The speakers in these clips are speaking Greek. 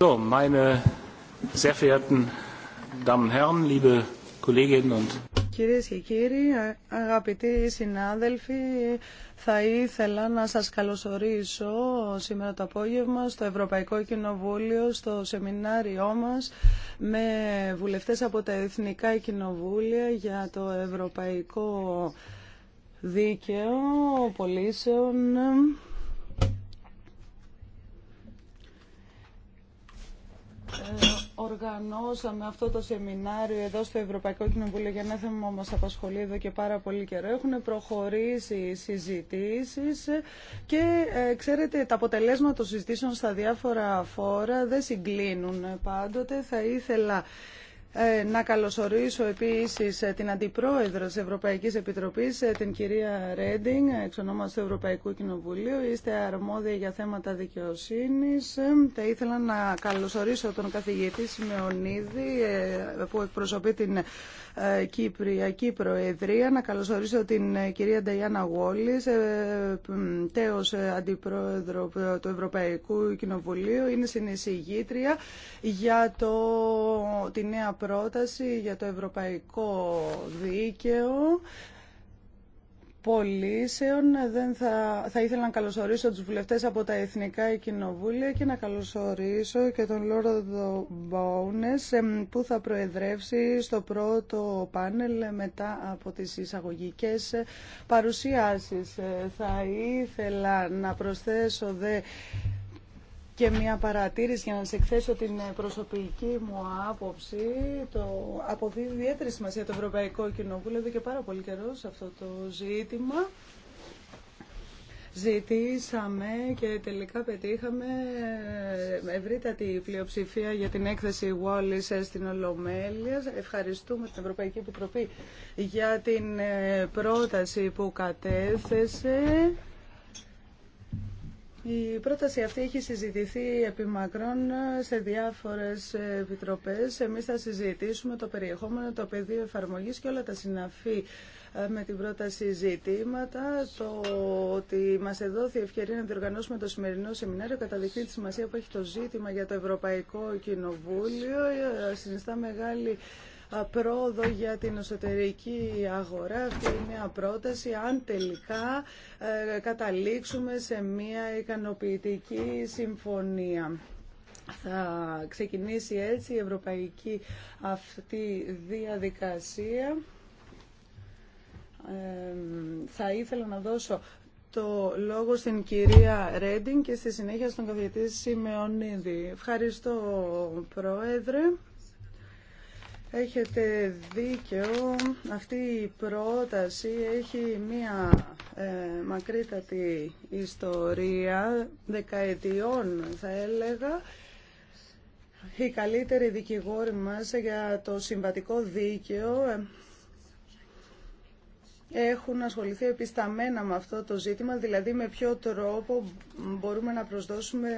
So, meine sehr verehrten Damen und Herren, liebe Kolleginnen und Κυρίες και κύριοι, αγαπητοί συνάδελφοι, θα ήθελα να σας καλωσορίσω σήμερα το απόγευμα στο Ευρωπαϊκό Κοινοβούλιο, στο σεμινάριό μας με βουλευτές από τα Εθνικά Κοινοβούλια για το Ευρωπαϊκό Δίκαιο Πολίσεων Οργανώσαμε αυτό το σεμινάριο εδώ στο Ευρωπαϊκό Κοινοβούλιο για ένα θέμα που μας απασχολεί εδώ και πάρα πολύ καιρό. Έχουν προχωρήσει οι συζητήσεις και ε, ξέρετε τα αποτελέσματα των συζητήσεων στα διάφορα φόρα δεν συγκλίνουν πάντοτε. Θα ήθελα ε, να καλωσορίσω επίσης ε, την Αντιπρόεδρο της Ευρωπαϊκής Επιτροπής, ε, την κυρία Ρέντινγκ, εξ ονόματος του Ευρωπαϊκού Κοινοβουλίου. Είστε αρμόδια για θέματα δικαιοσύνης. Θα ήθελα να καλωσορίσω τον καθηγητή Σιμεωνίδη, που εκπροσωπεί την Κυπριακή Προεδρία. Να καλωσορίσω την κυρία Νταϊάννα Γόλης, τέος Αντιπρόεδρο του Ευρωπαϊκού Κοινοβουλίου. Είναι συνεισηγήτρια για το, πρόταση για το ευρωπαϊκό δίκαιο πολίσεων. Δεν θα, θα ήθελα να καλωσορίσω τους βουλευτές από τα Εθνικά Κοινοβούλια και να καλωσορίσω και τον Λόρδο Μπόουνες που θα προεδρεύσει στο πρώτο πάνελ μετά από τις εισαγωγικές παρουσιάσεις. Ε, θα ήθελα να προσθέσω δε και μια παρατήρηση για να σε εκθέσω την προσωπική μου άποψη. Το αποδίδει ιδιαίτερη σημασία το Ευρωπαϊκό Κοινοβούλιο εδώ και πάρα πολύ καιρό σε αυτό το ζήτημα. Ζητήσαμε και τελικά πετύχαμε ευρύτατη πλειοψηφία για την έκθεση Wallis στην Ολομέλεια. Ευχαριστούμε την Ευρωπαϊκή Επιτροπή για την ε, πρόταση που κατέθεσε. Η πρόταση αυτή έχει συζητηθεί επί μακρόν σε διάφορες επιτροπές. Εμείς θα συζητήσουμε το περιεχόμενο, το πεδίο εφαρμογής και όλα τα συναφή ε, με την πρόταση ζητήματα. Το ότι μας εδόθη η ευκαιρία να διοργανώσουμε το σημερινό σεμινάριο καταδεικνύει τη σημασία που έχει το ζήτημα για το Ευρωπαϊκό Κοινοβούλιο. Ε, συνιστά μεγάλη πρόοδο για την εσωτερική αγορά. Αυτή είναι μια πρόταση αν τελικά ε, καταλήξουμε σε μια ικανοποιητική συμφωνία. Θα ξεκινήσει έτσι η ευρωπαϊκή αυτή διαδικασία. Ε, θα ήθελα να δώσω το λόγο στην κυρία Ρέντιν και στη συνέχεια στον καθηγητή Σιμεωνίδη. Ευχαριστώ, Πρόεδρε. Έχετε δίκιο. Αυτή η πρόταση έχει μία ε, μακρύτατη ιστορία, δεκαετιών θα έλεγα. η καλύτερη δικηγόρη μας για το συμβατικό δίκαιο ε, έχουν ασχοληθεί επισταμένα με αυτό το ζήτημα, δηλαδή με ποιο τρόπο μπορούμε να προσδώσουμε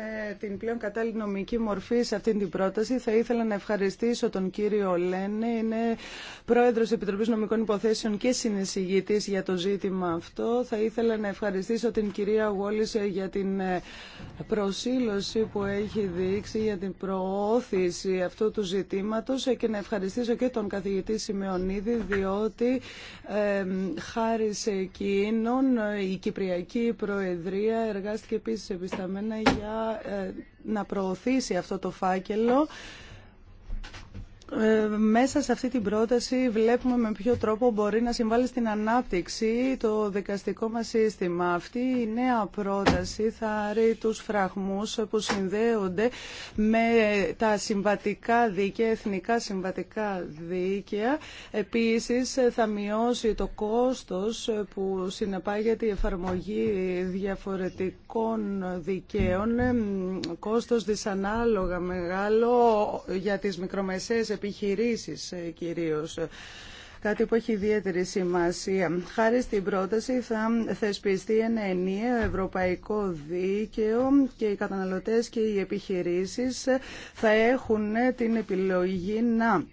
την πλέον κατάλληλη νομική μορφή σε αυτήν την πρόταση. Θα ήθελα να ευχαριστήσω τον κύριο Λένε, είναι πρόεδρος Επιτροπής Νομικών Υποθέσεων και συνεισηγητής για το ζήτημα αυτό. Θα ήθελα να ευχαριστήσω την κυρία Γόλισε για την προσήλωση που έχει δείξει για την προώθηση αυτού του ζητήματος και να ευχαριστήσω και τον καθηγητή Σιμεωνίδη, χάρη σε εκείνον η Κυπριακή Προεδρία εργάστηκε επίσης επισταμένα για ε, να προωθήσει αυτό το φάκελο. Ε, μέσα σε αυτή την πρόταση βλέπουμε με ποιο τρόπο μπορεί να συμβάλλει στην ανάπτυξη το δικαστικό μας σύστημα. Αυτή η νέα πρόταση θα ρίξει τους φραγμούς που συνδέονται με τα συμβατικά δίκαια, εθνικά συμβατικά δίκαια. Επίσης θα μειώσει το κόστος που συνεπάγεται η εφαρμογή διαφορετικών δικαίων, κόστος δυσανάλογα μεγάλο για τις μικρομεσαίες επιχειρήσεις ε, κυρίω. κάτι που έχει ιδιαίτερη σημασία. Χάρη στην πρόταση θα θεσπιστεί ένα ενιαίο ευρωπαϊκό δίκαιο και οι καταναλωτές και οι επιχειρήσεις θα έχουν ε, την επιλογή να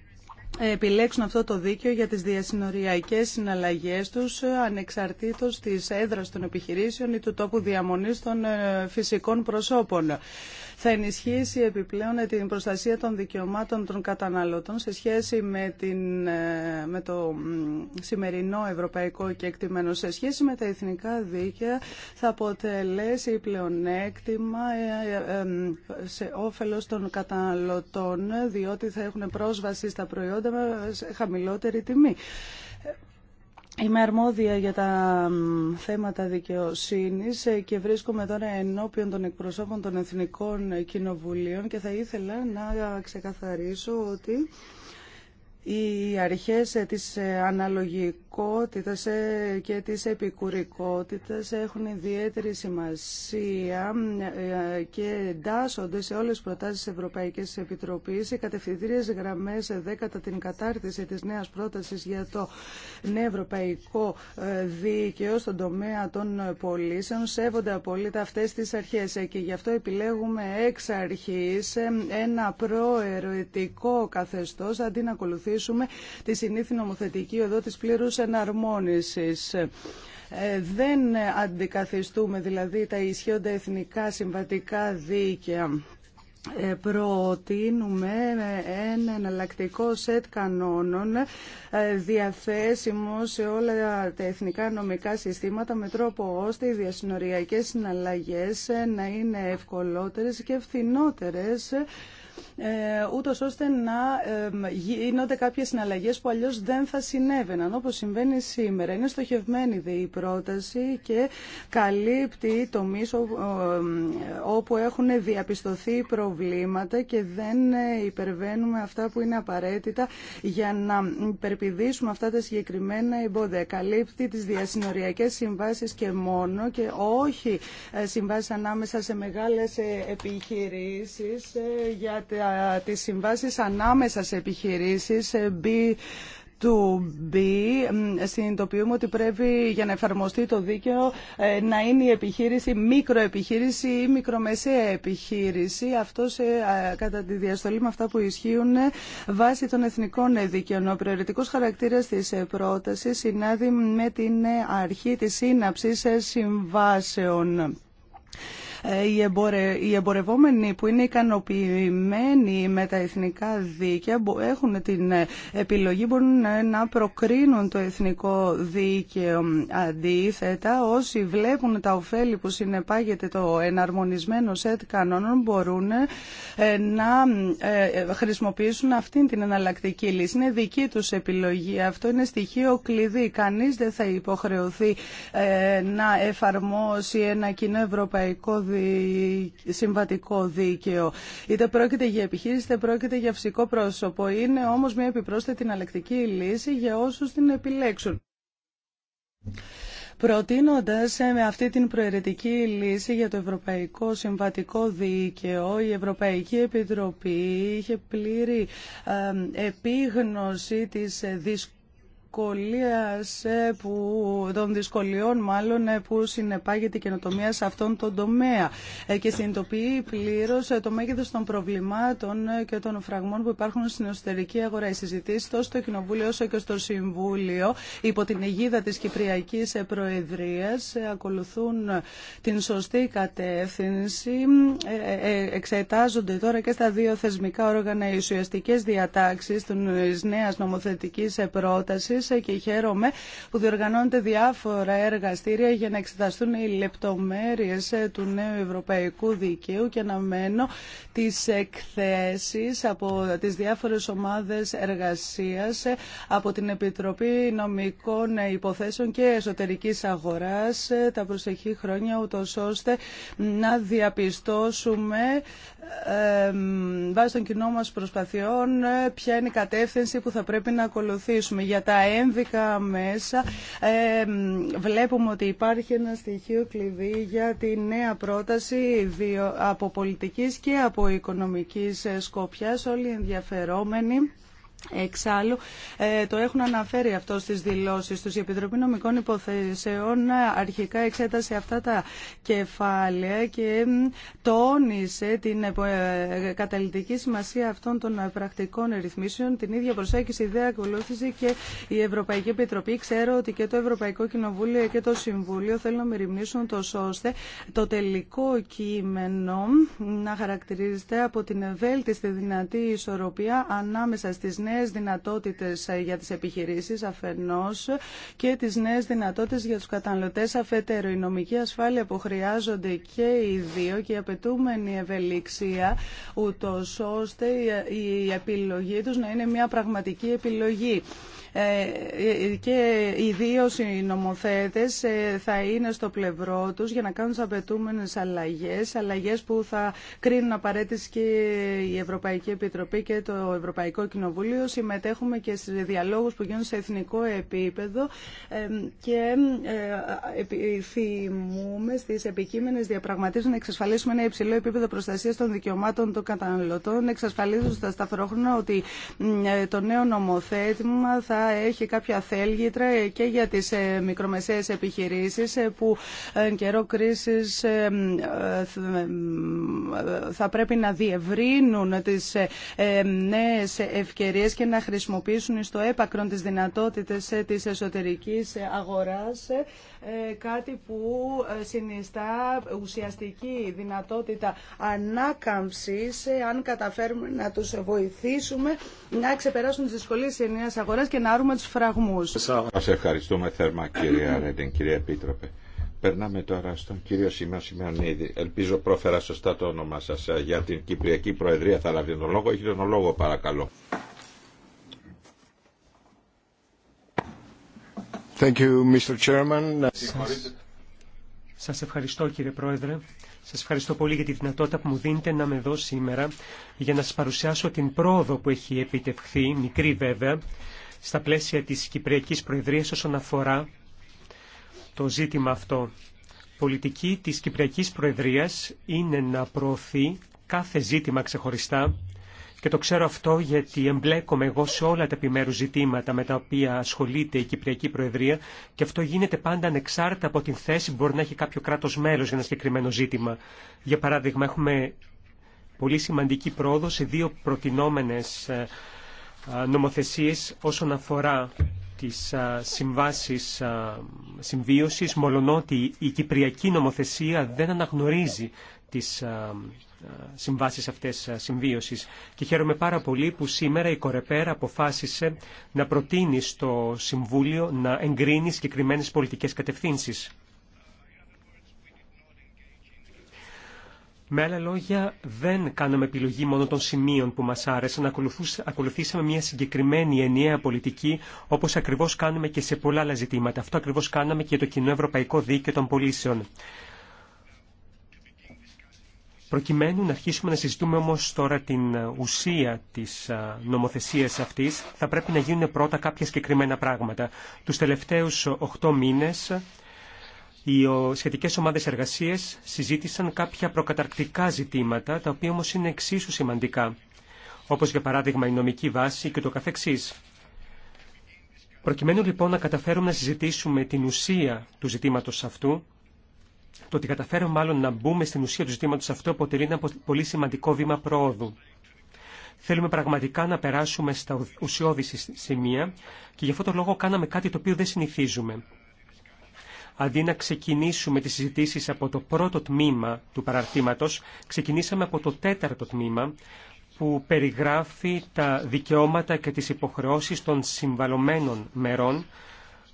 επιλέξουν αυτό το δίκαιο για τις διασυνοριακές συναλλαγές τους ε, ανεξαρτήτως της έδρας των επιχειρήσεων ή του τόπου διαμονής των φυσικών προσώπων θα ενισχύσει επιπλέον την προστασία των δικαιωμάτων των καταναλωτών σε σχέση με, την, ε, με το σημερινό ευρωπαϊκό κεκτημένο. Σε σχέση με τα εθνικά δίκαια θα αποτελέσει πλεονέκτημα ε, ε, σε όφελος των καταναλωτών διότι θα έχουν πρόσβαση στα προϊόντα με χαμηλότερη τιμή. Είμαι αρμόδια για τα θέματα δικαιοσύνης ε, και βρίσκομαι τώρα ενώπιον των εκπροσώπων των Εθνικών Κοινοβουλίων και θα ήθελα να ξεκαθαρίσω ότι οι αρχές της αναλογικότητας και της επικουρικότητας έχουν ιδιαίτερη σημασία και εντάσσονται σε όλες τις προτάσεις της Ευρωπαϊκής Επιτροπής. Οι κατευθυντήριες γραμμές 10 κατά την κατάρτιση της νέας πρότασης για το νέο ευρωπαϊκό δίκαιο στον τομέα των πολίσεων σέβονται απολύτω αυτές τις αρχές και γι' αυτό επιλέγουμε εξ αρχής ένα προαιρετικό καθεστώς αντί να ακολουθήσουμε τη συνήθι νομοθετική οδό της πλήρους εναρμόνισης. Ε, δεν αντικαθιστούμε δηλαδή τα ισχύοντα εθνικά συμβατικά δίκαια. Ε, προτείνουμε ένα εναλλακτικό σετ κανόνων ε, διαθέσιμο σε όλα τα εθνικά νομικά συστήματα με τρόπο ώστε οι διασυνοριακές συναλλαγές να είναι ευκολότερες και φθηνότερες ε, ούτως ώστε να γίνονται κάποιε συναλλαγές που αλλιώ δεν θα συνέβαιναν, όπως συμβαίνει σήμερα. Είναι στοχευμένη δε η πρόταση και καλύπτει μίσο όπου έχουν διαπιστωθεί προβλήματα και δεν ε, υπερβαίνουμε αυτά που είναι απαραίτητα για να υπερπηδήσουμε αυτά τα συγκεκριμένα εμπόδια. Καλύπτει τις διασυνοριακέ συμβάσει και μόνο και όχι ε, συμβάσει ανάμεσα σε μεγάλες επιχειρήσεις για τις συμβάσεις ανάμεσα σε επιχειρήσεις B2B. Ε, συνειδητοποιούμε ότι πρέπει για να εφαρμοστεί το δίκαιο ε, να είναι η επιχείρηση μικροεπιχείρηση ή μικρομεσαία επιχείρηση. Αυτό σε, κατά τη διαστολή με αυτά που ισχύουν ε, βάσει των εθνικών δίκαιων. Ο προαιρετικό χαρακτήρα της πρόταση συνάδει με την αρχή της σύναψης συμβάσεων. Ε, οι, εμπορευόμενοι που είναι ικανοποιημένοι με τα εθνικά δίκαια έχουν την ε, επιλογή, μπορούν ε, να προκρίνουν το εθνικό δίκαιο αντίθετα. Όσοι βλέπουν τα ωφέλη που συνεπάγεται το εναρμονισμένο σετ κανόνων μπορούν να χρησιμοποιήσουν αυτήν την εναλλακτική λύση. Είναι δική τους επιλογή. Αυτό είναι στοιχείο κλειδί. Κανείς δεν θα υποχρεωθεί να εφαρμόσει ένα κοινό ευρωπαϊκό συμβατικό δίκαιο. Είτε πρόκειται για επιχείρηση, είτε πρόκειται για φυσικό πρόσωπο. Είναι όμως μια επιπρόσθετη εναλλακτική λύση για όσους την επιλέξουν. Προτείνοντας ε, με αυτή την προαιρετική λύση για το Ευρωπαϊκό Συμβατικό Δίκαιο, η Ευρωπαϊκή Επιτροπή είχε πλήρη ε, επίγνωση της ε, δυσκολίας ε, που, των δυσκολιών μάλλον ε, που συνεπάγεται η καινοτομία σε αυτόν τον τομέα ε, και συνειδητοποιεί πλήρως ε, το μέγεθο των προβλημάτων και των φραγμών που υπάρχουν στην εσωτερική αγορά. Οι συζητήσει τόσο στο Κοινοβούλιο όσο και στο Συμβούλιο υπό την αιγίδα της Κυπριακής Προεδρίας ακολουθούν την σωστή κατεύθυνση. Εξετάζονται τώρα και στα δύο θεσμικά όργανα οι διατάξει διατάξεις της νέας νομοθετικής πρότασης ε, και χαίρομαι που διοργανώνονται διάφορα εργαστήρια για να εξεταστούν οι λεπτομέρειες ε, του νέου ευρωπαϊκού δικαίου και μένω τις εκθέσεις από τις διάφορες ομάδες εργασίας ε, από την Επιτροπή Νομικών Υποθέσεων και Εσωτερικής Αγοράς τα προσεχή χρόνια ούτως ώστε να διαπιστώσουμε βάσει των κοινών μας προσπαθειών ποια είναι η κατεύθυνση που θα πρέπει να ακολουθήσουμε. Για τα ένδικα μέσα ε, βλέπουμε ότι υπάρχει ένα στοιχείο κλειδί για τη νέα πρόταση από πολιτικής και από οικονομικής ε, σκοπιάς όλοι ενδιαφερόμενοι Εξάλλου, ε, το έχουν αναφέρει αυτό στις δηλώσεις τους. Η Επιτροπή Νομικών Υποθέσεων ε, αρχικά εξέτασε αυτά τα κεφάλαια και τόνισε την ε, καταλητική σημασία αυτών των πρακτικών ρυθμίσεων. Την ίδια προσέγγιση ιδέα ακολούθησε και η Ευρωπαϊκή Επιτροπή. Ξέρω ότι και το Ευρωπαϊκό Κοινοβούλιο και το Συμβούλιο θέλουν να μεριμνήσουν τόσο ώστε το τελικό κείμενο να χαρακτηρίζεται από την ευέλτιστη δυνατή ισορροπία ανάμεσα στις νέες δυνατότητες ε, για τις επιχειρήσεις αφενός και τις νέες δυνατότητες για τους καταναλωτές αφετέρου. Η νομική ασφάλεια που χρειάζονται και οι δύο και η απαιτούμενη ευελιξία ούτως ώστε η επιλογή τους να είναι μια πραγματική επιλογή. Ε, και οι δύο συνομοθέτες ε, θα είναι στο πλευρό τους για να κάνουν τι απαιτούμενε αλλαγές, αλλαγές που θα κρίνουν απαραίτητες και η Ευρωπαϊκή Επιτροπή και το Ευρωπαϊκό Κοινοβούλιο. Συμμετέχουμε και σε διαλόγους που γίνονται σε εθνικό επίπεδο ε, και επιθυμούμε στις επικείμενες διαπραγματεύσεις να εξασφαλίσουμε ένα υψηλό επίπεδο προστασίας των δικαιωμάτων των καταναλωτών, εξασφαλίζοντας ταυτόχρονα ότι το νέο νομοθέτημα έχει κάποια θέλγητρα και για τις ε, μικρομεσαίες επιχειρήσεις ε, που ε, εν καιρό κρίσης θα πρέπει να διευρύνουν τις νέες ευκαιρίες και να χρησιμοποιήσουν στο έπακρον τις δυνατότητες της εσωτερικής αγοράς κάτι που συνιστά ουσιαστική δυνατότητα ανάκαμψης αν καταφέρουμε να τους βοηθήσουμε να ξεπεράσουν τις δυσκολίες της αγοράς να τους φραγμούς. Σας ευχαριστούμε θερμά κύριε Ρέντεν, κύριε Επίτροπε. Περνάμε τώρα στον κύριο Σιμά Σιμανίδη. Ελπίζω πρόφερα σωστά το όνομά σας ε, για την Κυπριακή Προεδρία. Θα λάβει τον λόγο. Έχει τον λόγο παρακαλώ. Thank you, Mr. Chairman. Σας... ευχαριστώ κύριε Πρόεδρε. Σας ευχαριστώ πολύ για τη δυνατότητα που μου δίνετε να με εδώ σήμερα για να σας παρουσιάσω την πρόοδο που έχει επιτευχθεί, μικρή βέβαια, στα πλαίσια της Κυπριακής Προεδρίας όσον αφορά το ζήτημα αυτό. Πολιτική της Κυπριακής Προεδρίας είναι να προωθεί κάθε ζήτημα ξεχωριστά και το ξέρω αυτό γιατί εμπλέκομαι εγώ σε όλα τα επιμέρου ζητήματα με τα οποία ασχολείται η Κυπριακή Προεδρία και αυτό γίνεται πάντα ανεξάρτητα από την θέση που μπορεί να έχει κάποιο κράτος μέλος για ένα συγκεκριμένο ζήτημα. Για παράδειγμα, έχουμε πολύ σημαντική πρόοδο σε δύο προτινόμενες ε, νομοθεσίες όσον αφορά τις συμβάσεις συμβίωσης, μολονότι η κυπριακή νομοθεσία δεν αναγνωρίζει τις συμβάσεις αυτές συμβίωσης. Και χαίρομαι πάρα πολύ που σήμερα η Κορεπέρα αποφάσισε να προτείνει στο Συμβούλιο να εγκρίνει συγκεκριμένε πολιτικές κατευθύνσεις. Με άλλα λόγια, δεν κάναμε επιλογή μόνο των σημείων που μας άρεσαν, ακολουθήσαμε μια συγκεκριμένη ενιαία πολιτική, όπως ακριβώς κάνουμε και σε πολλά άλλα ζητήματα. Αυτό ακριβώς κάναμε και το Κοινό Ευρωπαϊκό Δίκαιο των Πολίσεων. Προκειμένου να αρχίσουμε να συζητούμε όμως τώρα την ουσία της νομοθεσίας αυτής, θα πρέπει να γίνουν πρώτα κάποια συγκεκριμένα πράγματα. Τους τελευταίους 8 μήνες οι σχετικές ομάδες εργασίες συζήτησαν κάποια προκαταρκτικά ζητήματα, τα οποία όμως είναι εξίσου σημαντικά, όπως για παράδειγμα η νομική βάση και το καθεξής. Προκειμένου λοιπόν να καταφέρουμε να συζητήσουμε την ουσία του ζητήματος αυτού, το ότι καταφέρουμε μάλλον να μπούμε στην ουσία του ζητήματος αυτού αποτελεί ένα πολύ σημαντικό βήμα προόδου. Θέλουμε πραγματικά να περάσουμε στα ουσιώδη σημεία και γι' αυτό το λόγο κάναμε κάτι το οποίο δεν συνηθίζουμε αντί να ξεκινήσουμε τις συζητήσεις από το πρώτο τμήμα του παραρτήματος, ξεκινήσαμε από το τέταρτο τμήμα που περιγράφει τα δικαιώματα και τις υποχρεώσεις των συμβαλωμένων μερών,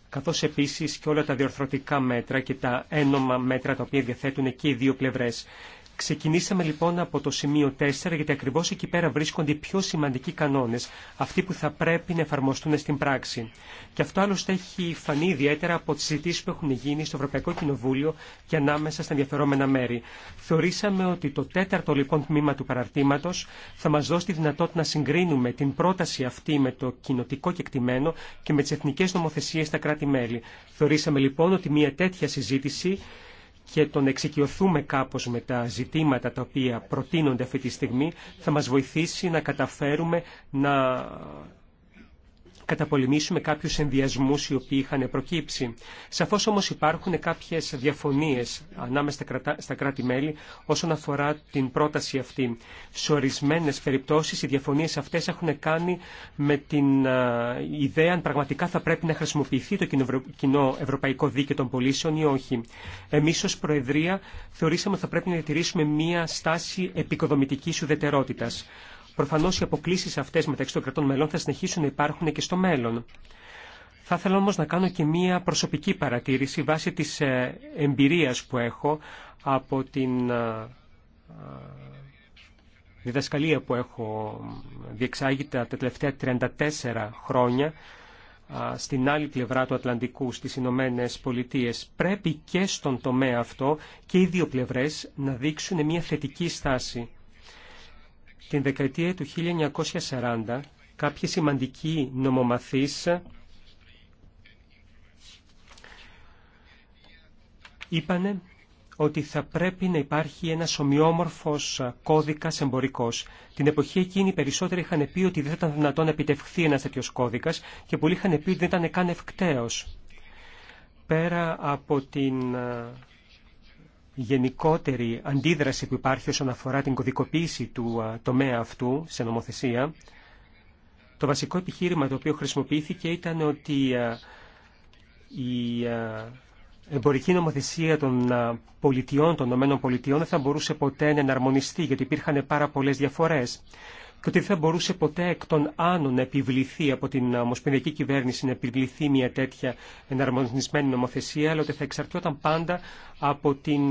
καθώς επίσης και όλα τα διορθωτικά μέτρα και τα ένομα μέτρα τα οποία διαθέτουν και οι δύο πλευρές. Ξεκινήσαμε λοιπόν από το σημείο 4, γιατί ακριβώς εκεί πέρα βρίσκονται οι πιο σημαντικοί κανόνες, αυτοί που θα πρέπει να εφαρμοστούν στην πράξη. Και αυτό άλλωστε έχει φανεί ιδιαίτερα από τις συζητήσεις που έχουν γίνει στο Ευρωπαϊκό Κοινοβούλιο και ανάμεσα στα ενδιαφερόμενα μέρη. Θεωρήσαμε ότι το τέταρτο λοιπόν τμήμα του παραρτήματος θα μας δώσει τη δυνατότητα να συγκρίνουμε την πρόταση αυτή με το κοινοτικό κεκτημένο και με τις εθνικές νομοθεσίες στα κράτη-μέλη. Θεωρήσαμε λοιπόν ότι μια τέτοια συζήτηση και τον να εξοικειωθούμε κάπως με τα ζητήματα τα οποία προτείνονται αυτή τη στιγμή θα μας βοηθήσει να καταφέρουμε να καταπολεμήσουμε κάποιου ενδιασμού οι οποίοι είχαν προκύψει. Σαφώ όμω υπάρχουν κάποιε διαφωνίε ανάμεσα στα κράτη-μέλη όσον αφορά την πρόταση αυτή. Σε ορισμένε περιπτώσει, οι διαφωνίε αυτέ έχουν κάνει με την ιδέα αν πραγματικά θα πρέπει να χρησιμοποιηθεί το κοινό ευρωπαϊκό δίκαιο των πολίσεων ή όχι. Εμεί, ω Προεδρία θεωρήσαμε ότι θα πρέπει να διατηρήσουμε μία στάση επικοδομητική ουδετερότητα. Προφανώ οι αποκλήσει αυτέ μεταξύ των κρατών μελών θα συνεχίσουν να υπάρχουν και στο μέλλον. Θα ήθελα όμω να κάνω και μία προσωπική παρατήρηση βάσει τη ε, εμπειρία που έχω από την ε, ε, διδασκαλία που έχω διεξάγει τα τελευταία 34 χρόνια στην άλλη πλευρά του Ατλαντικού, στις Ηνωμένε Πολιτείε. Πρέπει και στον τομέα αυτό και οι δύο πλευρές να δείξουν μια θετική στάση. Στην δεκαετία του 1940 κάποιοι σημαντικοί νομομαθείς είπανε ότι θα πρέπει να υπάρχει ένας ομοιόμορφος κώδικας εμπορικός. Την εποχή εκείνη οι περισσότεροι είχαν πει ότι δεν θα ήταν δυνατόν να επιτευχθεί ένας τέτοιος κώδικας και πολλοί είχαν πει ότι δεν ήταν καν ευκταίος. Πέρα από την γενικότερη αντίδραση που υπάρχει όσον αφορά την κωδικοποίηση του τομέα αυτού σε νομοθεσία. Το βασικό επιχείρημα το οποίο χρησιμοποιήθηκε ήταν ότι η εμπορική νομοθεσία των πολιτιών, των ΗΠΑ, δεν θα μπορούσε ποτέ να εναρμονιστεί, γιατί υπήρχαν πάρα πολλές διαφορές και ότι δεν θα μπορούσε ποτέ εκ των άνων να επιβληθεί από την ομοσπονδιακή κυβέρνηση να επιβληθεί μια τέτοια εναρμονισμένη νομοθεσία, αλλά ότι θα εξαρτιόταν πάντα από την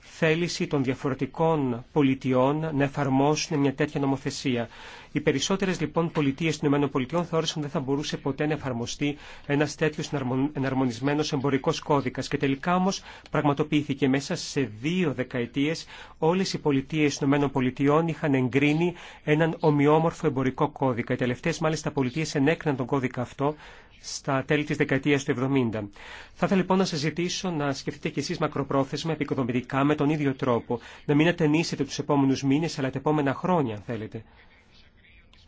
θέληση των διαφορετικών πολιτιών να εφαρμόσουν μια τέτοια νομοθεσία. Οι περισσότερε λοιπόν πολιτείε των ΗΠΑ θεώρησαν δεν θα μπορούσε ποτέ να εφαρμοστεί ένα τέτοιο εναρμονισμένο εμπορικό κώδικα. Και τελικά όμω πραγματοποιήθηκε μέσα σε δύο δεκαετίε όλε οι πολιτείε των ΗΠΑ είχαν εγκρίνει έναν ομοιόμορφο εμπορικό κώδικα. Οι τελευταίε μάλιστα πολιτείε ενέκριναν τον κώδικα αυτό στα τέλη τη δεκαετία του 70. Θα ήθελα λοιπόν να σα ζητήσω να σκεφτείτε κι εσεί μακροπρόθεσμα, επικοδομητικά, με τον ίδιο τρόπο. Να μην ατενίσετε του επόμενου μήνε αλλά τα επόμενα χρόνια, αν θέλετε.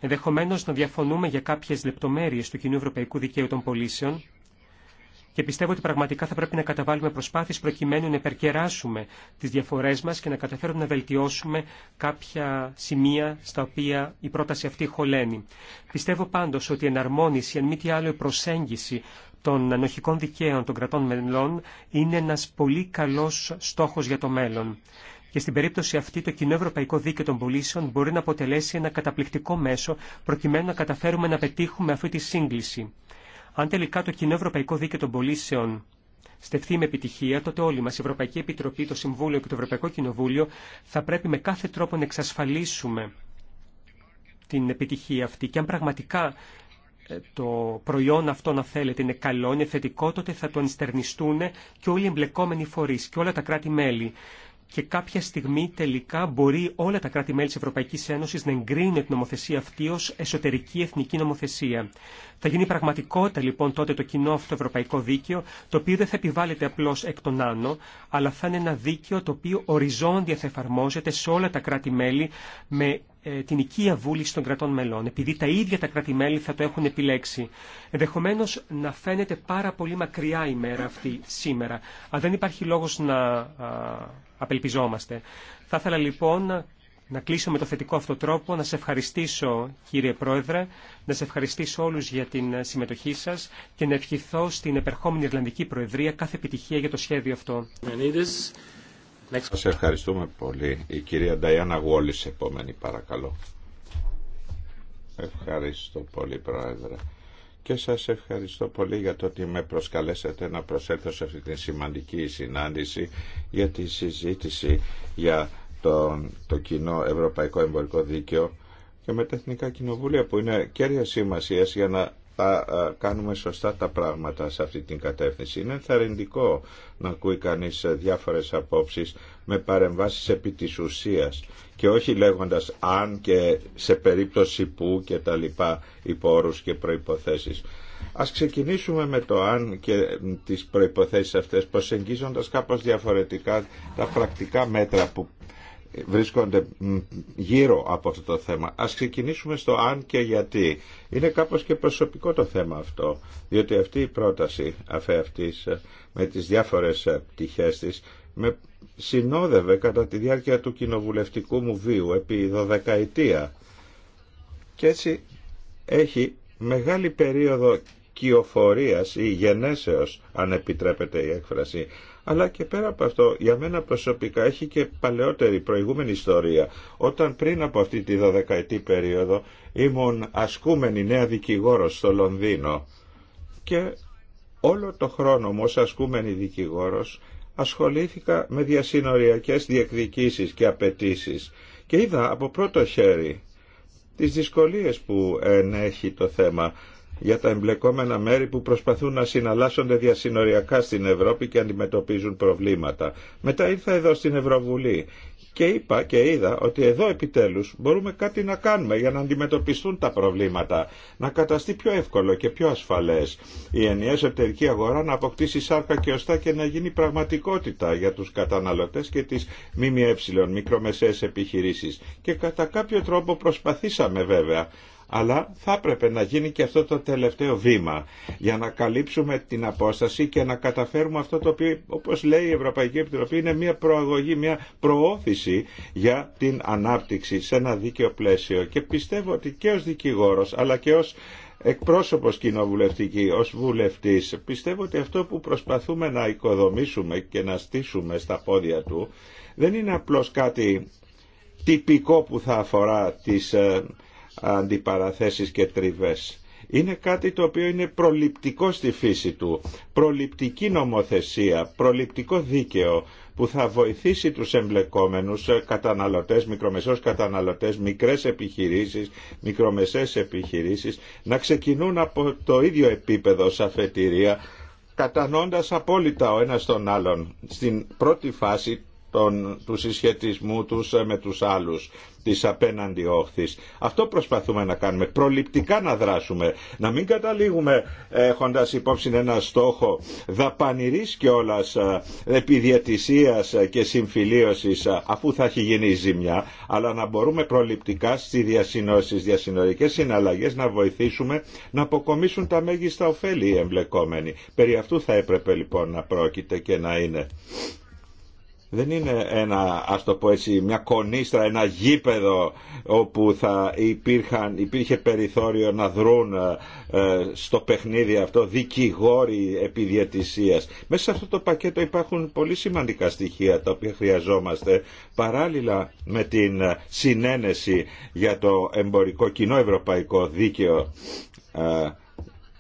Ενδεχομένω να διαφωνούμε για κάποιε λεπτομέρειε του κοινού ευρωπαϊκού δικαίου των πολίσεων και πιστεύω ότι πραγματικά θα πρέπει να καταβάλουμε προσπάθειε προκειμένου να επερκεράσουμε τι διαφορέ μα και να καταφέρουμε να βελτιώσουμε κάποια σημεία στα οποία η πρόταση αυτή χωλαίνει. Πιστεύω πάντω ότι η εναρμόνιση, αν μη τι άλλο η προσέγγιση των ανοχικών δικαίων των κρατών μελών είναι ένα πολύ καλό στόχο για το μέλλον και στην περίπτωση αυτή το κοινό ευρωπαϊκό δίκαιο των πωλήσεων μπορεί να αποτελέσει ένα καταπληκτικό μέσο προκειμένου να καταφέρουμε να πετύχουμε αυτή τη σύγκληση. Αν τελικά το κοινό ευρωπαϊκό δίκαιο των πωλήσεων στεφθεί με επιτυχία, τότε όλοι μα, η Ευρωπαϊκή Επιτροπή, το Συμβούλιο και το Ευρωπαϊκό Κοινοβούλιο, θα πρέπει με κάθε τρόπο να εξασφαλίσουμε την επιτυχία αυτή. Και αν πραγματικά ε, το προϊόν αυτό, να θέλετε, είναι καλό, είναι θετικό, τότε θα το ενστερνιστούν και όλοι οι εμπλεκόμενοι φορεί και όλα τα κράτη-μέλη και κάποια στιγμή τελικά μπορεί όλα τα κράτη-μέλη της Ευρωπαϊκής Ένωσης να εγκρίνουν την νομοθεσία αυτή ως εσωτερική εθνική νομοθεσία. Θα γίνει πραγματικότητα λοιπόν τότε το κοινό αυτό ευρωπαϊκό δίκαιο, το οποίο δεν θα επιβάλλεται απλώς εκ των άνω, αλλά θα είναι ένα δίκαιο το οποίο οριζόντια θα εφαρμόζεται σε όλα τα κράτη-μέλη με ε, την οικία βούληση των κρατών μελών, επειδή τα ίδια τα κρατη θα το έχουν επιλέξει. Ενδεχομένω να φαίνεται πάρα πολύ μακριά η μέρα αυτή σήμερα, αλλά δεν υπάρχει λόγο να απελπιζόμαστε. Θα ήθελα λοιπόν να κλείσω με το θετικό αυτό τρόπο, να σε ευχαριστήσω κύριε Πρόεδρε, να σε ευχαριστήσω όλους για την συμμετοχή σα και να ευχηθώ στην επερχόμενη Ιρλανδική Προεδρία κάθε επιτυχία για το σχέδιο αυτό. Σας ευχαριστούμε πολύ. Η κυρία Νταϊάννα Γουόλης, επόμενη παρακαλώ. Ευχαριστώ πολύ Πρόεδρε. Και σας ευχαριστώ πολύ για το ότι με προσκαλέσατε να προσέλθω σε αυτή τη σημαντική συνάντηση για τη συζήτηση για τον, το κοινό Ευρωπαϊκό Εμπορικό Δίκαιο και με τα Εθνικά Κοινοβούλια που είναι κέρια σημασία για να θα ε, κάνουμε σωστά τα πράγματα σε αυτή την κατεύθυνση. Είναι ενθαρρυντικό να ακούει κανείς ε, διάφορες απόψεις με παρεμβάσεις επί της ουσίας και όχι λέγοντας αν και σε περίπτωση που και τα λοιπά υπόρους και προϋποθέσεις. Ας ξεκινήσουμε με το αν και τις προϋποθέσεις αυτές, προσεγγίζοντας κάπως διαφορετικά τα πρακτικά μέτρα που βρίσκονται γύρω από αυτό το θέμα. Ας ξεκινήσουμε στο αν και γιατί. Είναι κάπως και προσωπικό το θέμα αυτό, διότι αυτή η πρόταση αφέ ε, με τις διάφορες ε, πτυχές της με συνόδευε κατά τη διάρκεια του κοινοβουλευτικού μου βίου επί 12 Και έτσι έχει μεγάλη περίοδο κυοφορίας ή γενέσεως, αν επιτρέπεται η έκφραση, αλλά και πέρα από αυτό, για μένα προσωπικά έχει και παλαιότερη προηγούμενη ιστορία. Όταν πριν από αυτή τη δωδεκαετή περίοδο ήμουν ασκούμενη νέα δικηγόρος στο Λονδίνο και όλο το χρόνο μου ως ασκούμενη δικηγόρος ασχολήθηκα με διασυνοριακές διεκδικήσεις και απαιτήσει και είδα από πρώτο χέρι τις δυσκολίες που ενέχει το θέμα για τα εμπλεκόμενα μέρη που προσπαθούν να συναλλάσσονται διασυνοριακά στην Ευρώπη και αντιμετωπίζουν προβλήματα. Μετά ήρθα εδώ στην Ευρωβουλή και είπα και είδα ότι εδώ επιτέλους μπορούμε κάτι να κάνουμε για να αντιμετωπιστούν τα προβλήματα, να καταστεί πιο εύκολο και πιο ασφαλές η ενιαία εσωτερική αγορά να αποκτήσει σάρκα και οστά και να γίνει πραγματικότητα για τους καταναλωτές και τις ΜΜΕ, μικρομεσαίες επιχειρήσεις. Και κατά κάποιο τρόπο προσπαθήσαμε βέβαια αλλά θα έπρεπε να γίνει και αυτό το τελευταίο βήμα για να καλύψουμε την απόσταση και να καταφέρουμε αυτό το οποίο όπως λέει η Ευρωπαϊκή Επιτροπή είναι μια προαγωγή, μια προώθηση για την ανάπτυξη σε ένα δίκαιο πλαίσιο και πιστεύω ότι και ως δικηγόρος αλλά και ως εκπρόσωπος κοινοβουλευτική, ως βουλευτής, πιστεύω ότι αυτό που προσπαθούμε να οικοδομήσουμε και να στήσουμε στα πόδια του δεν είναι απλώς κάτι τυπικό που θα αφορά τις ε, αντιπαραθέσεις και τριβές. Είναι κάτι το οποίο είναι προληπτικό στη φύση του, προληπτική νομοθεσία, προληπτικό δίκαιο που θα βοηθήσει τους εμπλεκόμενους ε, καταναλωτές, μικρομεσαίους καταναλωτές, μικρές επιχειρήσεις, μικρομεσαίες επιχειρήσεις να ξεκινούν από το ίδιο επίπεδο σε αφετηρία απόλυτα ο ένας τον άλλον στην πρώτη φάση τον του συσχετισμού τους ε, με τους άλλους της απέναντι όχθης. Αυτό προσπαθούμε να κάνουμε, προληπτικά να δράσουμε, να μην καταλήγουμε ε, έχοντας υπόψη ένα στόχο δαπανηρής όλας ε, επιδιατησίας και συμφιλίωσης αφού θα έχει γίνει η ζημιά, αλλά να μπορούμε προληπτικά στις διασυνορικές συναλλαγές να βοηθήσουμε να αποκομίσουν τα μέγιστα ωφέλη οι εμπλεκόμενοι. Περί αυτού θα έπρεπε λοιπόν να πρόκειται και να είναι δεν είναι ένα, ας το πω έτσι, μια κονίστρα, ένα γήπεδο όπου θα υπήρχαν, υπήρχε περιθώριο να δρούν ε, ε, στο παιχνίδι αυτό δικηγόροι επιδιαιτησίας. Μέσα σε αυτό το πακέτο υπάρχουν πολύ σημαντικά στοιχεία τα οποία χρειαζόμαστε παράλληλα με την συνένεση για το εμπορικό κοινό ευρωπαϊκό δίκαιο ε,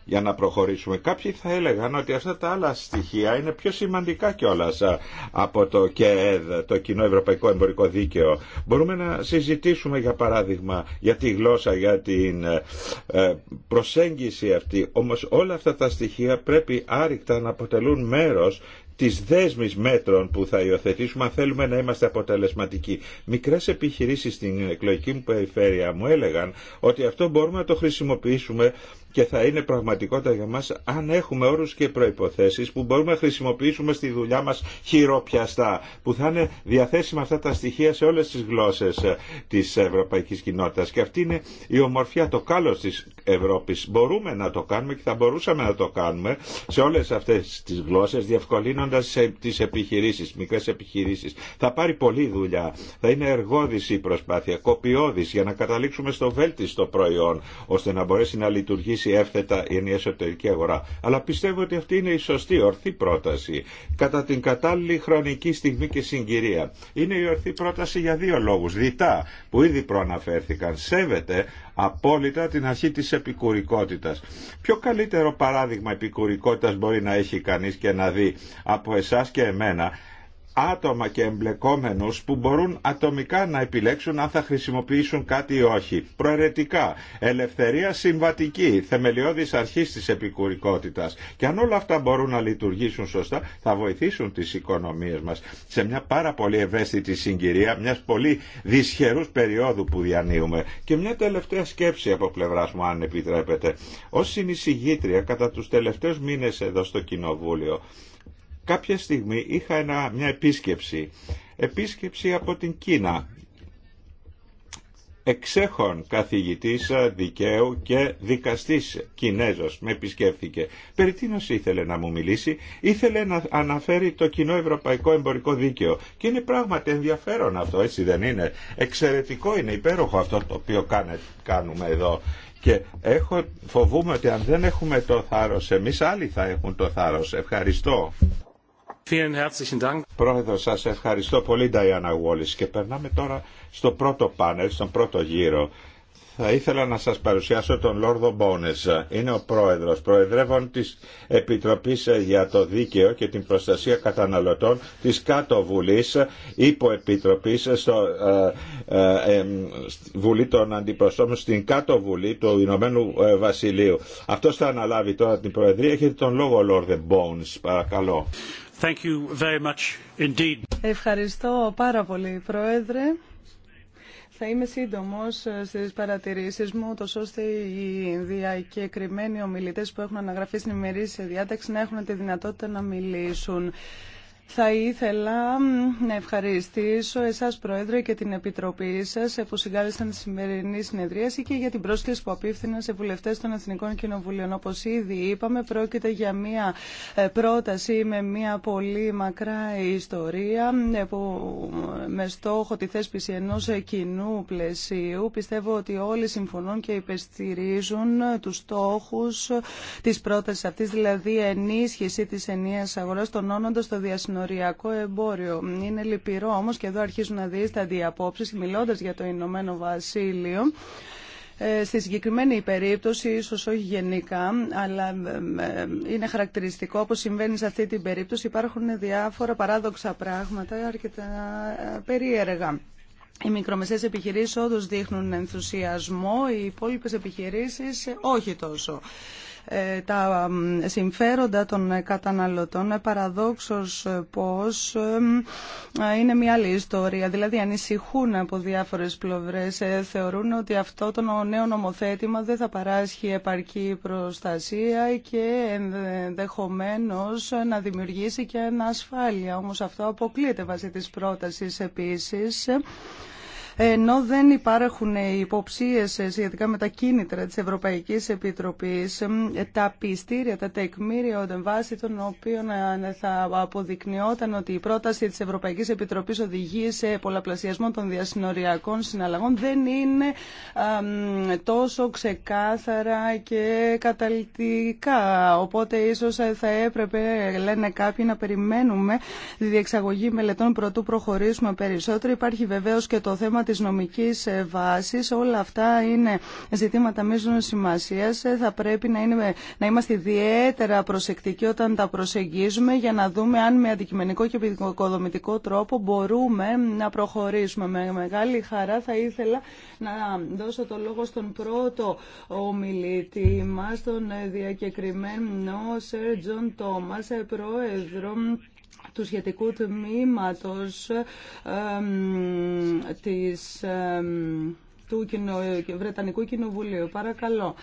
για να προχωρήσουμε. Κάποιοι θα έλεγαν ότι αυτά τα άλλα στοιχεία είναι πιο σημαντικά κιόλα από το ΚΕΕΔ, το Κοινό Ευρωπαϊκό Εμπορικό Δίκαιο. Μπορούμε να συζητήσουμε για παράδειγμα για τη γλώσσα, για την ε, ε, προσέγγιση αυτή. Όμως όλα αυτά τα στοιχεία πρέπει άρρηκτα να αποτελούν μέρος της δέσμης μέτρων που θα υιοθετήσουμε αν θέλουμε να είμαστε αποτελεσματικοί. Μικρές επιχειρήσεις στην εκλογική μου περιφέρεια μου έλεγαν ότι αυτό μπορούμε να το χρησιμοποιήσουμε και θα είναι πραγματικότητα για μας αν έχουμε όρους και προϋποθέσεις που μπορούμε να χρησιμοποιήσουμε στη δουλειά μας χειροπιαστά, που θα είναι διαθέσιμα αυτά τα στοιχεία σε όλες τις γλώσσες ε, της ευρωπαϊκής κοινότητας. Και αυτή είναι η ομορφιά, το κάλος της Ευρώπης. Μπορούμε να το κάνουμε και θα μπορούσαμε να το κάνουμε σε όλες αυτές τις γλώσσες, διευκολύνοντας τις επιχειρήσεις, μικρές επιχειρήσεις. Θα πάρει πολλή δουλειά, θα είναι εργόδηση η προσπάθεια, κοπιώδηση για να καταλήξουμε στο βέλτιστο προϊόν, ώστε να μπορέσει να λειτουργήσει εύθετα εύθετα η εσωτερική αγορά. Αλλά πιστεύω ότι αυτή είναι η σωστή, ορθή πρόταση. Κατά την κατάλληλη χρονική στιγμή και συγκυρία. Είναι η ορθή πρόταση για δύο λόγου. Διτά, που ήδη προαναφέρθηκαν, σέβεται απόλυτα την αρχή τη επικουρικότητα. Ποιο καλύτερο παράδειγμα επικουρικότητα μπορεί να έχει κανεί και να δει από εσά και εμένα άτομα και εμπλεκόμενους που μπορούν ατομικά να επιλέξουν αν θα χρησιμοποιήσουν κάτι ή όχι. Προαιρετικά, ελευθερία συμβατική, θεμελιώδης αρχή της επικουρικότητας. Και αν όλα αυτά μπορούν να λειτουργήσουν σωστά, θα βοηθήσουν τις οικονομίες μας σε μια πάρα πολύ ευαίσθητη συγκυρία, μιας πολύ δυσχερούς περίοδου που διανύουμε. Και μια τελευταία σκέψη από πλευράς μου, αν επιτρέπετε. Ως συνεισηγήτρια κατά τους τελευταίους μήνες εδώ στο Κοινοβούλιο, Κάποια στιγμή είχα ένα, μια επίσκεψη, επίσκεψη από την Κίνα. Εξέχων καθηγητής ε, δικαίου και δικαστής Κινέζος με επισκέφθηκε. Περί τίνος ήθελε να μου μιλήσει, ήθελε να αναφέρει το κοινό ευρωπαϊκό εμπορικό δίκαιο. Και είναι πράγματι ενδιαφέρον αυτό, έτσι δεν είναι. Εξαιρετικό είναι, υπέροχο αυτό το οποίο κάνουμε εδώ. Και έχω, φοβούμαι ότι αν δεν έχουμε το θάρρος, εμείς άλλοι θα έχουν το θάρρος. Ευχαριστώ. Πρόεδρο, σας ευχαριστώ πολύ, Diana Wallis. Και περνάμε τώρα στο πρώτο πάνελ, στον πρώτο γύρο. Θα ήθελα να σας παρουσιάσω τον Λόρδο Μπόνες. Είναι ο πρόεδρος, προεδρεύων της Επιτροπής για το Δίκαιο και την Προστασία Καταναλωτών της Κάτω Βουλής, υποεπιτροπής στο ε, ε, ε, Βουλή των Αντιπροσώπων, στην Κάτω Βουλή του Ηνωμένου Βασιλείου. Αυτός θα αναλάβει τώρα την Προεδρία. Έχετε τον λόγο, Λόρδε παρακαλώ. Ευχαριστώ πάρα πολύ, Πρόεδρε. Θα είμαι σύντομος ε, στις παρατηρήσεις μου, τόσο ώστε οι διακεκριμένοι ομιλητέ που έχουν αναγραφεί στην ημερή σε διάταξη να έχουν τη δυνατότητα να μιλήσουν. Θα ήθελα να ευχαριστήσω εσάς Πρόεδρε και την Επιτροπή σας που συγκάλεσαν τη σημερινή συνεδρίαση και για την πρόσκληση που απίφθηνα σε βουλευτές των Εθνικών Κοινοβουλίων. Όπως ήδη είπαμε πρόκειται για μια ε, πρόταση με μια πολύ μακρά ιστορία ε, που με στόχο τη θέσπιση ενός κοινού πλαισίου πιστεύω ότι όλοι συμφωνούν και υπεστηρίζουν ε, τους στόχους της πρότασης αυτής, δηλαδή ενίσχυση της ενίας αγοράς τονώνοντας το στο εμπόριο. Είναι λυπηρό όμω και εδώ αρχίζουν να δει τα απόψεις μιλώντα για το Ηνωμένο Βασίλειο. Ε, στη συγκεκριμένη περίπτωση, ίσως όχι γενικά, αλλά ε, ε, είναι χαρακτηριστικό όπως συμβαίνει σε αυτή την περίπτωση, υπάρχουν διάφορα παράδοξα πράγματα, αρκετά περίεργα. Οι μικρομεσαίες επιχειρήσεις όντως δείχνουν ενθουσιασμό, οι υπόλοιπες επιχειρήσεις όχι τόσο. Ε, τα συμφέροντα των ε, καταναλωτών ε, παραδόξως πως είναι μια άλλη ιστορία. Δηλαδή ανησυχούν από διάφορες πλευρές, θεωρούν ότι αυτό το νέο νομοθέτημα δεν θα παράσχει επαρκή προστασία και ενδεχομένω να δημιουργήσει και ασφάλεια. Όμως αυτό αποκλείεται βάσει της πρότασης επίσης ενώ δεν υπάρχουν υποψίες σχετικά με τα κίνητρα της Ευρωπαϊκής Επιτροπής, τα πιστήρια, τα τεκμήρια βάσει των οποίων ε, ναι, θα αποδεικνυόταν ότι η πρόταση της Ευρωπαϊκής Επιτροπής οδηγεί σε πολλαπλασιασμό των διασυνοριακών συναλλαγών δεν είναι τόσο ξεκάθαρα και καταλητικά. Οπότε ίσως ε, θα έπρεπε, λένε κάποιοι, να περιμένουμε τη διεξαγωγή μελετών προτού προχωρήσουμε περισσότερο. Υπάρχει βεβαίω και το θέμα της νομικής ε, βάσης. Όλα αυτά είναι ζητήματα μείζων σημασίας. Ε, θα πρέπει να, να είμαστε ιδιαίτερα προσεκτικοί όταν τα προσεγγίζουμε για να δούμε αν με αντικειμενικό και επικοδομητικό τρόπο μπορούμε να προχωρήσουμε. Με μεγάλη χαρά θα ήθελα να δώσω το λόγο στον πρώτο ομιλητή μας, τον διακεκριμένο Σερ Τζον Τόμας, πρόεδρο του σχετικού τμήματος ε, της του Βρετανικού Κοινοβουλίου. Παρακαλώ.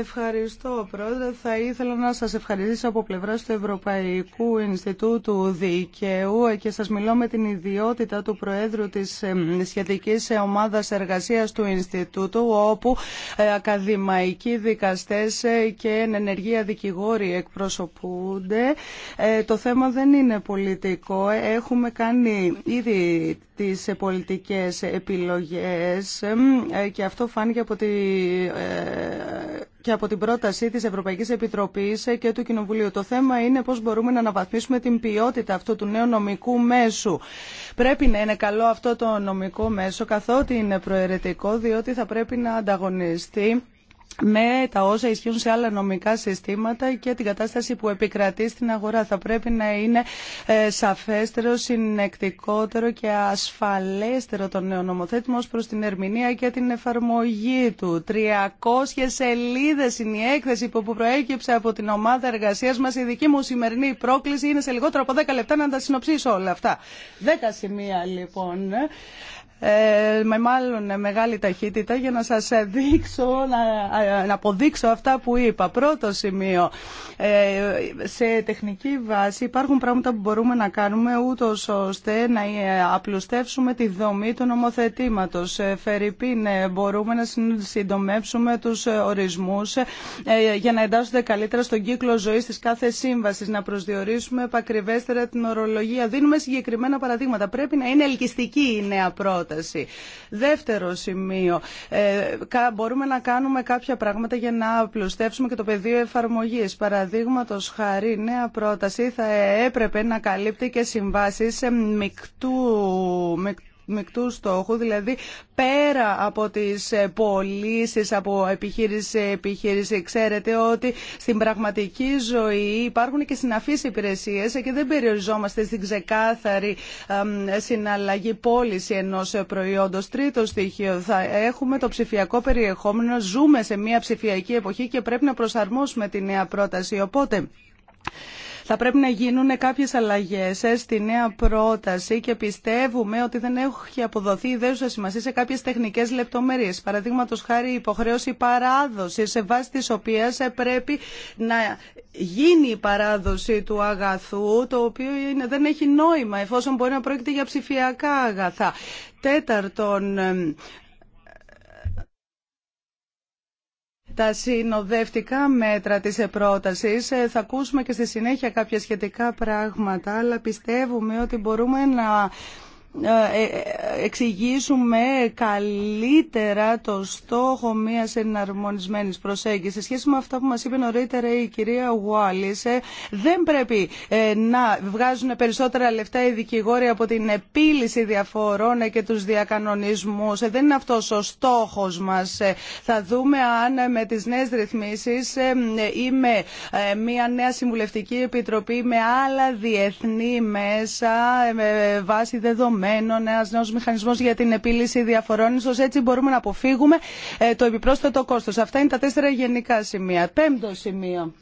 Ευχαριστώ, Πρόεδρε. Θα ήθελα να σας ευχαριστήσω από πλευράς του Ευρωπαϊκού Ινστιτούτου Δικαίου και σας μιλώ με την ιδιότητα του Προέδρου της ε, σχετικής ομάδας εργασίας του Ινστιτούτου, όπου ε, ακαδημαϊκοί δικαστές ε, και ενεργεία δικηγόροι εκπροσωπούνται. Το θέμα δεν είναι πολιτικό. Έχουμε κάνει ήδη τις πολιτικές επιλογές ε, και αυτό φάνηκε από ε, και από την πρόταση της Ευρωπαϊκής Επιτροπής ε, και του Κοινοβουλίου. Το θέμα είναι πώς μπορούμε να αναβαθμίσουμε την ποιότητα αυτού του νέου νομικού μέσου. Πρέπει να είναι καλό αυτό το νομικό μέσο καθότι είναι προαιρετικό διότι θα πρέπει να ανταγωνιστεί με τα όσα ισχύουν σε άλλα νομικά συστήματα και την κατάσταση που επικρατεί στην αγορά. Θα πρέπει να είναι ε, σαφέστερο, συνεκτικότερο και ασφαλέστερο το νέο νομοθέτημα ως προς την ερμηνεία και την εφαρμογή του. 300 σελίδες είναι η έκθεση που προέκυψε από την ομάδα εργασίας μας. Η δική μου σημερινή πρόκληση είναι σε λιγότερο από 10 λεπτά να τα συνοψίσω όλα αυτά. 10 σημεία λοιπόν. Ε, με μάλλον μεγάλη ταχύτητα για να σας δείξω, να, ε, να αποδείξω αυτά που είπα. Πρώτο σημείο, ε, σε τεχνική βάση υπάρχουν πράγματα που μπορούμε να κάνουμε ούτω ώστε να απλουστεύσουμε τη δομή του νομοθετήματος. Φερρυπίν, μπορούμε να συντομεύσουμε τους ορισμούς για να εντάσσονται καλύτερα στον κύκλο ζωής της κάθε σύμβασης, να προσδιορίσουμε επακριβέστερα την ορολογία. Δίνουμε συγκεκριμένα παραδείγματα. Πρέπει να είναι ελκυστική η νέα πρώτη. Δεύτερο σημείο, ε, μπορούμε να κάνουμε κάποια πράγματα για να απλουστεύσουμε και το πεδίο εφαρμογή. Παραδείγματο χάρη, νέα πρόταση θα έπρεπε να καλύπτει και συμβάσει σε μεικτού μεικτού στόχου, δηλαδή πέρα από τις ε, πωλήσει από επιχείρηση σε επιχείρηση. Ξέρετε ότι στην πραγματική ζωή υπάρχουν και συναφείς υπηρεσίες και δεν περιοριζόμαστε στην ξεκάθαρη συναλλαγή πώληση ενός προϊόντος. Τρίτο στοιχείο, θα έχουμε το ψηφιακό περιεχόμενο, ζούμε σε μια ψηφιακή εποχή και πρέπει να προσαρμόσουμε τη νέα πρόταση. Οπότε, θα πρέπει να γίνουν κάποιες αλλαγές ε, στη νέα πρόταση και πιστεύουμε ότι δεν έχει αποδοθεί ιδέουσα σημασία σε κάποιες τεχνικές λεπτομέρειες. Παραδείγματο χάρη η υποχρέωση παράδοση σε βάση της οποίας ε, πρέπει να γίνει η παράδοση του αγαθού, το οποίο δεν έχει νόημα εφόσον μπορεί να πρόκειται για ψηφιακά αγαθά. Τέταρτον, τα συνοδευτικά μέτρα της πρότασης. Ε, θα ακούσουμε και στη συνέχεια κάποια σχετικά πράγματα, αλλά πιστεύουμε ότι μπορούμε να ε, ε, εξηγήσουμε καλύτερα το στόχο μιας εναρμονισμένης προσέγγισης. Σε σχέση με αυτά που μας είπε νωρίτερα η κυρία Γουάλης, ε, δεν πρέπει να βγάζουν περισσότερα λεφτά οι δικηγόροι από την επίλυση διαφορών και τους διακανονισμούς. Δεν είναι αυτός ο στόχος μας. Θα δούμε αν με τις νέες ρυθμίσεις ή με μια νέα συμβουλευτική επιτροπή με άλλα διεθνή μέσα, με βάση δεδομένων δεδομένων, ένα νέο μηχανισμό για την επίλυση διαφορών. ίσω έτσι μπορούμε να αποφύγουμε ε, το επιπρόσθετο κόστο. Αυτά είναι τα τέσσερα γενικά σημεία. Πέμπτο σημείο.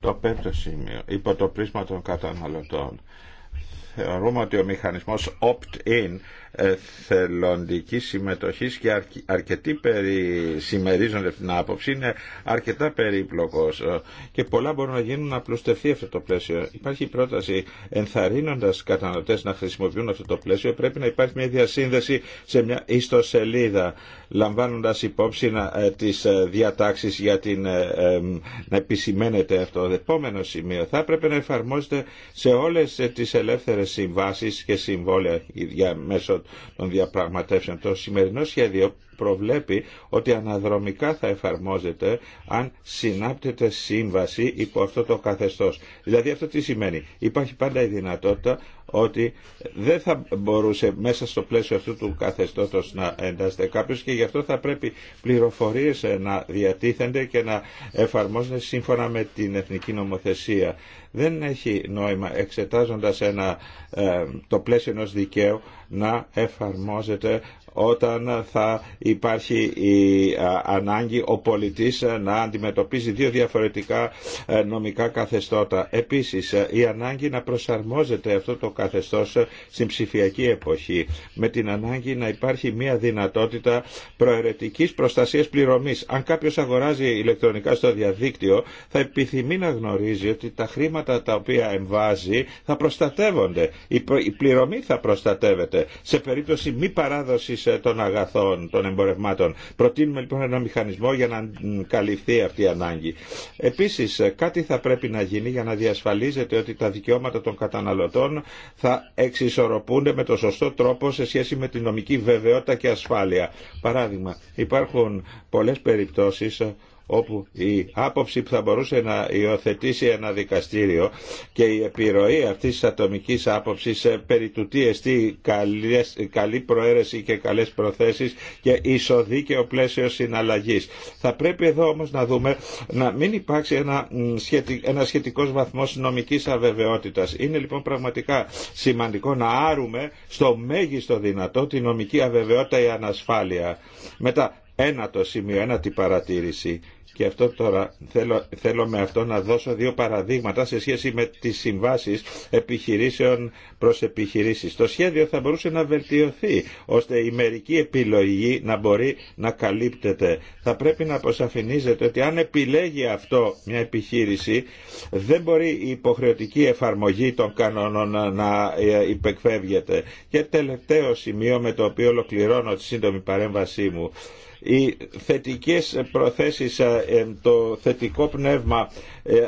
Το πέμπτο σημείο, υπό το πρίσμα των καταναλωτών. Θεωρούμε ότι ο μηχανισμός opt-in εθελοντική συμμετοχή και αρκε, αρκετοί περί, συμμερίζονται την άποψη είναι αρκετά περίπλοκο ε, και πολλά μπορούν να γίνουν να πλουστευτεί αυτό το πλαίσιο. Υπάρχει η πρόταση ενθαρρύνοντα καταναλωτέ να χρησιμοποιούν αυτό το πλαίσιο πρέπει να υπάρχει μια διασύνδεση σε μια ιστοσελίδα λαμβάνοντα υπόψη ε, τις ε, διατάξεις για την, ε, να επισημαίνεται αυτό. Το Επόμενο σημείο θα έπρεπε να εφαρμόζεται σε όλες τις ελεύθερε συμβάσει και συμβόλαια για μέσω των διαπραγματεύσεων. Το σημερινό σχέδιο προβλέπει ότι αναδρομικά θα εφαρμόζεται αν συνάπτεται σύμβαση υπό αυτό το καθεστώς. Δηλαδή αυτό τι σημαίνει. Υπάρχει πάντα η δυνατότητα ότι δεν θα μπορούσε μέσα στο πλαίσιο αυτού του καθεστώτος να εντάσσεται κάποιος και γι' αυτό θα πρέπει πληροφορίες ε, να διατίθενται και να εφαρμόζονται σύμφωνα με την εθνική νομοθεσία. Δεν έχει νόημα εξετάζοντας ένα, ε, το πλαίσιο ενός δικαίου να εφαρμόζεται όταν θα υπάρχει η ανάγκη ο πολιτής ε, να αντιμετωπίζει δύο διαφορετικά ε, νομικά καθεστώτα. Επίσης, ε, η ανάγκη να προσαρμόζεται αυτό το καθεστώς στην ψηφιακή εποχή, με την ανάγκη να υπάρχει μια δυνατότητα προαιρετικής προστασίας πληρωμής. Αν κάποιος αγοράζει ηλεκτρονικά στο διαδίκτυο, θα επιθυμεί να γνωρίζει ότι τα χρήματα τα οποία εμβάζει θα προστατεύονται. Η πληρωμή θα προστατεύεται. Σε περίπτωση μη παράδοσης ε, των αγαθών, των εμπορευμάτων. Προτείνουμε λοιπόν ένα μηχανισμό για να καλυφθεί αυτή η ανάγκη. Επίσης ε, κάτι θα πρέπει να γίνει για να διασφαλίζεται ότι τα δικαιώματα των καταναλωτών θα εξισορροπούνται με το σωστό τρόπο σε σχέση με την νομική βεβαιότητα και ασφάλεια. Παράδειγμα, υπάρχουν πολλές περιπτώσει. Ε, όπου η άποψη που θα μπορούσε να υιοθετήσει ένα δικαστήριο και η επιρροή αυτής της ατομικής άποψης ε, περί του τι εστί καλή προαίρεση και καλές προθέσεις και ισοδίκαιο πλαίσιο συναλλαγής. Θα πρέπει εδώ όμως να δούμε να μην υπάρξει ένα, ένα σχετικός βαθμός νομικής αβεβαιότητας. Είναι λοιπόν πραγματικά σημαντικό να άρουμε στο μέγιστο δυνατό τη νομική αβεβαιότητα ή ανασφάλεια. Μετά ένα το σημείο, ένα την παρατήρηση. Και αυτό τώρα θέλω, θέλω με αυτό να δώσω δύο παραδείγματα σε σχέση με τις συμβάσεις επιχειρήσεων προς επιχειρήσεις. Το σχέδιο θα μπορούσε να βελτιωθεί ώστε η μερική επιλογή να μπορεί να καλύπτεται. Θα πρέπει να αποσαφηνίζεται ότι αν επιλέγει αυτό μια επιχείρηση δεν μπορεί η υποχρεωτική εφαρμογή των κανόνων να ε, υπεκφεύγεται. Και τελευταίο σημείο με το οποίο ολοκληρώνω τη σύντομη παρέμβασή μου. Οι θετικές προθέσεις, ε, ε, το θετικό πνεύμα ε,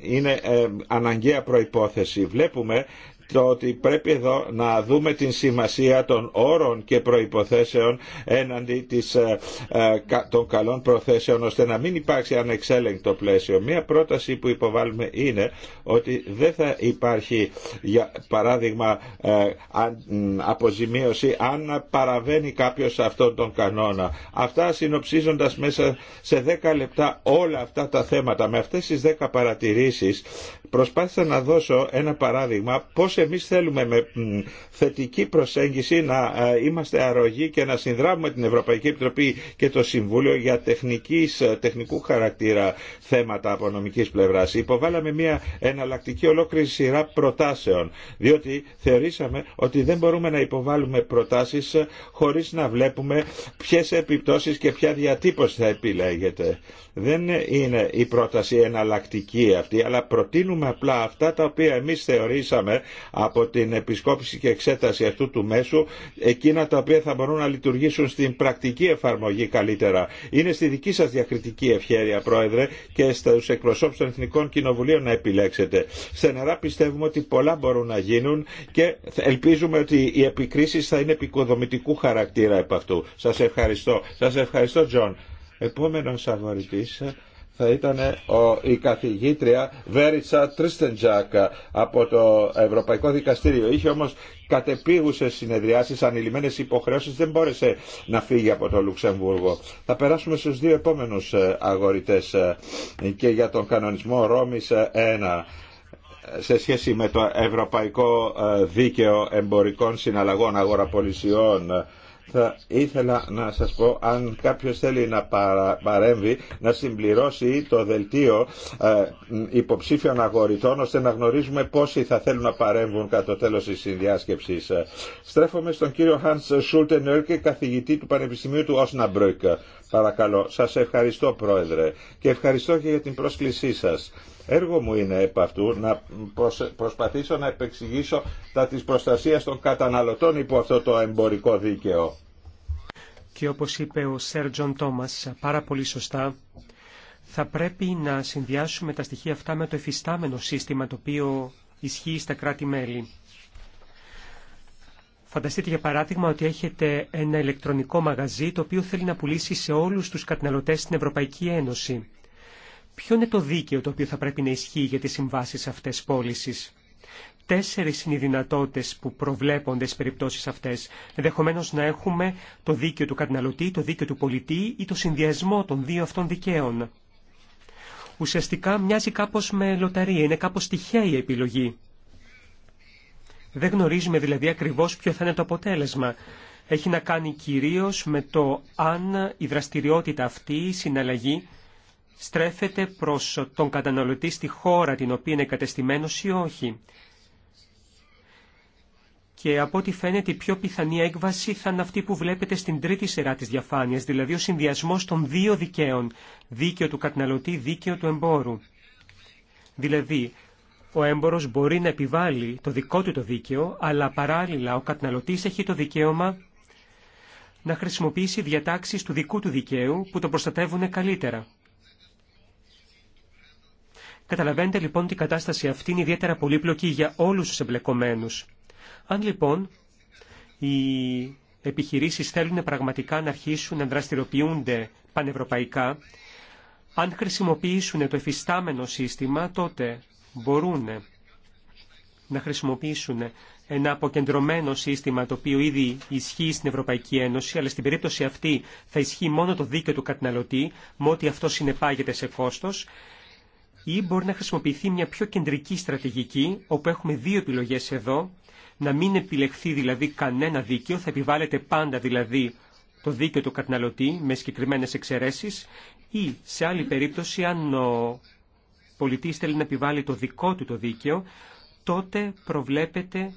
είναι αναγκαία προϋπόθεση. Βλέπουμε το ότι πρέπει εδώ να δούμε την σημασία των όρων και προϋποθέσεων έναντι της, ε, ε, των καλών προθέσεων ώστε να μην υπάρξει ανεξέλεγκτο πλαίσιο. Μία πρόταση που υποβάλλουμε είναι ότι δεν θα υπάρχει για παράδειγμα ε, αποζημίωση αν παραβαίνει κάποιος αυτόν τον κανόνα. Αυτά συνοψίζοντας μέσα σε 10 λεπτά όλα αυτά τα θέματα με αυτές τις 10 παρατηρήσεις προσπάθησα να δώσω ένα παράδειγμα πώς εμείς θέλουμε με θετική προσέγγιση να ε, είμαστε αρρωγοί και να συνδράμουμε την Ευρωπαϊκή Επιτροπή και το Συμβούλιο για τεχνικής, ε, τεχνικού χαρακτήρα θέματα από νομικής πλευράς. Υποβάλαμε μια εναλλακτική ολόκληρη σειρά προτάσεων, διότι θεωρήσαμε ότι δεν μπορούμε να υποβάλουμε προτάσεις ε, χωρίς να βλέπουμε ποιες επιπτώσεις και ποια διατύπωση θα επιλέγεται. Δεν είναι η πρόταση εναλλακτική αυτή, αλλά προτείνουμε απλά αυτά τα οποία εμείς θεωρήσαμε από την επισκόπηση και εξέταση αυτού του μέσου εκείνα τα οποία θα μπορούν να λειτουργήσουν στην πρακτική εφαρμογή καλύτερα. Είναι στη δική σας διακριτική ευχαίρεια, Πρόεδρε και στους εκπροσώπους των Εθνικών Κοινοβουλίων να επιλέξετε. Στενερά πιστεύουμε ότι πολλά μπορούν να γίνουν και ελπίζουμε ότι οι επικρίσεις θα είναι επικοδομητικού χαρακτήρα επ' αυτού. Σας ευχαριστώ. Σας ευχαριστώ Τζον. Επόμενος αγορητής θα ήταν ε, η καθηγήτρια Βέριτσα Τρίστεντζακ από το Ευρωπαϊκό Δικαστήριο. Είχε όμω κατεπίγουσε συνεδριάσεις, ανηλυμένε υποχρέωσει, δεν μπόρεσε να φύγει από το Λουξεμβούργο. Θα περάσουμε στου δύο επόμενου ε, αγορητέ ε, και για τον κανονισμό Ρώμη 1 σε σχέση με το Ευρωπαϊκό Δίκαιο Εμπορικών Συναλλαγών Αγοραπολισιών θα ήθελα να σας πω αν κάποιος θέλει να παρέμβει να συμπληρώσει το δελτίο ε, υποψήφιων αγοριτών ώστε να γνωρίζουμε πόσοι θα θέλουν να παρέμβουν κατά το τέλος της συνδιάσκεψης. Ε, στρέφομαι στον κύριο Hans Schultenberg και καθηγητή του Πανεπιστημίου του Osnabrück. Παρακαλώ. Σας ευχαριστώ πρόεδρε και ευχαριστώ και για την πρόσκλησή σας. Έργο μου είναι επ' αυτού να προσπαθήσω να επεξηγήσω τα της προστασίας των καταναλωτών υπό αυτό το εμπορικό δίκαιο. Και όπως είπε ο Σερ Τζον Τόμας πάρα πολύ σωστά, θα πρέπει να συνδυάσουμε τα στοιχεία αυτά με το εφιστάμενο σύστημα το οποίο ισχύει στα κράτη-μέλη. Φανταστείτε για παράδειγμα ότι έχετε ένα ηλεκτρονικό μαγαζί το οποίο θέλει να πουλήσει σε όλους τους καταναλωτές στην Ευρωπαϊκή Ένωση ποιο είναι το δίκαιο το οποίο θα πρέπει να ισχύει για τις συμβάσεις αυτές πώλησης. Τέσσερις είναι οι δυνατότητες που προβλέπονται στις περιπτώσεις αυτές. Ενδεχομένως να έχουμε το δίκαιο του καταναλωτή, το δίκαιο του πολιτή ή το συνδυασμό των δύο αυτών δικαίων. Ουσιαστικά μοιάζει κάπως με λοταρία, είναι κάπως τυχαία η επιλογή. Δεν γνωρίζουμε δηλαδή ακριβώς ποιο θα είναι το αποτέλεσμα. Έχει να κάνει κυρίως με το αν η δραστηριότητα αυτή, η συναλλαγή, στρέφεται προς τον καταναλωτή στη χώρα την οποία είναι κατεστημένος ή όχι. Και από ό,τι φαίνεται η πιο πιθανή έκβαση θα είναι αυτή που βλέπετε στην τρίτη σειρά της διαφάνειας, δηλαδή ο συνδυασμός των δύο δικαίων, δίκαιο του καταναλωτή, δίκαιο του εμπόρου. Δηλαδή, ο έμπορος μπορεί να επιβάλλει το δικό του το δίκαιο, αλλά παράλληλα ο καταναλωτής έχει το δικαίωμα να χρησιμοποιήσει διατάξεις του δικού του δικαίου που τον προστατεύουν καλύτερα. Καταλαβαίνετε λοιπόν ότι η κατάσταση αυτή είναι ιδιαίτερα πολύπλοκη για όλους τους εμπλεκομένους. Αν λοιπόν οι επιχειρήσεις θέλουν πραγματικά να αρχίσουν να δραστηριοποιούνται πανευρωπαϊκά, αν χρησιμοποιήσουν το εφιστάμενο σύστημα, τότε μπορούν να χρησιμοποιήσουν ένα αποκεντρωμένο σύστημα το οποίο ήδη ισχύει στην Ευρωπαϊκή Ένωση, αλλά στην περίπτωση αυτή θα ισχύει μόνο το δίκαιο του καταναλωτή, με ό,τι αυτό συνεπάγεται σε κόστος ή μπορεί να χρησιμοποιηθεί μια πιο κεντρική στρατηγική, όπου έχουμε δύο επιλογές εδώ, να μην επιλεχθεί δηλαδή κανένα δίκαιο, θα επιβάλλεται πάντα δηλαδή το δίκαιο του καταναλωτή με συγκεκριμένε εξαιρέσει ή σε άλλη περίπτωση αν ο πολιτής θέλει να επιβάλλει το δικό του το δίκαιο, τότε προβλέπεται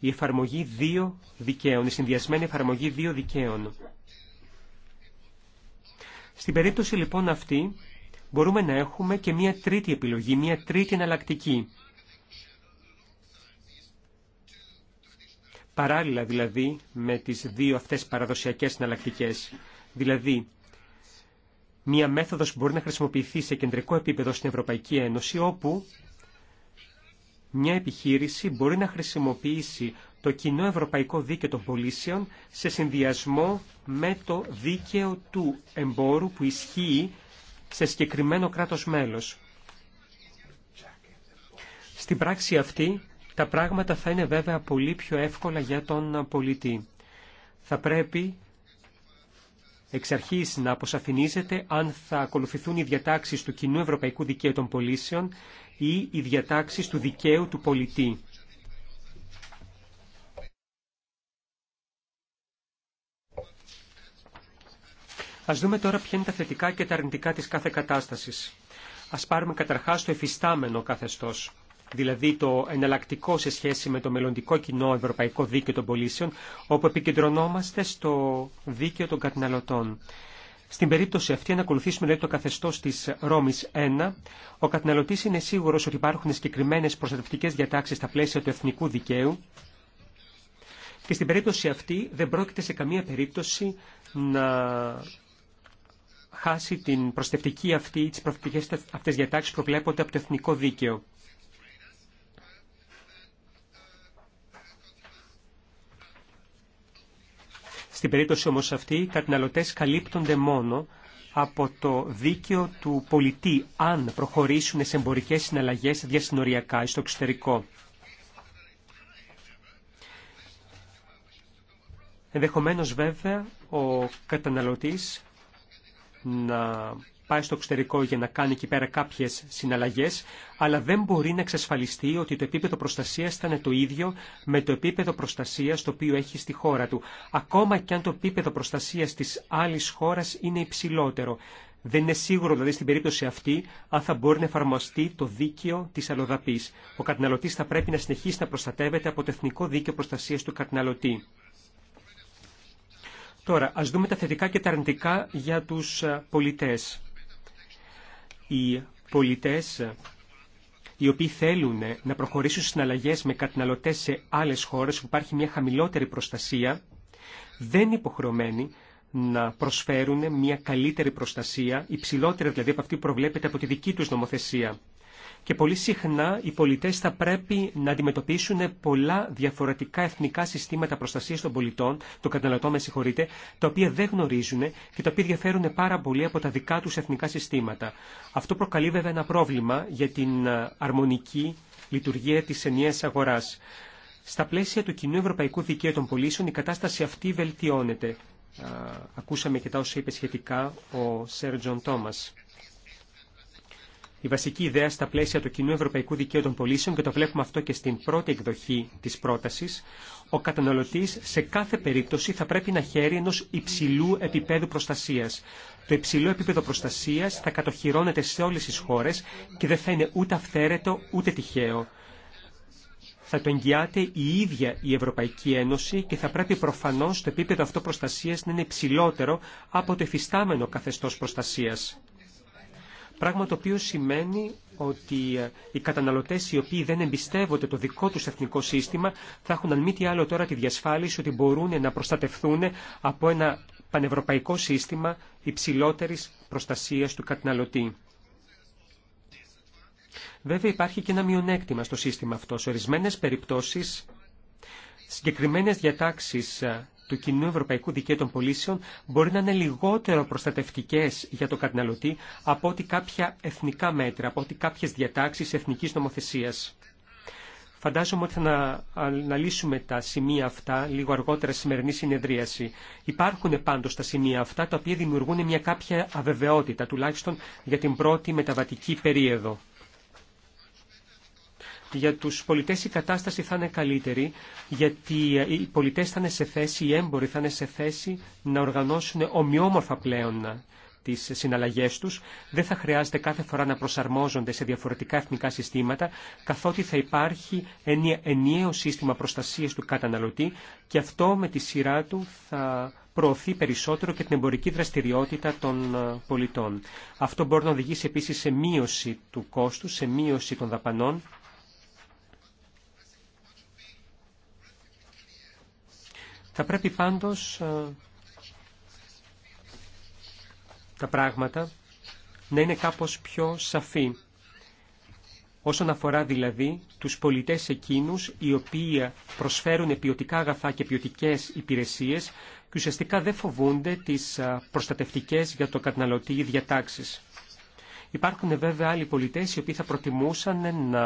η εφαρμογή δύο δικαίων, η συνδυασμένη εφαρμογή δύο δικαίων. Στην περίπτωση λοιπόν αυτή, μπορούμε να έχουμε και μία τρίτη επιλογή, μία τρίτη εναλλακτική. Παράλληλα δηλαδή με τις δύο αυτές παραδοσιακές εναλλακτικέ. Δηλαδή, μία μέθοδος που μπορεί να χρησιμοποιηθεί σε κεντρικό επίπεδο στην Ευρωπαϊκή Ένωση, όπου μια επιχείρηση μπορεί να χρησιμοποιήσει το κοινό ευρωπαϊκό δίκαιο των πολίσεων σε συνδυασμό με το δίκαιο του εμπόρου που ισχύει σε συγκεκριμένο κράτος μέλος. Στην πράξη αυτή, τα πράγματα θα είναι βέβαια πολύ πιο εύκολα για τον πολιτή. Θα πρέπει εξ αρχής να αποσαφηνίζεται αν θα ακολουθηθούν οι διατάξεις του κοινού ευρωπαϊκού δικαίου των πολίσεων ή οι διατάξεις του δικαίου του πολιτή. Α δούμε τώρα ποια είναι τα θετικά και τα αρνητικά τη κάθε κατάσταση. Α πάρουμε καταρχά το εφιστάμενο καθεστώ, δηλαδή το εναλλακτικό σε σχέση με το μελλοντικό κοινό ευρωπαϊκό δίκαιο των πολίσεων, όπου επικεντρωνόμαστε στο δίκαιο των καταναλωτών. Στην περίπτωση αυτή, αν ακολουθήσουμε το καθεστώ τη Ρώμη 1, ο καταναλωτή είναι σίγουρο ότι υπάρχουν συγκεκριμένε προστατευτικέ διατάξει στα πλαίσια του εθνικού δικαίου και στην περίπτωση αυτή δεν πρόκειται σε καμία περίπτωση να χάσει την προστευτική αυτή, τις προστευτικές αυτές διατάξεις προβλέπονται από το εθνικό δίκαιο. Στην περίπτωση όμως αυτή, οι καταναλωτές καλύπτονται μόνο από το δίκαιο του πολιτή αν προχωρήσουν σε εμπορικές συναλλαγές διασυνοριακά στο εξωτερικό. Ενδεχομένως βέβαια ο καταναλωτής να πάει στο εξωτερικό για να κάνει εκεί πέρα κάποιε συναλλαγέ, αλλά δεν μπορεί να εξασφαλιστεί ότι το επίπεδο προστασία θα είναι το ίδιο με το επίπεδο προστασία το οποίο έχει στη χώρα του. Ακόμα και αν το επίπεδο προστασία τη άλλη χώρα είναι υψηλότερο. Δεν είναι σίγουρο δηλαδή στην περίπτωση αυτή αν θα μπορεί να εφαρμοστεί το δίκαιο τη αλλοδαπή. Ο καταναλωτή θα πρέπει να συνεχίσει να προστατεύεται από το Εθνικό Δίκαιο Προστασία του Καταναλωτή. Τώρα, ας δούμε τα θετικά και τα αρνητικά για τους ε, πολιτές. Οι πολιτές ε, οι οποίοι θέλουν ε, να προχωρήσουν στις συναλλαγές με καταναλωτές σε άλλες χώρες που υπάρχει μια χαμηλότερη προστασία, δεν είναι υποχρεωμένοι να προσφέρουν μια καλύτερη προστασία, υψηλότερη δηλαδή από αυτή που προβλέπεται από τη δική τους νομοθεσία και πολύ συχνά οι πολιτές θα πρέπει να αντιμετωπίσουν πολλά διαφορετικά εθνικά συστήματα προστασίας των πολιτών, των καταναλωτών με συγχωρείτε, τα οποία δεν γνωρίζουν και τα οποία διαφέρουν πάρα πολύ από τα δικά τους εθνικά συστήματα. Αυτό προκαλεί βέβαια ένα πρόβλημα για την ε, αρμονική λειτουργία της ενιαίας αγοράς. Στα πλαίσια του κοινού ευρωπαϊκού δικαίου των πολίσεων η κατάσταση αυτή βελτιώνεται. Ακούσαμε και τα όσα είπε σχετικά ο Σέρ Τζον Τόμας η βασική ιδέα στα πλαίσια του κοινού ευρωπαϊκού δικαίου των πολίσεων και το βλέπουμε αυτό και στην πρώτη εκδοχή τη πρόταση, ο καταναλωτή σε κάθε περίπτωση θα πρέπει να χαίρει ενό υψηλού επίπεδου προστασία. Το υψηλό επίπεδο προστασία θα κατοχυρώνεται σε όλε τι χώρε και δεν θα είναι ούτε αυθαίρετο ούτε τυχαίο. Θα το εγγυάται η ίδια η Ευρωπαϊκή Ένωση και θα πρέπει προφανώς το επίπεδο αυτό προστασίας να είναι υψηλότερο από το εφιστάμενο καθεστώς προστασίας. Πράγμα το οποίο σημαίνει ότι ε, οι καταναλωτές οι οποίοι δεν εμπιστεύονται το δικό τους εθνικό σύστημα θα έχουν αν μη τι άλλο τώρα τη διασφάλιση ότι μπορούν να προστατευθούν από ένα πανευρωπαϊκό σύστημα υψηλότερης προστασίας του καταναλωτή. Βέβαια υπάρχει και ένα μειονέκτημα στο σύστημα αυτό. Σε ορισμένες περιπτώσεις συγκεκριμένες διατάξεις ε, του κοινού ευρωπαϊκού δικαίου των πωλήσεων μπορεί να είναι λιγότερο προστατευτικές για τον καταναλωτή από ότι κάποια εθνικά μέτρα, από ότι κάποιες διατάξεις εθνικής νομοθεσίας. Φαντάζομαι ότι θα αναλύσουμε τα σημεία αυτά λίγο αργότερα στη σημερινή συνεδρίαση. Υπάρχουν πάντως τα σημεία αυτά τα οποία δημιουργούν μια κάποια αβεβαιότητα, τουλάχιστον για την πρώτη μεταβατική περίοδο. Για τους πολιτές η κατάσταση θα είναι καλύτερη, γιατί ε, οι πολιτές θα είναι σε θέση, οι έμποροι θα είναι σε θέση να οργανώσουν ομοιόμορφα πλέον ε, τις συναλλαγές τους, δεν θα χρειάζεται κάθε φορά να προσαρμόζονται σε διαφορετικά εθνικά συστήματα, καθότι θα υπάρχει ενιαίο σύστημα προστασίας του καταναλωτή και αυτό με τη σειρά του θα προωθεί περισσότερο και την εμπορική δραστηριότητα των ε, πολιτών. Αυτό μπορεί να οδηγήσει επίσης σε μείωση του κόστου, σε μείωση των δαπανών Θα πρέπει πάντως ε, τα πράγματα να είναι κάπως πιο σαφή. Όσον αφορά δηλαδή τους πολιτές εκείνους οι οποίοι προσφέρουν ποιοτικά αγαθά και ποιοτικέ υπηρεσίες και ουσιαστικά δεν φοβούνται τις ε, προστατευτικές για το καταναλωτή διατάξεις. Υπάρχουν βέβαια άλλοι πολιτές οι οποίοι θα προτιμούσαν να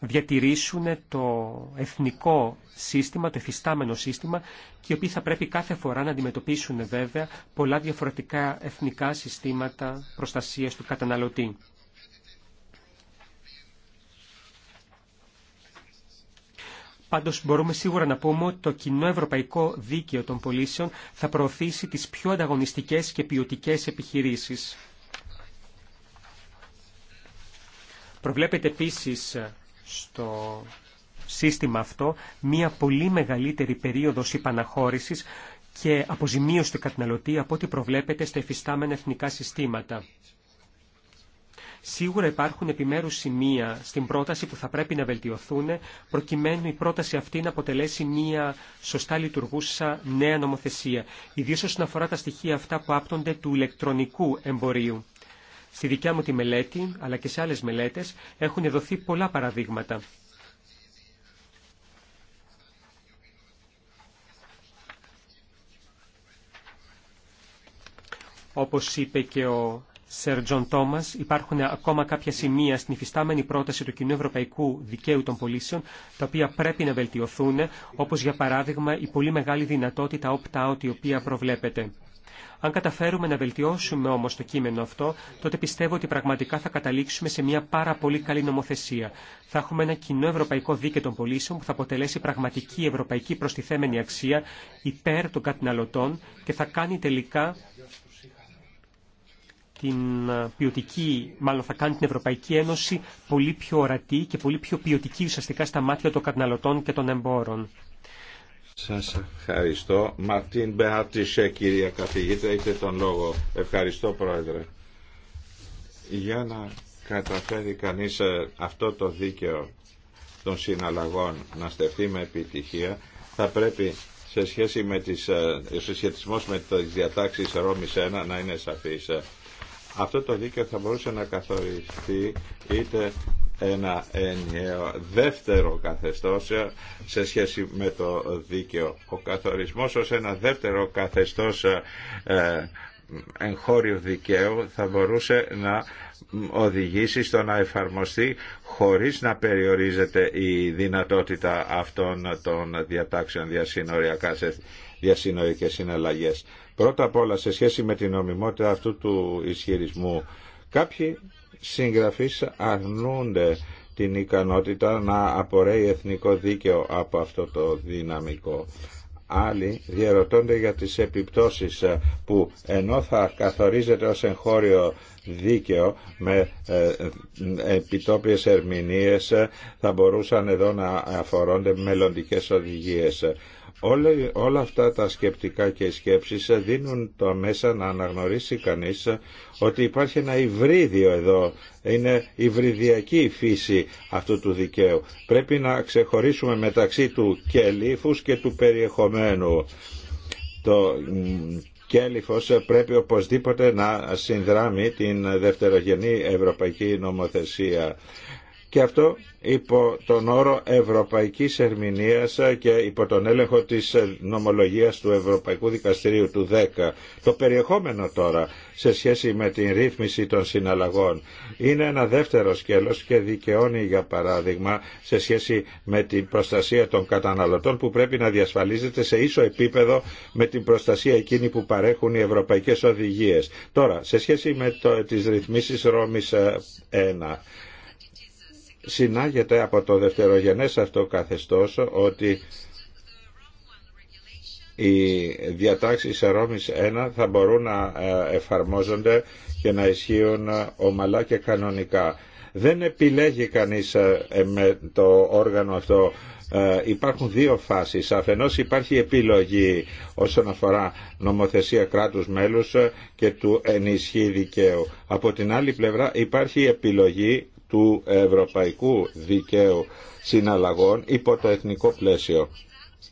διατηρήσουν το εθνικό σύστημα, το εφιστάμενο σύστημα και οι οποίοι θα πρέπει κάθε φορά να αντιμετωπίσουν βέβαια πολλά διαφορετικά εθνικά συστήματα προστασίας του καταναλωτή. Πάντως μπορούμε σίγουρα να πούμε ότι το κοινό ευρωπαϊκό δίκαιο των πολίσεων θα προωθήσει τις πιο ανταγωνιστικές και ποιοτικέ επιχειρήσεις. Προβλέπεται επίσης στο σύστημα αυτό μια πολύ μεγαλύτερη περίοδος υπαναχώρησης και αποζημίωση του καταναλωτή από ό,τι προβλέπεται στα εφιστάμενα εθνικά συστήματα. Σίγουρα υπάρχουν επιμέρους σημεία στην πρόταση που θα πρέπει να βελτιωθούν, προκειμένου η πρόταση αυτή να αποτελέσει μια σωστά λειτουργούσα νέα νομοθεσία, ιδίως όσον αφορά τα στοιχεία αυτά που άπτονται του ηλεκτρονικού εμπορίου. Στη δικιά μου τη μελέτη, αλλά και σε άλλες μελέτες, έχουν δοθεί πολλά παραδείγματα. Όπως είπε και ο Σερ Τζον Τόμας, υπάρχουν ακόμα κάποια σημεία στην υφιστάμενη πρόταση του κοινού ευρωπαϊκού δικαίου των πολίσεων, τα οποία πρέπει να βελτιωθούν, όπως για παράδειγμα η πολύ μεγάλη δυνατότητα opt-out η οποία προβλέπεται. Αν καταφέρουμε να βελτιώσουμε όμως το κείμενο αυτό, τότε πιστεύω ότι πραγματικά θα καταλήξουμε σε μια πάρα πολύ καλή νομοθεσία. Θα έχουμε ένα κοινό ευρωπαϊκό δίκαιο των πολίσεων που θα αποτελέσει πραγματική ευρωπαϊκή προστιθέμενη αξία υπέρ των καταναλωτών και θα κάνει τελικά την ε, ποιοτική, μάλλον θα κάνει την Ευρωπαϊκή Ένωση πολύ πιο ορατή και πολύ πιο ποιοτική ουσιαστικά στα μάτια των καταναλωτών και των εμπόρων. Σας ευχαριστώ. Μαρτίν Μπεάτισε, κυρία καθηγήτρια, είτε τον λόγο. Ευχαριστώ, Πρόεδρε. Για να καταφέρει κανείς ε, αυτό το δίκαιο των συναλλαγών να στεφθεί με επιτυχία, θα πρέπει σε σχέση με τις, ε, σε με τις διατάξεις Ρώμης 1 να είναι σαφής. Αυτό το δίκαιο θα μπορούσε να καθοριστεί είτε ένα ενιαίο δεύτερο καθεστώς σε σχέση με το δίκαιο. Ο καθορισμός ως ένα δεύτερο καθεστώς ε, εγχώριου δικαίου θα μπορούσε να οδηγήσει στο να εφαρμοστεί χωρίς να περιορίζεται η δυνατότητα αυτών των διατάξεων διασυνοριακά σε συναλλαγές. Πρώτα απ' όλα σε σχέση με την νομιμότητα αυτού του ισχυρισμού κάποιοι συγγραφείς αρνούνται την ικανότητα να απορρέει εθνικό δίκαιο από αυτό το δυναμικό. Άλλοι διαρωτώνται για τις επιπτώσεις που ενώ θα καθορίζεται ως εγχώριο δίκαιο με ε, επιτόπιες ερμηνείες θα μπορούσαν εδώ να αφορώνται μελλοντικές οδηγίες. Όλα, αυτά τα σκεπτικά και σκέψεις δίνουν το μέσα να αναγνωρίσει κανείς ότι υπάρχει ένα υβρίδιο εδώ, είναι υβριδιακή η φύση αυτού του δικαίου. Πρέπει να ξεχωρίσουμε μεταξύ του κελίφους και του περιεχομένου. Το κέλυφος πρέπει οπωσδήποτε να συνδράμει την δευτερογενή ευρωπαϊκή νομοθεσία και αυτό υπό τον όρο Ευρωπαϊκής Ερμηνείας και υπό τον έλεγχο της νομολογίας του Ευρωπαϊκού Δικαστηρίου του 10. Το περιεχόμενο τώρα σε σχέση με την ρύθμιση των συναλλαγών είναι ένα δεύτερο σκέλος και δικαιώνει για παράδειγμα σε σχέση με την προστασία των καταναλωτών που πρέπει να διασφαλίζεται σε ίσο επίπεδο με την προστασία εκείνη που παρέχουν οι ευρωπαϊκές οδηγίες. Τώρα, σε σχέση με το, τις ρυθμίσεις Ρώμης 1 ε, συνάγεται από το δευτερογενές αυτό καθεστώς ότι οι διατάξεις Ρώμης 1 θα μπορούν να ε, εφαρμόζονται και να ισχύουν ομαλά και κανονικά. Δεν επιλέγει κανείς ε, ε, με το όργανο αυτό υπάρχουν δύο φάσεις. Αφενός υπάρχει επιλογή όσον αφορά νομοθεσία κράτους μέλους και του ενισχύ δικαίου. Από την άλλη πλευρά υπάρχει επιλογή του ευρωπαϊκού δικαίου συναλλαγών υπό το εθνικό πλαίσιο.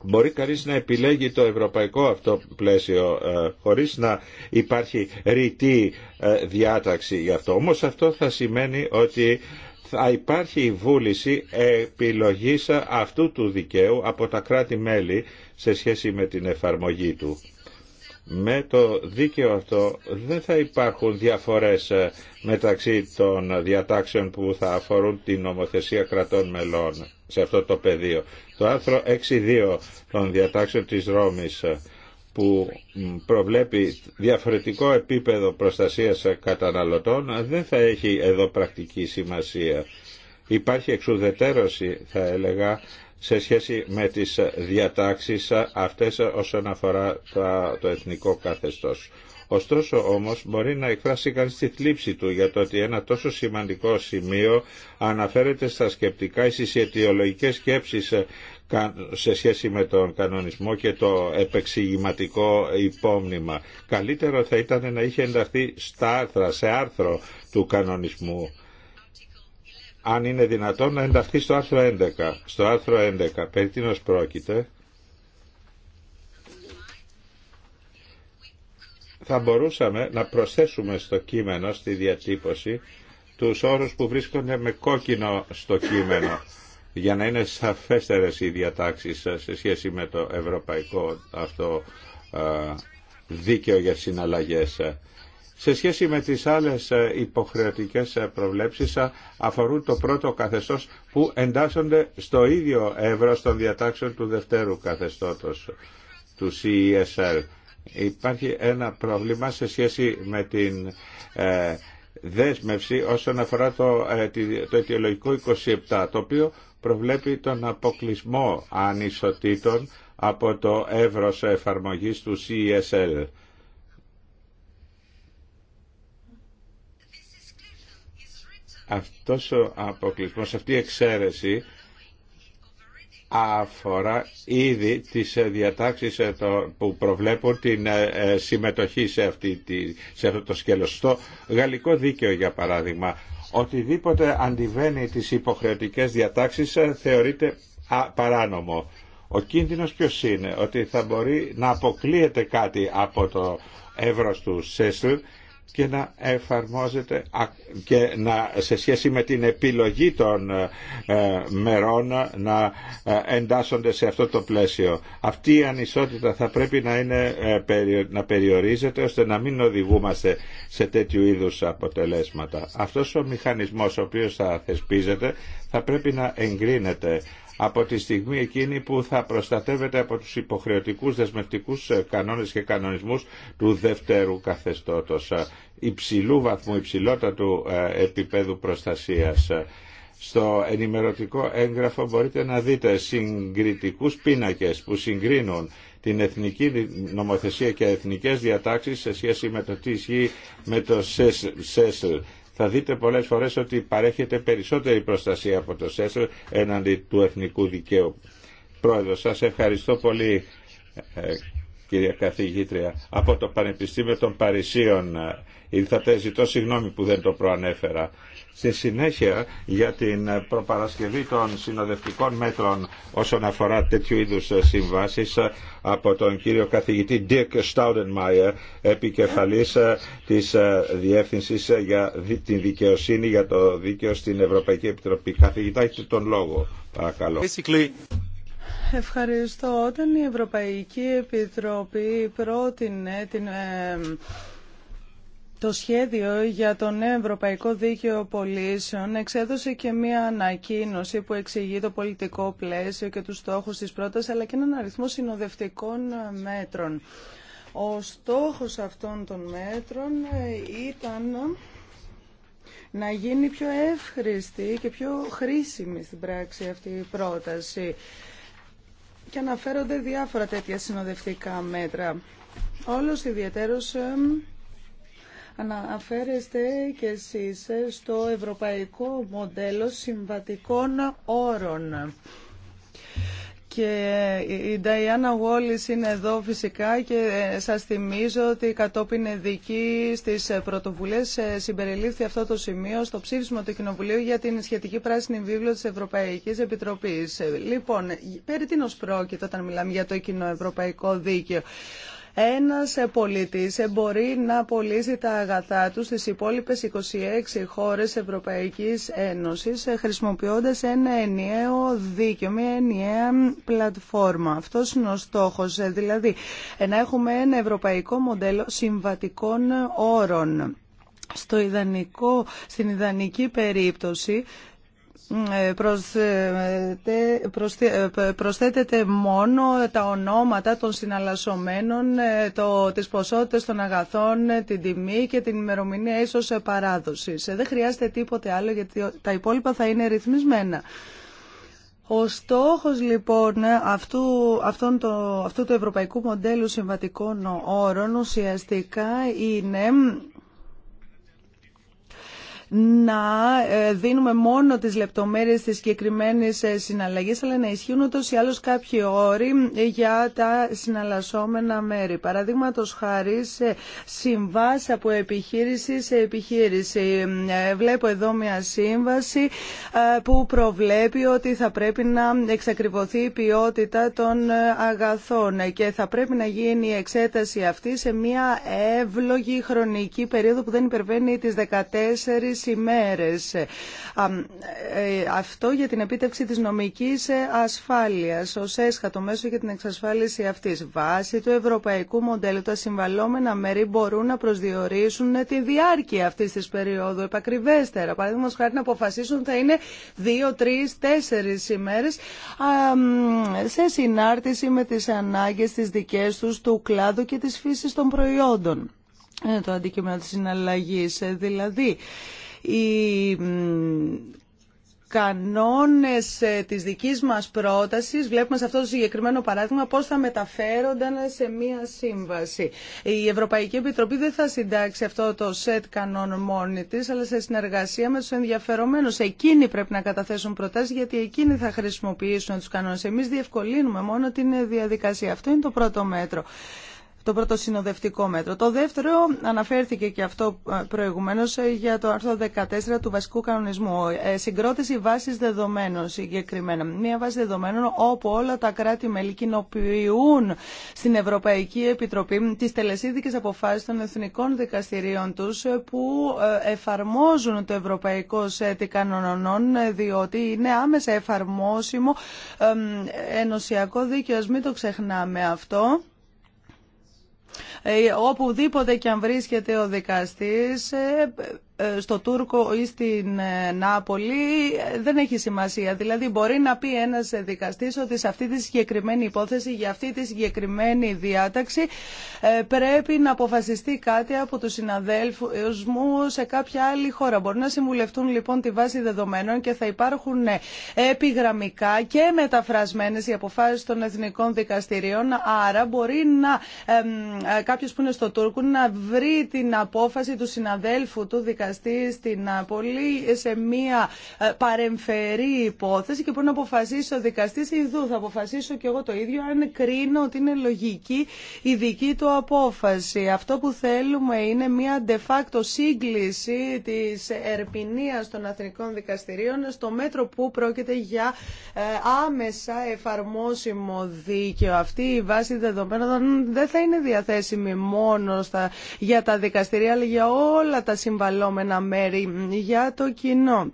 Μπορεί κανείς να επιλέγει το ευρωπαϊκό αυτό πλαίσιο ε, χωρίς να υπάρχει ρητή ε, διάταξη γι' αυτό. Όμως αυτό θα σημαίνει ότι θα υπάρχει βούληση επιλογής αυτού του δικαίου από τα κράτη-μέλη σε σχέση με την εφαρμογή του με το δίκαιο αυτό δεν θα υπάρχουν διαφορές ε, μεταξύ των διατάξεων που θα αφορούν την νομοθεσία κρατών μελών σε αυτό το πεδίο. Το άρθρο 6.2 των διατάξεων της Ρώμης ε, που προβλέπει διαφορετικό επίπεδο προστασίας καταναλωτών ε, δεν θα έχει εδώ πρακτική σημασία. Υπάρχει εξουδετέρωση θα έλεγα σε σχέση με τις διατάξεις αυτές όσον αφορά το εθνικό καθεστώς. Ωστόσο όμως μπορεί να εκφράσει κανείς τη θλίψη του για το ότι ένα τόσο σημαντικό σημείο αναφέρεται στα σκεπτικά ή στις αιτιολογικές σκέψεις σε σχέση με τον κανονισμό και το επεξηγηματικό υπόμνημα. Καλύτερο θα ήταν να είχε ενταχθεί στα άρθρα, σε άρθρο του κανονισμού αν είναι δυνατόν να ενταχθεί στο άρθρο 11. Στο άρθρο 11 περί τίνος πρόκειται θα μπορούσαμε να προσθέσουμε στο κείμενο, στη διατύπωση, τους όρους που βρίσκονται με κόκκινο στο κείμενο, για να είναι σαφέστερες οι διατάξεις σε σχέση με το ευρωπαϊκό αυτό δίκαιο για συναλλαγές. Σε σχέση με τις άλλες ε, υποχρεωτικές ε, προβλέψεις ε, αφορούν το πρώτο καθεστώς που εντάσσονται στο ίδιο εύρος των διατάξεων του δευτέρου καθεστώτος του CESL. Υπάρχει ένα πρόβλημα σε σχέση με την ε, δέσμευση όσον αφορά το, το αιτιολογικό 27, το οποίο προβλέπει τον αποκλεισμό ανισοτήτων από το εύρος εφαρμογής του CESL. Αυτός ο αποκλεισμός, αυτή η εξαίρεση αφορά ήδη τις διατάξεις ε, που προβλέπουν την ε, ε, συμμετοχή σε, αυτή, σε αυτό το σκέλος. Στο γαλλικό δίκαιο για παράδειγμα, οτιδήποτε αντιβαίνει τις υποχρεωτικές διατάξεις θεωρείται παράνομο. Ο κίνδυνος ποιος είναι, ότι θα μπορεί να αποκλείεται κάτι από το εύρος του ΣΕΣΛ και να εφαρμόζεται και να, σε σχέση με την επιλογή των ε, ε, μερών να ε, εντάσσονται σε αυτό το πλαίσιο. Αυτή η ανισότητα θα πρέπει να, είναι, να περιορίζεται ώστε να μην οδηγούμαστε σε τέτοιου είδους αποτελέσματα. Αυτός ο μηχανισμός ο οποίος θα θεσπίζεται θα πρέπει να εγκρίνεται από τη στιγμή εκείνη που θα προστατεύεται από τους υποχρεωτικούς δεσμευτικούς ε, κανόνες και κανονισμούς του δεύτερου καθεστώτος ε, υψηλού βαθμού, υψηλότατου ε, επίπεδου προστασίας. Στο ενημερωτικό έγγραφο μπορείτε να δείτε συγκριτικούς πίνακες που συγκρίνουν την εθνική νομοθεσία και εθνικές διατάξεις σε σχέση με το τι ισχύει με το ΣΕΣΛ θα δείτε πολλές φορές ότι παρέχεται περισσότερη προστασία από το ΣΕΣΡ έναντι του εθνικού δικαίου. Πρόεδρο, σας ευχαριστώ πολύ ε, κυρία καθηγήτρια από το Πανεπιστήμιο των Παρισίων ήρθατε ε, ζητώ συγγνώμη που δεν το προανέφερα Στη συνέχεια για την προπαρασκευή των συνοδευτικών μέτρων όσον αφορά τέτοιου είδου συμβάσεις από τον κύριο καθηγητή Dirk Staudenmayer, επικεφαλής της διεύθυνση για την Δικαιοσύνη για το Δίκαιο στην Ευρωπαϊκή Επιτροπή. Καθηγητά, έχετε τον λόγο, παρακαλώ. Ευχαριστώ. Όταν η Ευρωπαϊκή Επιτροπή πρότεινε την ε, το σχέδιο για το νέο Ευρωπαϊκό Δίκαιο Πολίσεων εξέδωσε και μία ανακοίνωση που εξηγεί το πολιτικό πλαίσιο και τους στόχους της πρότασης, αλλά και έναν αριθμό συνοδευτικών μέτρων. Ο στόχος αυτών των μέτρων ήταν να γίνει πιο εύχρηστη και πιο χρήσιμη στην πράξη αυτή η πρόταση. Και αναφέρονται διάφορα τέτοια συνοδευτικά μέτρα. Όλος ιδιαίτερος αναφέρεστε και εσείς στο ευρωπαϊκό μοντέλο συμβατικών όρων. Και η Νταϊάννα Γόλης είναι εδώ φυσικά και ε, σας θυμίζω ότι κατόπιν δική στις πρωτοβουλίες ε, συμπεριλήφθη αυτό το σημείο στο ψήφισμα του Κοινοβουλίου για την σχετική πράσινη βίβλο της Ευρωπαϊκής Επιτροπής. Ε, λοιπόν, περί τίνος πρόκειται όταν μιλάμε για το κοινό ευρωπαϊκό δίκαιο. Ένας πολίτης μπορεί να πωλήσει τα αγαθά του στις υπόλοιπες 26 χώρες Ευρωπαϊκής Ένωσης ε, χρησιμοποιώντας ένα ενιαίο δίκαιο, μια ενιαία πλατφόρμα. Αυτός είναι ο στόχος, ε, δηλαδή ε, να έχουμε ένα ευρωπαϊκό μοντέλο συμβατικών όρων. Στο ιδανικό, στην ιδανική περίπτωση ε, ε, προσθέτεται μόνο τα ονόματα των συναλλασσομένων, ε, το, τις ποσότητες των αγαθών, την τιμή και την ημερομηνία ίσως παράδοσης. Δεν χρειάζεται τίποτε άλλο γιατί τα υπόλοιπα θα είναι ρυθμισμένα. Ο στόχος λοιπόν αυτού, το, αυτού του ευρωπαϊκού μοντέλου συμβατικών όρων ουσιαστικά είναι να ε, δίνουμε μόνο τις λεπτομέρειες της συγκεκριμένη ε, συναλλαγή, αλλά να ισχύουν ούτως ή άλλως κάποιοι όροι ε, για τα συναλλασσόμενα μέρη. Παραδείγματο χάρη σε από επιχείρηση σε επιχείρηση. Βλέπω εδώ μια σύμβαση που προβλέπει ότι θα πρέπει να εξακριβωθεί η ποιότητα των αγαθών και θα πρέπει να γίνει η εξέταση αυτή σε μια εύλογη χρονική περίοδο που δεν υπερβαίνει τις 14 ημέρες. Ε, αυτό για την επίτευξη της νομικής ε, ασφάλειας ως έσχατο μέσο για την εξασφάλιση αυτής. Βάσει του ευρωπαϊκού μοντέλου τα συμβαλόμενα μέρη μπορούν να προσδιορίσουν ε, τη διάρκεια αυτής της περίοδου επακριβέστερα. Παραδείγματος χάρη να αποφασίσουν θα είναι δύο, τρεις, τέσσερις ημέρες σε συνάρτηση με τις ανάγκες τις δικές τους του κλάδου και της φύσης των προϊόντων. Είναι το αντικείμενο της συναλλαγής. Δηλαδή, οι κανόνες ε, της δικής μας πρότασης, βλέπουμε σε αυτό το συγκεκριμένο παράδειγμα πώς θα μεταφέρονταν σε μία σύμβαση. Η Ευρωπαϊκή Επιτροπή δεν θα συντάξει αυτό το σετ κανόν μόνη τη, αλλά σε συνεργασία με τους ενδιαφερομένους. Εκείνοι πρέπει να καταθέσουν προτάσεις γιατί εκείνοι θα χρησιμοποιήσουν τους κανόνες. Εμείς διευκολύνουμε μόνο την διαδικασία. Αυτό είναι το πρώτο μέτρο το πρώτο συνοδευτικό μέτρο. Το δεύτερο αναφέρθηκε και αυτό ε, προηγουμένως ε, για το άρθρο 14 του βασικού κανονισμού. Ε, συγκρότηση βάσης δεδομένων συγκεκριμένα. Μια βάση δεδομένων όπου όλα τα κράτη-μέλη κοινοποιούν στην Ευρωπαϊκή Επιτροπή τις τελεσίδικες αποφάσεις των εθνικών δικαστηρίων τους που εφαρμόζουν το ευρωπαϊκό Σέτη κανονών διότι είναι άμεσα εφαρμόσιμο ενωσιακό δίκαιο. Μην το ξεχνάμε αυτό. Ε, οπουδήποτε και αν βρίσκεται ο δικαστής ε, στο Τούρκο ή στην ε, Νάπολη ε, δεν έχει σημασία. Δηλαδή μπορεί να πει ένας δικαστής ότι σε αυτή τη συγκεκριμένη υπόθεση, για αυτή τη συγκεκριμένη διάταξη ε, πρέπει να αποφασιστεί κάτι από τους συναδέλφους μου σε κάποια άλλη χώρα. Μπορεί να συμβουλευτούν λοιπόν τη βάση δεδομένων και θα υπάρχουν επιγραμμικά και μεταφρασμένες οι αποφάσεις των εθνικών δικαστηρίων. Άρα μπορεί να κάποιος που είναι στο Τούρκο να βρει την απόφαση του συναδέλφου του δικαστήριου Στη στην πολύ σε μία ε, παρεμφερή υπόθεση και μπορεί να αποφασίσει ο δικαστής ειδού Θα αποφασίσω και εγώ το ίδιο αν κρίνω ότι είναι λογική η δική του απόφαση. Αυτό που θέλουμε είναι μία de facto σύγκληση της ερπινίας των αθηνικών δικαστηρίων στο μέτρο που πρόκειται για ε, άμεσα εφαρμόσιμο δίκαιο. Αυτή η βάση δεδομένων δεν θα είναι διαθέσιμη μόνο για τα δικαστηρία, αλλά για όλα τα συμβαλώμενα ενα μέρη για το κοινό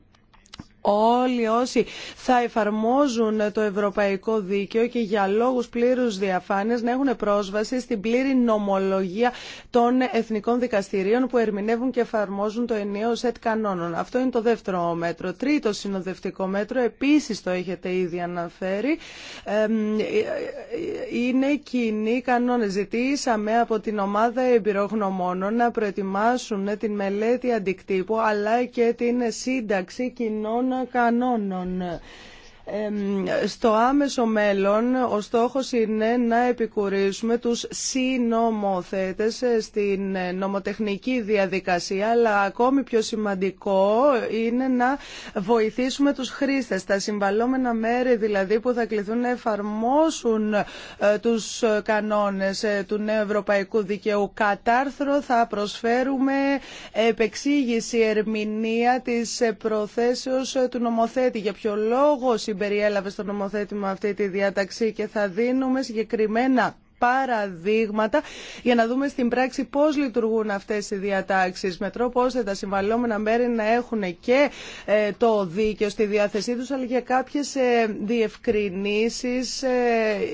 όλοι όσοι θα εφαρμόζουν το ευρωπαϊκό δίκαιο και για λόγους πλήρους διαφάνειας να έχουν πρόσβαση στην πλήρη νομολογία των εθνικών δικαστηρίων που ερμηνεύουν και εφαρμόζουν το ενιαίο σετ κανόνων. Αυτό είναι το δεύτερο μέτρο. Τρίτο συνοδευτικό μέτρο, επίσης το έχετε ήδη αναφέρει, είναι κοινή κανόνες. Ζητήσαμε από την ομάδα εμπειρογνωμόνων να προετοιμάσουν την μελέτη αντικτύπου αλλά και την σύνταξη κοινών κανόνων στο άμεσο μέλλον ο στόχος είναι να επικουρήσουμε τους συνομοθέτες ε, στην ε, νομοτεχνική διαδικασία αλλά ακόμη πιο σημαντικό είναι να βοηθήσουμε τους χρήστες, τα συμβαλόμενα μέρη δηλαδή που θα κληθούν να εφαρμόσουν ε, τους κανόνες του νέου ευρωπαϊκού δικαίου. Κατάρθρο θα προσφέρουμε επεξήγηση ερμηνεία της προθέσεως του νομοθέτη. Για ποιο λόγο συμπεριέλαβε στο νομοθέτημα αυτή τη διάταξη και θα δίνουμε συγκεκριμένα παραδείγματα για να δούμε στην πράξη πώς λειτουργούν αυτές οι διατάξεις με τρόπο ώστε τα συμβαλόμενα μέρη να έχουν και ε, το δίκαιο στη διάθεσή τους αλλά και κάποιες ε, διευκρινήσεις ε,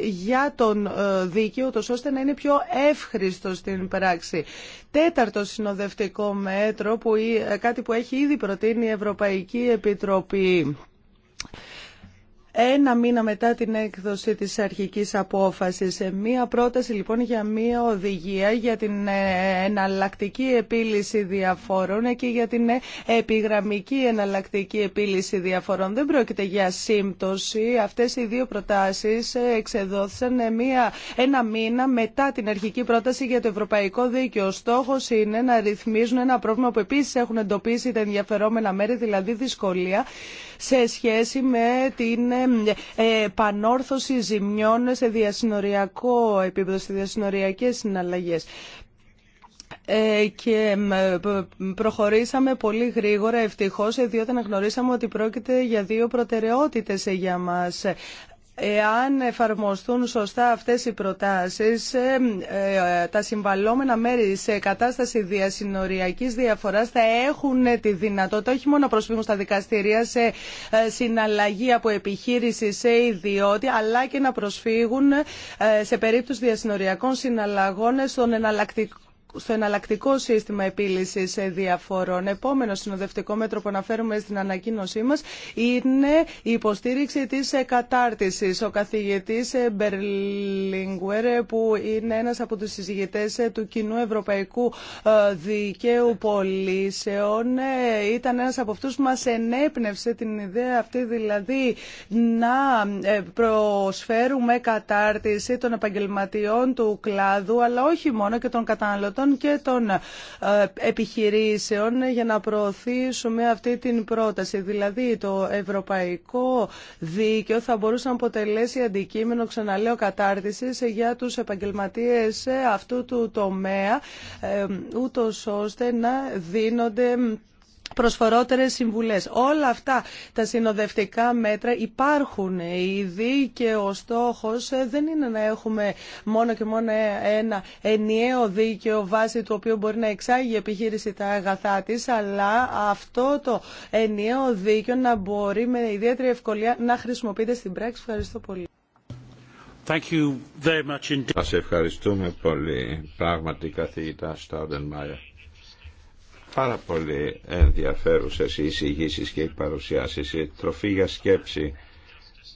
για τον δίκαιο τόσο ώστε να είναι πιο εύχριστο στην πράξη. Τέταρτο συνοδευτικό μέτρο, που, κάτι που έχει ήδη προτείνει η Ευρωπαϊκή Επιτροπή ένα μήνα μετά την έκδοση της αρχικής απόφασης. Ε, μία πρόταση λοιπόν για μία οδηγία για την ε, εναλλακτική επίλυση διαφόρων ε, και για την επιγραμμική εναλλακτική επίλυση διαφορών. Δεν πρόκειται για σύμπτωση. Αυτές οι δύο προτάσεις εξεδόθησαν μία, ένα μήνα μετά την αρχική πρόταση για το Ευρωπαϊκό Δίκαιο. Ο στόχος είναι να ρυθμίζουν ένα πρόβλημα που επίσης έχουν εντοπίσει τα ενδιαφερόμενα μέρη, δηλαδή δυσκολία σε σχέση με την ε, ε, πανόρθωση ζημιών σε διασυνοριακό επίπεδο, σε διασυνοριακές συναλλαγές ε, και προχωρήσαμε πολύ γρήγορα ευτυχώς διότι αναγνωρίσαμε ότι πρόκειται για δύο προτεραιότητες για μας Εάν εφαρμοστούν σωστά αυτές οι προτάσεις, ε, ε, τα συμβαλόμενα μέρη σε κατάσταση διασυνοριακής διαφοράς θα έχουν τη δυνατότητα όχι μόνο να προσφύγουν στα δικαστηρία σε ε, συναλλαγή από επιχείρηση σε ιδιότητα, αλλά και να προσφύγουν σε περίπτωση διασυνοριακών συναλλαγών στον εναλλακτικό στο εναλλακτικό σύστημα επίλυση διαφορών. Επόμενο συνοδευτικό μέτρο που αναφέρουμε στην ανακοίνωσή μα είναι η υποστήριξη τη κατάρτιση. Ο καθηγητή Μπερλίνγκουερ που είναι ένα από του συζητητέ του κοινού ευρωπαϊκού ε, δικαίου πολίσεων, ε, ήταν ένα από αυτού που μα ενέπνευσε την ιδέα αυτή, δηλαδή να ε, προσφέρουμε κατάρτιση των επαγγελματιών του κλάδου, αλλά όχι μόνο και των καταναλωτών και των ε, επιχειρήσεων για να προωθήσουμε αυτή την πρόταση. Δηλαδή το ευρωπαϊκό δίκαιο θα μπορούσε να αποτελέσει αντικείμενο, ξαναλέω, κατάρτισης για τους επαγγελματίες αυτού του τομέα, ε, ούτως ώστε να δίνονται προσφορότερες συμβουλές. Όλα αυτά τα συνοδευτικά μέτρα υπάρχουν ήδη και ο στόχος ε, δεν είναι να έχουμε μόνο και μόνο ένα ενιαίο δίκαιο βάση του οποίου μπορεί να εξάγει η επιχείρηση τα αγαθά της, αλλά αυτό το ενιαίο δίκαιο να μπορεί με ιδιαίτερη ευκολία να χρησιμοποιείται στην πράξη. Ευχαριστώ πολύ. Thank Σας ευχαριστούμε πολύ. Πράγματι καθηγητά Στάουντεν πάρα πολύ ενδιαφέρουσες οι εισηγήσει και οι παρουσιάσεις, η τροφή για σκέψη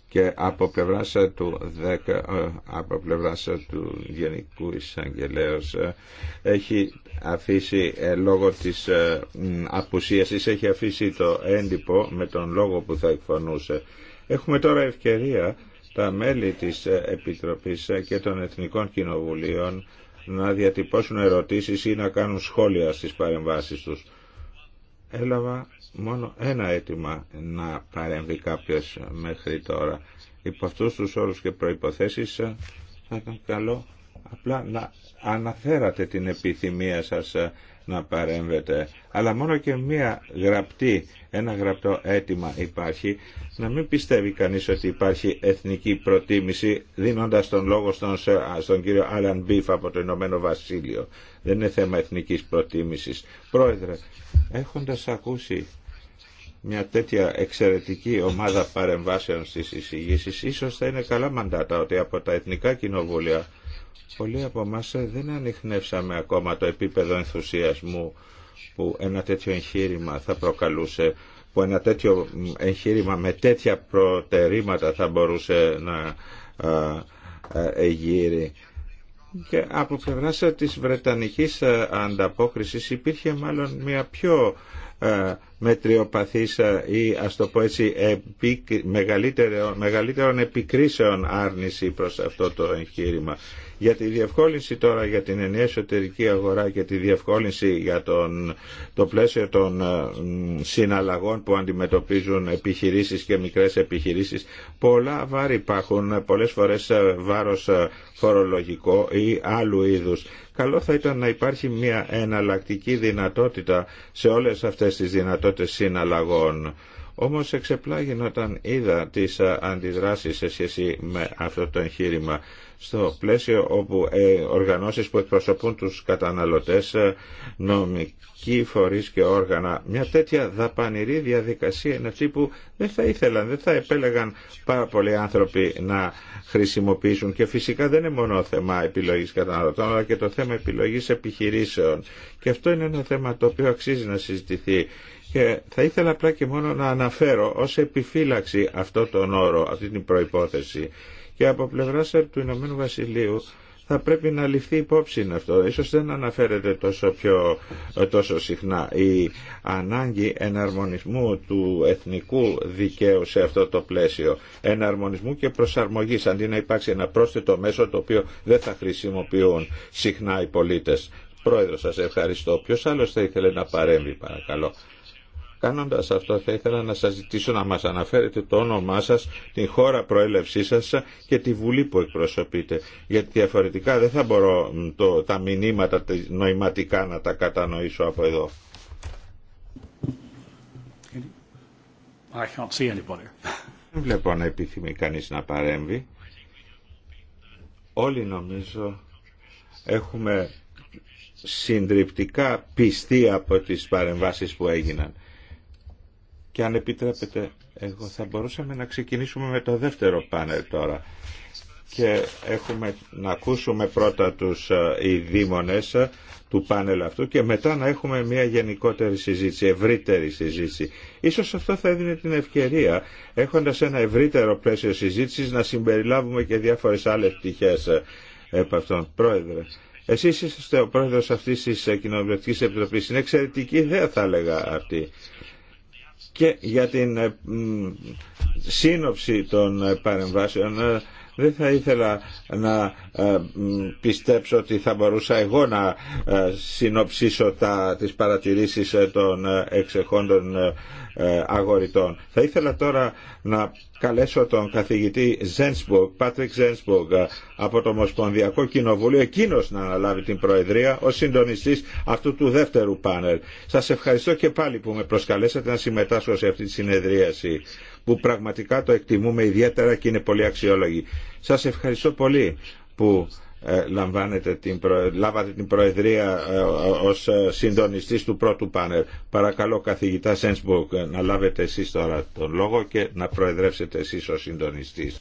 και από πλευράς του, 10, ε, από πλευράς του Γενικού Εισαγγελέως ε, έχει αφήσει ε, λόγω της απουσίασης έχει αφήσει το έντυπο με τον λόγο που θα εκφωνούσε. Έχουμε τώρα ευκαιρία τα μέλη της Επιτροπής και των Εθνικών Κοινοβουλίων να διατυπώσουν ερωτήσεις ή να κάνουν σχόλια στις παρεμβάσεις τους. Έλαβα μόνο ένα αίτημα να παρέμβει κάποιος μέχρι τώρα. Υπό αυτούς τους όρους και προϋποθέσεις ε, θα ήταν καλό απλά να αναφέρατε την επιθυμία σας ε, να παρέμβετε. Αλλά μόνο και μία γραπτή, ένα γραπτό αίτημα υπάρχει. Να μην πιστεύει κανείς ότι υπάρχει εθνική προτίμηση δίνοντας τον λόγο στον, στον κύριο Άλαν Μπίφ από το Ηνωμένο Βασίλειο. Δεν είναι θέμα εθνικής προτίμησης. Πρόεδρε, έχοντας ακούσει μια τέτοια εξαιρετική ομάδα παρεμβάσεων στις εισηγήσεις, ίσως θα είναι καλά μαντάτα ότι από τα εθνικά κοινοβούλια πολλοί από εμά ε, δεν ανοιχνεύσαμε ακόμα το επίπεδο ενθουσιασμού που ένα τέτοιο εγχείρημα θα προκαλούσε, που ένα τέτοιο εγχείρημα με τέτοια προτερήματα θα μπορούσε να εγείρει. Και από πλευρά ε, της Βρετανικής ε, ανταπόκρισης υπήρχε μάλλον μια πιο τριοπαθήσα ε, ή ας το πω έτσι μεγαλύτερων επικρίσεων άρνηση προς αυτό το εγχείρημα. Για τη διευκόλυνση τώρα για την ενιαία εσωτερική αγορά και τη διευκόλυνση για τον, το πλαίσιο των ε, συναλλαγών που αντιμετωπίζουν επιχειρήσεις και μικρές επιχειρήσεις πολλά βάρη υπάρχουν, ε, πολλές φορές βάρος φορολογικό ή άλλου είδους. Καλό θα ήταν να υπάρχει μια εναλλακτική δυνατότητα σε όλες αυτές τις δυνατότητες τότε συναλλαγών. Όμως εξεπλάγει όταν είδα τις ε, αντιδράσεις σε σχέση με αυτό το εγχείρημα στο πλαίσιο όπου ε, οργανώσεις που εκπροσωπούν τους καταναλωτές, ε, νομικοί φορείς και όργανα, μια τέτοια δαπανηρή διαδικασία είναι αυτή που δεν θα ήθελαν, δεν θα επέλεγαν πάρα πολλοί άνθρωποι να χρησιμοποιήσουν και φυσικά δεν είναι μόνο θέμα επιλογής καταναλωτών αλλά και το θέμα επιλογής επιχειρήσεων και αυτό είναι ένα θέμα το οποίο αξίζει να συζητηθεί και θα ήθελα απλά και μόνο να αναφέρω ως επιφύλαξη αυτό τον όρο, αυτή την προϋπόθεση. Και από πλευράς του Ηνωμένου Βασιλείου θα πρέπει να ληφθεί υπόψη αυτό. Ίσως δεν αναφέρεται τόσο, τόσο συχνά η ανάγκη εναρμονισμού του εθνικού δικαίου σε αυτό το πλαίσιο. Εναρμονισμού και προσαρμογής, αντί να υπάρξει ένα πρόσθετο μέσο το οποίο δεν θα χρησιμοποιούν συχνά οι πολίτες. Πρόεδρο, σας ευχαριστώ. Ποιος άλλο θα ήθελε να παρέμβει, παρακαλώ. Κάνοντας αυτό θα ήθελα να σας ζητήσω να μας αναφέρετε το όνομά σας, την χώρα προέλευσή σας και τη Βουλή που εκπροσωπείτε. Γιατί διαφορετικά δεν θα μπορώ το, τα μηνύματα νοηματικά να τα κατανοήσω από εδώ. Δεν βλέπω να επιθυμεί κανείς να παρέμβει. Όλοι νομίζω έχουμε συντριπτικά πιστεί από τις παρεμβάσεις που έγιναν. Και αν επιτρέπετε, εγώ θα μπορούσαμε να ξεκινήσουμε με το δεύτερο πάνελ τώρα. Και έχουμε να ακούσουμε πρώτα τους ε, οι ε, του πάνελ αυτού και μετά να έχουμε μια γενικότερη συζήτηση, ευρύτερη συζήτηση. Ίσως αυτό θα έδινε την ευκαιρία, έχοντας ένα ευρύτερο πλαίσιο συζήτησης, να συμπεριλάβουμε και διάφορες άλλες πτυχές από ε, αυτόν. Πρόεδρε, εσείς είστε ο πρόεδρος αυτής της Κοινοβουλευτικής Επιτροπής. Είναι εξαιρετική ιδέα θα έλεγα αυτή και για την ε, σύνοψη των ε, παρεμβάσεων ε, δεν θα ήθελα να πιστέψω ότι θα μπορούσα εγώ να συνοψίσω τα, τις παρατηρήσεις των εξεχόντων ε, αγοριτών. Θα ήθελα τώρα να καλέσω τον καθηγητή Ζένσμπουργκ, Πάτρικ Ζένσμπουργκ, ε, από το Ομοσπονδιακό Κοινοβούλιο, εκείνο να αναλάβει την Προεδρία ω συντονιστή αυτού του δεύτερου πάνελ. Σα ευχαριστώ και πάλι που με προσκαλέσατε να συμμετάσχω σε αυτή τη συνεδρίαση, που πραγματικά το εκτιμούμε ιδιαίτερα και είναι πολύ αξιόλογη. Σα ευχαριστώ πολύ που ε, λαμβάνετε την προ... λάβατε την Προεδρία ε, ως ε, συντονιστής του πρώτου πάνελ. Παρακαλώ καθηγητά Σένσμπουργκ να λάβετε εσείς τώρα τον λόγο και να προεδρεύσετε εσείς ως συντονιστής.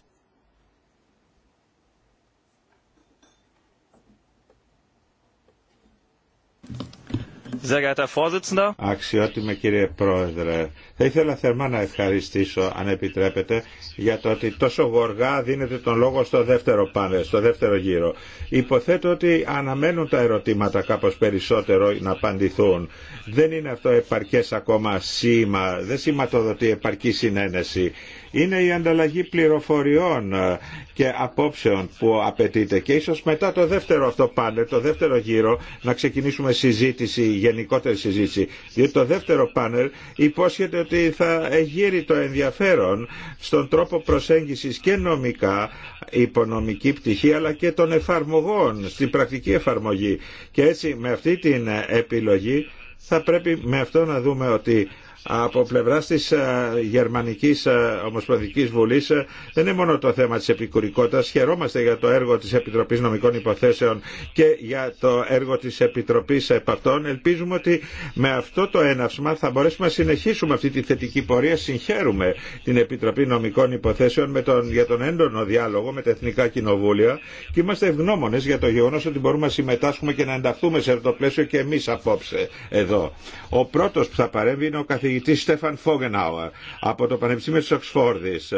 Αξιότιμε κύριε Πρόεδρε, θα ήθελα θερμά να ευχαριστήσω, αν επιτρέπετε, για το ότι τόσο γοργά δίνετε τον λόγο στο δεύτερο πάνε, στο δεύτερο γύρο. Υποθέτω ότι αναμένουν τα ερωτήματα κάπως περισσότερο να απαντηθούν. Δεν είναι αυτό επαρκές ακόμα σήμα, δεν σηματοδοτεί επαρκή συνένεση. Είναι η ανταλλαγή πληροφοριών ε, και απόψεων που απαιτείται και ίσως μετά το δεύτερο αυτό πάνε, το δεύτερο γύρο, να ξεκινήσουμε συζήτηση, γενικότερη συζήτηση. Διότι το δεύτερο πάνελ υπόσχεται ότι θα γύρει το ενδιαφέρον στον τρόπο προσέγγισης και νομικά υπονομική πτυχή αλλά και των εφαρμογών στην πρακτική εφαρμογή και έτσι με αυτή την επιλογή θα πρέπει με αυτό να δούμε ότι από πλευρά τη ε, Γερμανική ε, Ομοσπονδική Βουλή ε, δεν είναι μόνο το θέμα τη επικουρικότητα. Χαιρόμαστε για το έργο τη Επιτροπή Νομικών Υποθέσεων και για το έργο τη Επιτροπή επαυτών. Ελπίζουμε ότι με αυτό το έναυσμα θα μπορέσουμε να συνεχίσουμε αυτή τη θετική πορεία. Συγχαίρουμε την Επιτροπή Νομικών Υποθέσεων με τον, για τον έντονο διάλογο με τα Εθνικά Κοινοβούλια και είμαστε ευγνώμονε για το γεγονό ότι μπορούμε να συμμετάσχουμε και να ενταχθούμε σε αυτό το πλαίσιο και εμεί απόψε εδώ. Ο πρώτο που θα παρέμβει ο καθηγητή καθηγητή Στέφαν Φόγενάουερ από το Πανεπιστήμιο της Οξφόρδης.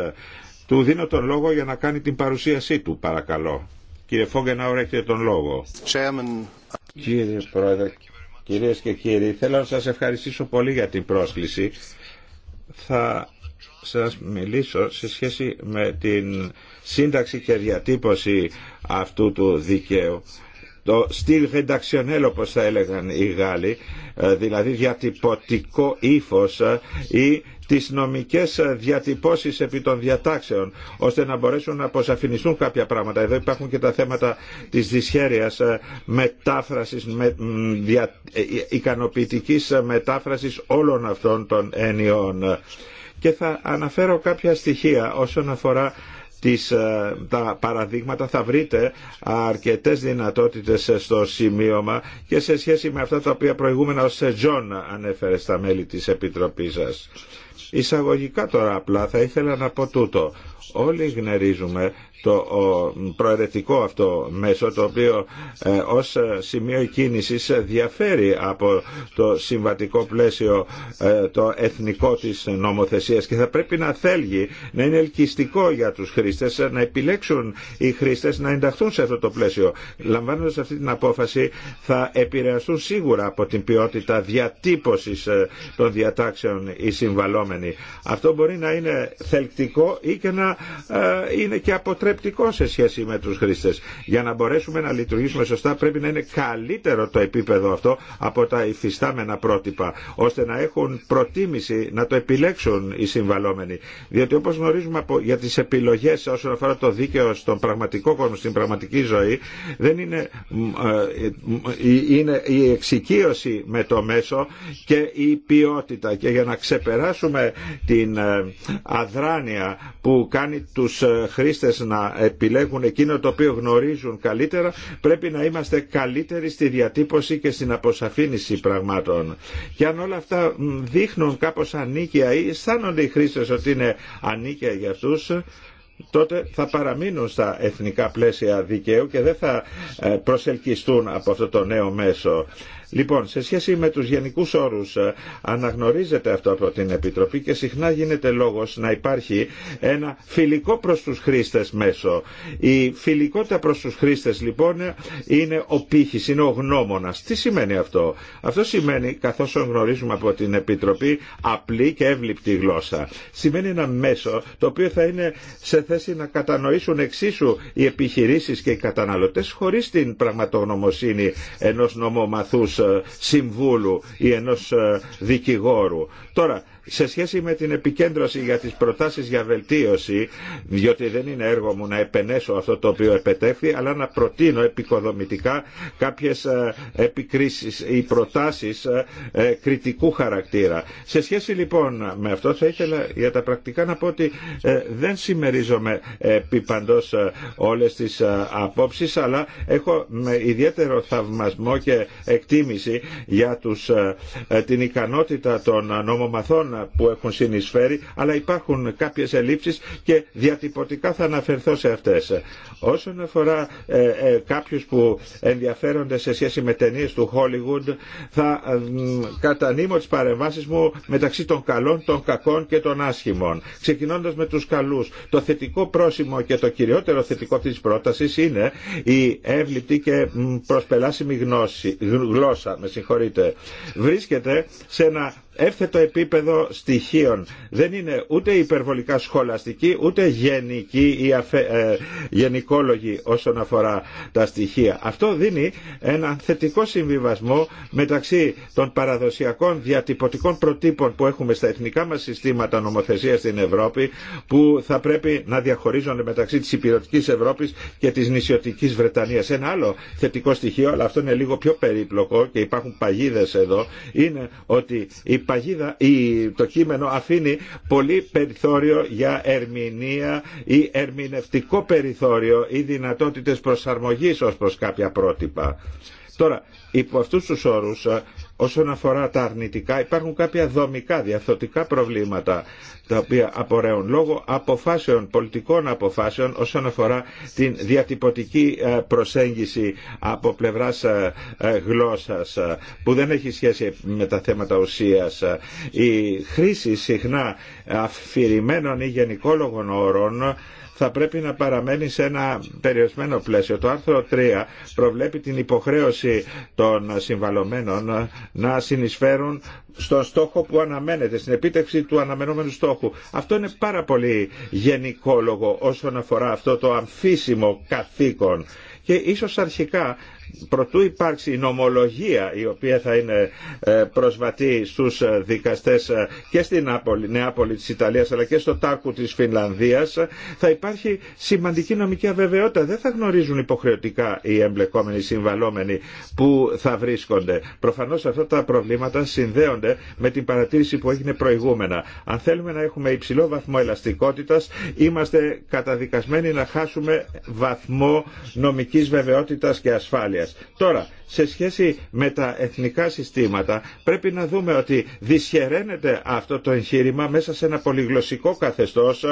Του δίνω τον λόγο για να κάνει την παρουσίασή του, παρακαλώ. Κύριε Φόγενάουερ, έχετε τον λόγο. Κύριε Πρόεδρε, κυρίες και κύριοι, θέλω να σας ευχαριστήσω πολύ για την πρόσκληση. Θα σας μιλήσω σε σχέση με την σύνταξη και διατύπωση αυτού του δικαίου το στυλ ρενταξιονέλ όπως θα έλεγαν οι Γάλλοι, ε, δηλαδή διατυπωτικό ύφος ε, ή τις νομικές διατυπώσεις επί των διατάξεων ώστε να μπορέσουν να αποσαφινιστούν κάποια πράγματα. Εδώ υπάρχουν και τα θέματα της δυσχέρειας ε, μετάφρασης, με, δια, ικανοποιητικής μετάφρασης όλων αυτών των έννοιων. Και θα αναφέρω κάποια στοιχεία όσον αφορά τις, ε, τα παραδείγματα θα βρείτε αρκετές δυνατότητες στο σημείωμα και σε σχέση με αυτά τα οποία προηγούμενα ο Σετζόν ανέφερε στα μέλη της Επιτροπής σας. Εισαγωγικά τώρα απλά θα ήθελα να πω τούτο. Όλοι γνωρίζουμε το προαιρετικό αυτό μέσο το οποίο ε, ως σημείο κίνησης διαφέρει από το συμβατικό πλαίσιο ε, το εθνικό της νομοθεσίας και θα πρέπει να θέλει να είναι ελκυστικό για τους χρήστες να επιλέξουν οι χρήστες να ενταχθούν σε αυτό το πλαίσιο. Λαμβάνοντας αυτή την απόφαση θα επηρεαστούν σίγουρα από την ποιότητα διατύπωσης ε, των διατάξεων οι συμβαλόμενοι. Αυτό μπορεί να είναι θελκτικό ή και να είναι και αποτρεπτικό θρεπτικό σε σχέση με του χρήστε. Για να μπορέσουμε να λειτουργήσουμε σωστά πρέπει να είναι καλύτερο το επίπεδο αυτό από τα υφιστάμενα πρότυπα, ώστε να έχουν προτίμηση να το επιλέξουν οι συμβαλόμενοι. Διότι όπως γνωρίζουμε από, για τις επιλογές όσον αφορά το δίκαιο στον πραγματικό κόσμο, στην πραγματική ζωή, δεν είναι, ε, είναι η εξοικείωση με το μέσο και η ποιότητα. Και για να ξεπεράσουμε την ε, αδράνεια που κάνει τους ε, χρήστες να επιλέγουν εκείνο το οποίο γνωρίζουν καλύτερα, πρέπει να είμαστε καλύτεροι στη διατύπωση και στην αποσαφήνιση πραγμάτων. Και αν όλα αυτά δείχνουν κάπως ανίκια ή αισθάνονται οι χρήστες ότι είναι ανίκια για αυτούς, τότε θα παραμείνουν στα εθνικά πλαίσια δικαίου και δεν θα ε, προσελκυστούν από αυτό το νέο μέσο. Λοιπόν, σε σχέση με τους γενικούς όρους ε, αναγνωρίζεται αυτό από την Επιτροπή και συχνά γίνεται λόγος να υπάρχει ένα φιλικό προς τους χρήστες μέσο. Η φιλικότητα προς τους χρήστες λοιπόν είναι ο πύχης, είναι ο γνώμονας. Τι σημαίνει αυτό. Αυτό σημαίνει, καθώς γνωρίζουμε από την Επιτροπή, απλή και εύληπτη γλώσσα. Σημαίνει ένα μέσο το οποίο θα είναι σε θέση να κατανοήσουν εξίσου οι επιχειρήσεις και οι καταναλωτές χωρίς την πραγματογνωμοσύνη ενός νομομαθούς ε, συμβούλου ή ενός ε, δικηγόρου. Τώρα, σε σχέση με την επικέντρωση για τις προτάσεις για βελτίωση, διότι δεν είναι έργο μου να επενέσω αυτό το οποίο επετέφθη, αλλά να προτείνω επικοδομητικά κάποιες ε, επικρίσεις ή προτάσεις ε, ε, κριτικού χαρακτήρα. Σε σχέση λοιπόν με αυτό θα ήθελα για τα πρακτικά να πω ότι δεν συμμερίζομαι επί παντός όλες τις απόψεις, αλλά έχω με ιδιαίτερο θαυμασμό και εκτίμηση για τους, την ικανότητα των νομομαθών που έχουν συνεισφέρει, αλλά υπάρχουν κάποιες ελλείψεις και διατυπωτικά θα αναφερθώ σε αυτές. Όσον αφορά ε, ε κάποιους που ενδιαφέρονται σε σχέση με ταινίε του Hollywood, θα ε, κατανείμω τις παρεμβάσεις μου μεταξύ των καλών, των κακών και των άσχημων. Ξεκινώντας με τους καλούς, το θετικό πρόσημο και το κυριότερο θετικό της πρότασης είναι η εύληπτη και προσπελάσιμη γνώση, γλώσσα, με συγχωρείτε. Βρίσκεται σε ένα εύθετο επίπεδο στοιχείων. Δεν είναι ούτε υπερβολικά σχολαστική, ούτε γενική ή αφε, ε, γενικόλογη όσον αφορά τα στοιχεία. Αυτό δίνει ένα θετικό συμβιβασμό μεταξύ των παραδοσιακών διατυπωτικών προτύπων που έχουμε στα εθνικά μας συστήματα νομοθεσίας στην Ευρώπη, που θα πρέπει να διαχωρίζονται μεταξύ της υπηρετικής Ευρώπης και της νησιωτικής Βρετανίας. Ένα άλλο θετικό στοιχείο, αλλά αυτό είναι λίγο πιο περίπλοκο και υπάρχουν παγίδες εδώ, είναι ότι παγίδα, το κείμενο αφήνει πολύ περιθώριο για ερμηνεία ή ερμηνευτικό περιθώριο ή δυνατότητες προσαρμογής ως προς κάποια πρότυπα. Τώρα, υπό αυτούς τους όρους Όσον αφορά τα αρνητικά υπάρχουν κάποια δομικά διαθωτικά προβλήματα τα οποία απορρέουν λόγω αποφάσεων, πολιτικών αποφάσεων όσον αφορά την διατυπωτική ε, προσέγγιση από πλευράς ε, ε, γλώσσας που δεν έχει σχέση με τα θέματα ουσίας. Η χρήση συχνά αφηρημένων ή γενικόλογων όρων θα πρέπει να παραμένει σε ένα περιορισμένο πλαίσιο. Το άρθρο 3 προβλέπει την υποχρέωση των συμβαλωμένων να συνεισφέρουν στον στόχο που αναμένεται, στην επίτευξη του αναμενόμενου στόχου. Αυτό είναι πάρα πολύ γενικόλογο όσον αφορά αυτό το αμφίσιμο καθήκον και ίσως αρχικά προτού υπάρξει η νομολογία η οποία θα είναι ε, προσβατή στους ε, δικαστές ε, και στην Νεάπολη της Ιταλίας αλλά και στο Τάκου της Φινλανδίας θα υπάρχει σημαντική νομική αβεβαιότητα. Δεν θα γνωρίζουν υποχρεωτικά οι εμπλεκόμενοι οι συμβαλόμενοι που θα βρίσκονται. Προφανώς αυτά τα προβλήματα συνδέονται με την παρατήρηση που έγινε προηγούμενα. Αν θέλουμε να έχουμε υψηλό βαθμό ελαστικότητας είμαστε καταδικασμένοι να χάσουμε βαθμό νομικής βεβαιότητας και ασφάλεια. Τώρα, σε σχέση με τα εθνικά συστήματα πρέπει να δούμε ότι δυσχεραίνεται αυτό το εγχείρημα μέσα σε ένα πολυγλωσσικό καθεστώς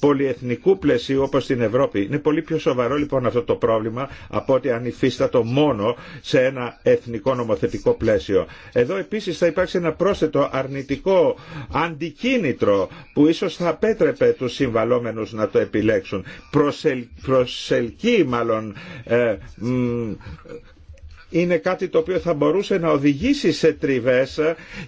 πολυεθνικού πλαισίου όπως στην Ευρώπη. Είναι πολύ πιο σοβαρό λοιπόν αυτό το πρόβλημα από ότι αν υφίστατο μόνο σε ένα εθνικό νομοθετικό πλαίσιο. Εδώ επίσης θα υπάρξει ένα πρόσθετο αρνητικό αντικίνητρο που ίσως θα απέτρεπε τους συμβαλόμενους να το επιλέξουν. Προσελ, προσελκύει μάλλον ε, είναι κάτι το οποίο θα μπορούσε να οδηγήσει σε τριβές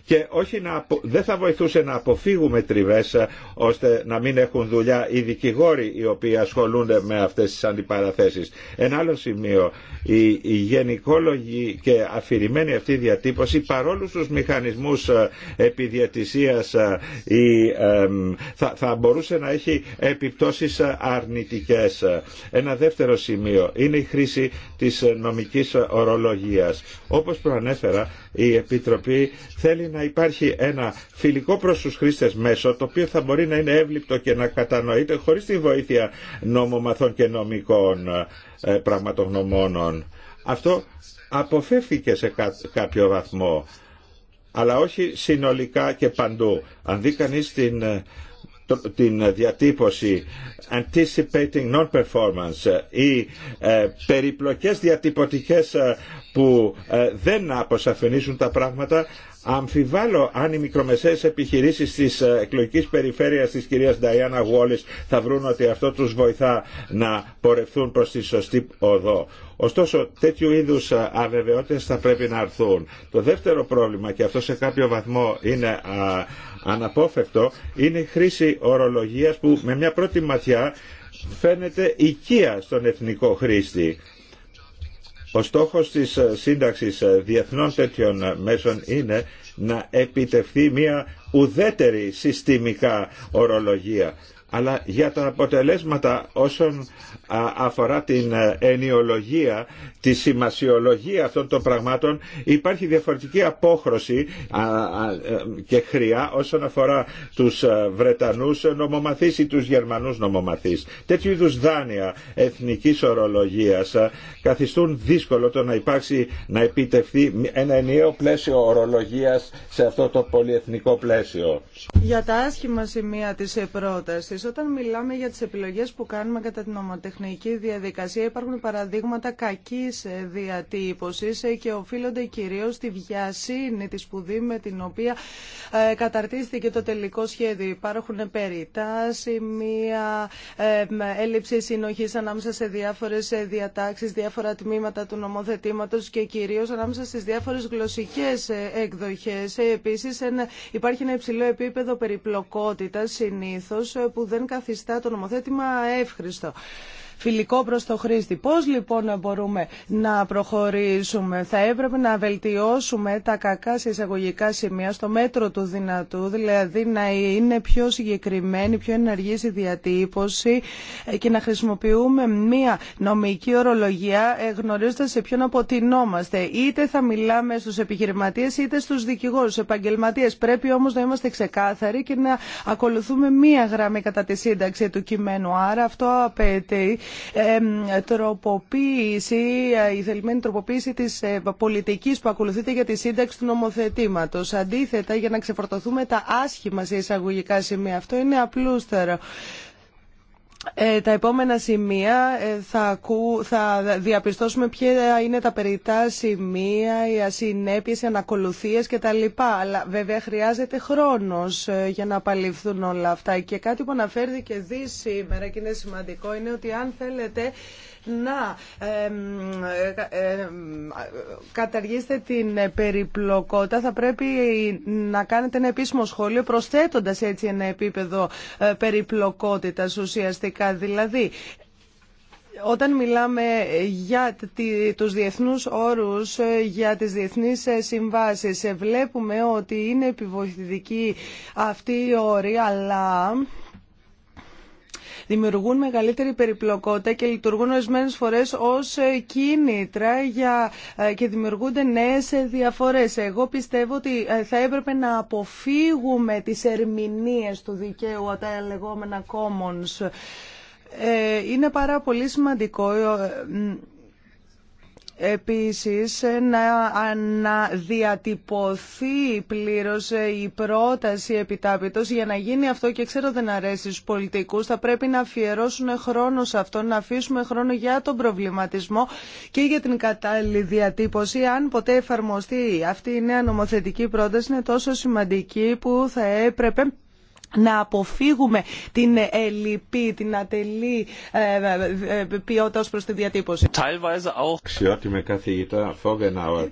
και όχι να, δεν θα βοηθούσε να αποφύγουμε τριβές ώστε να μην έχουν δουλειά οι δικηγόροι οι οποίοι ασχολούνται με αυτές τις αντιπαραθέσεις. Ένα άλλο σημείο, η, η γενικόλογη και αφηρημένη αυτή διατύπωση παρόλους τους μηχανισμούς ε, επιδιατησίας ε, η, θα, θα μπορούσε να έχει επιπτώσεις ε, αρνητικές. Ένα δεύτερο σημείο είναι η χρήση της νομικής ορολογίας όπως προανέφερα, η Επιτροπή θέλει να υπάρχει ένα φιλικό προς τους χρήστες μέσο, το οποίο θα μπορεί να είναι εύληπτο και να κατανοείται χωρίς τη βοήθεια νομομαθών και νομικών ε, πραγματογνωμόνων. Αυτό αποφεύθηκε σε κάποιο βαθμό, αλλά όχι συνολικά και παντού. Αν δει κανείς την ε, την διατύπωση anticipating non-performance ε, ή ε, περιπλοκές διατυπωτικές που ε, δεν αποσαφηνίζουν τα πράγματα αμφιβάλλω αν οι μικρομεσαίες επιχειρήσεις της ε, εκλογικής περιφέρειας της κυρίας Νταϊάννα Γουόλης θα βρουν ότι αυτό τους βοηθά να πορευθούν προς τη σωστή οδό. Ωστόσο, τέτοιου είδους ε, αβεβαιότητες θα πρέπει να αρθούν. Το δεύτερο πρόβλημα, και αυτό σε κάποιο βαθμό είναι αναπόφευκτο, είναι η χρήση ορολογίας που με μια πρώτη ματιά φαίνεται οικία στον εθνικό χρήστη ο στόχος της ε, σύνταξης ε, διεθνών τέτοιων ε, μέσων είναι να επιτευχθεί μια ουδέτερη συστημικά ορολογία αλλά για τα αποτελέσματα όσον αφορά την ε, ενιολογία, τη σημασιολογία αυτών των πραγμάτων υπάρχει διαφορετική απόχρωση ε, και χρειά όσον αφορά τους ε, Βρετανούς νομομαθείς ή τους Γερμανούς νομομαθείς. Τέτοιου είδους δάνεια εθνικής ορολογίας καθιστούν δύσκολο το να υπάρξει να επιτευχθεί ένα ενιαίο πλαίσιο ορολογίας σε αυτό το πολυεθνικό πλαίσιο. Για τα άσχημα σημεία της πρότασης όταν μιλάμε για τις επιλογές που κάνουμε κατά την νομοτεχνική διαδικασία υπάρχουν παραδείγματα κακής διατύπωσης και οφείλονται κυρίως στη βιασύνη τη σπουδή με την οποία ε, καταρτίστηκε το τελικό σχέδιο. Υπάρχουν περιτά σημεία, ε, έλλειψη συνοχής ανάμεσα σε διάφορες ε, διατάξεις, διάφορα τμήματα του νομοθετήματος και κυρίως ανάμεσα στις διάφορες γλωσσικές εκδοχές. Επίσης υπάρχει ένα υψηλό επίπεδο περιπλοκότητας συνήθως που δεν καθιστά το νομοθέτημα εύχριστο φιλικό προ το χρήστη. Πώ λοιπόν μπορούμε να προχωρήσουμε. Θα έπρεπε να βελτιώσουμε τα κακά σε εισαγωγικά σημεία στο μέτρο του δυνατού, δηλαδή να είναι πιο συγκεκριμένη, πιο ενεργή η διατύπωση ε, και να χρησιμοποιούμε μία νομική ορολογία ε, γνωρίζοντα σε ποιον αποτινόμαστε. Είτε θα μιλάμε στου επιχειρηματίε είτε στους δικηγόρους, επαγγελματίε. Πρέπει όμω να είμαστε ξεκάθαροι και να ακολουθούμε μία γραμμή κατά τη σύνταξη του κειμένου. Άρα αυτό απαιτεί τροποποίηση, ε, η θελημένη τροποποίηση της ε, πολιτικής που ακολουθείται για τη σύνταξη του νομοθετήματος. Αντίθετα, για να ξεφορτωθούμε τα άσχημα σε εισαγωγικά σημεία, αυτό είναι απλούστερο. Ε, τα επόμενα σημεία ε, θα, ακού, θα διαπιστώσουμε ποια είναι τα περιτά σημεία, οι ασυνέπειες, οι ανακολουθίες κτλ. Αλλά βέβαια χρειάζεται χρόνος ε, για να απαλληφθούν όλα αυτά. Και κάτι που αναφέρθηκε δει σήμερα και είναι σημαντικό είναι ότι αν θέλετε να καταργήσετε την περιπλοκότητα. Θα πρέπει να κάνετε ένα επίσημο σχόλιο προσθέτοντας έτσι ένα επίπεδο ε, περιπλοκότητας ουσιαστικά. Δηλαδή, όταν μιλάμε για τους διεθνούς όρους, ε, για τις διεθνείς ε, συμβάσεις, βλέπουμε ότι είναι επιβοηθητική αυτή η όρη, αλλά δημιουργούν μεγαλύτερη περιπλοκότητα και λειτουργούν ορισμένε φορέ ω ε, κίνητρα ε, και δημιουργούνται νέε διαφορέ. Εγώ πιστεύω ότι ε, θα έπρεπε να αποφύγουμε τι ερμηνείε του δικαίου, τα λεγόμενα commons. Είναι πάρα πολύ σημαντικό Επίσης, να αναδιατυπωθεί πλήρως η πρόταση επιτάπητος για να γίνει αυτό και ξέρω δεν αρέσει στους πολιτικούς. Θα πρέπει να αφιερώσουν χρόνο σε αυτό, να αφήσουμε χρόνο για τον προβληματισμό και για την κατάλληλη διατύπωση. Αν ποτέ εφαρμοστεί αυτή η νέα νομοθετική πρόταση είναι τόσο σημαντική που θα έπρεπε να αποφύγουμε την ελλειπή, την ατελή ε, ε, ε, ποιότητα προς τη διατύπωση. Αξιότιμε καθηγητά Φόγεναουερ,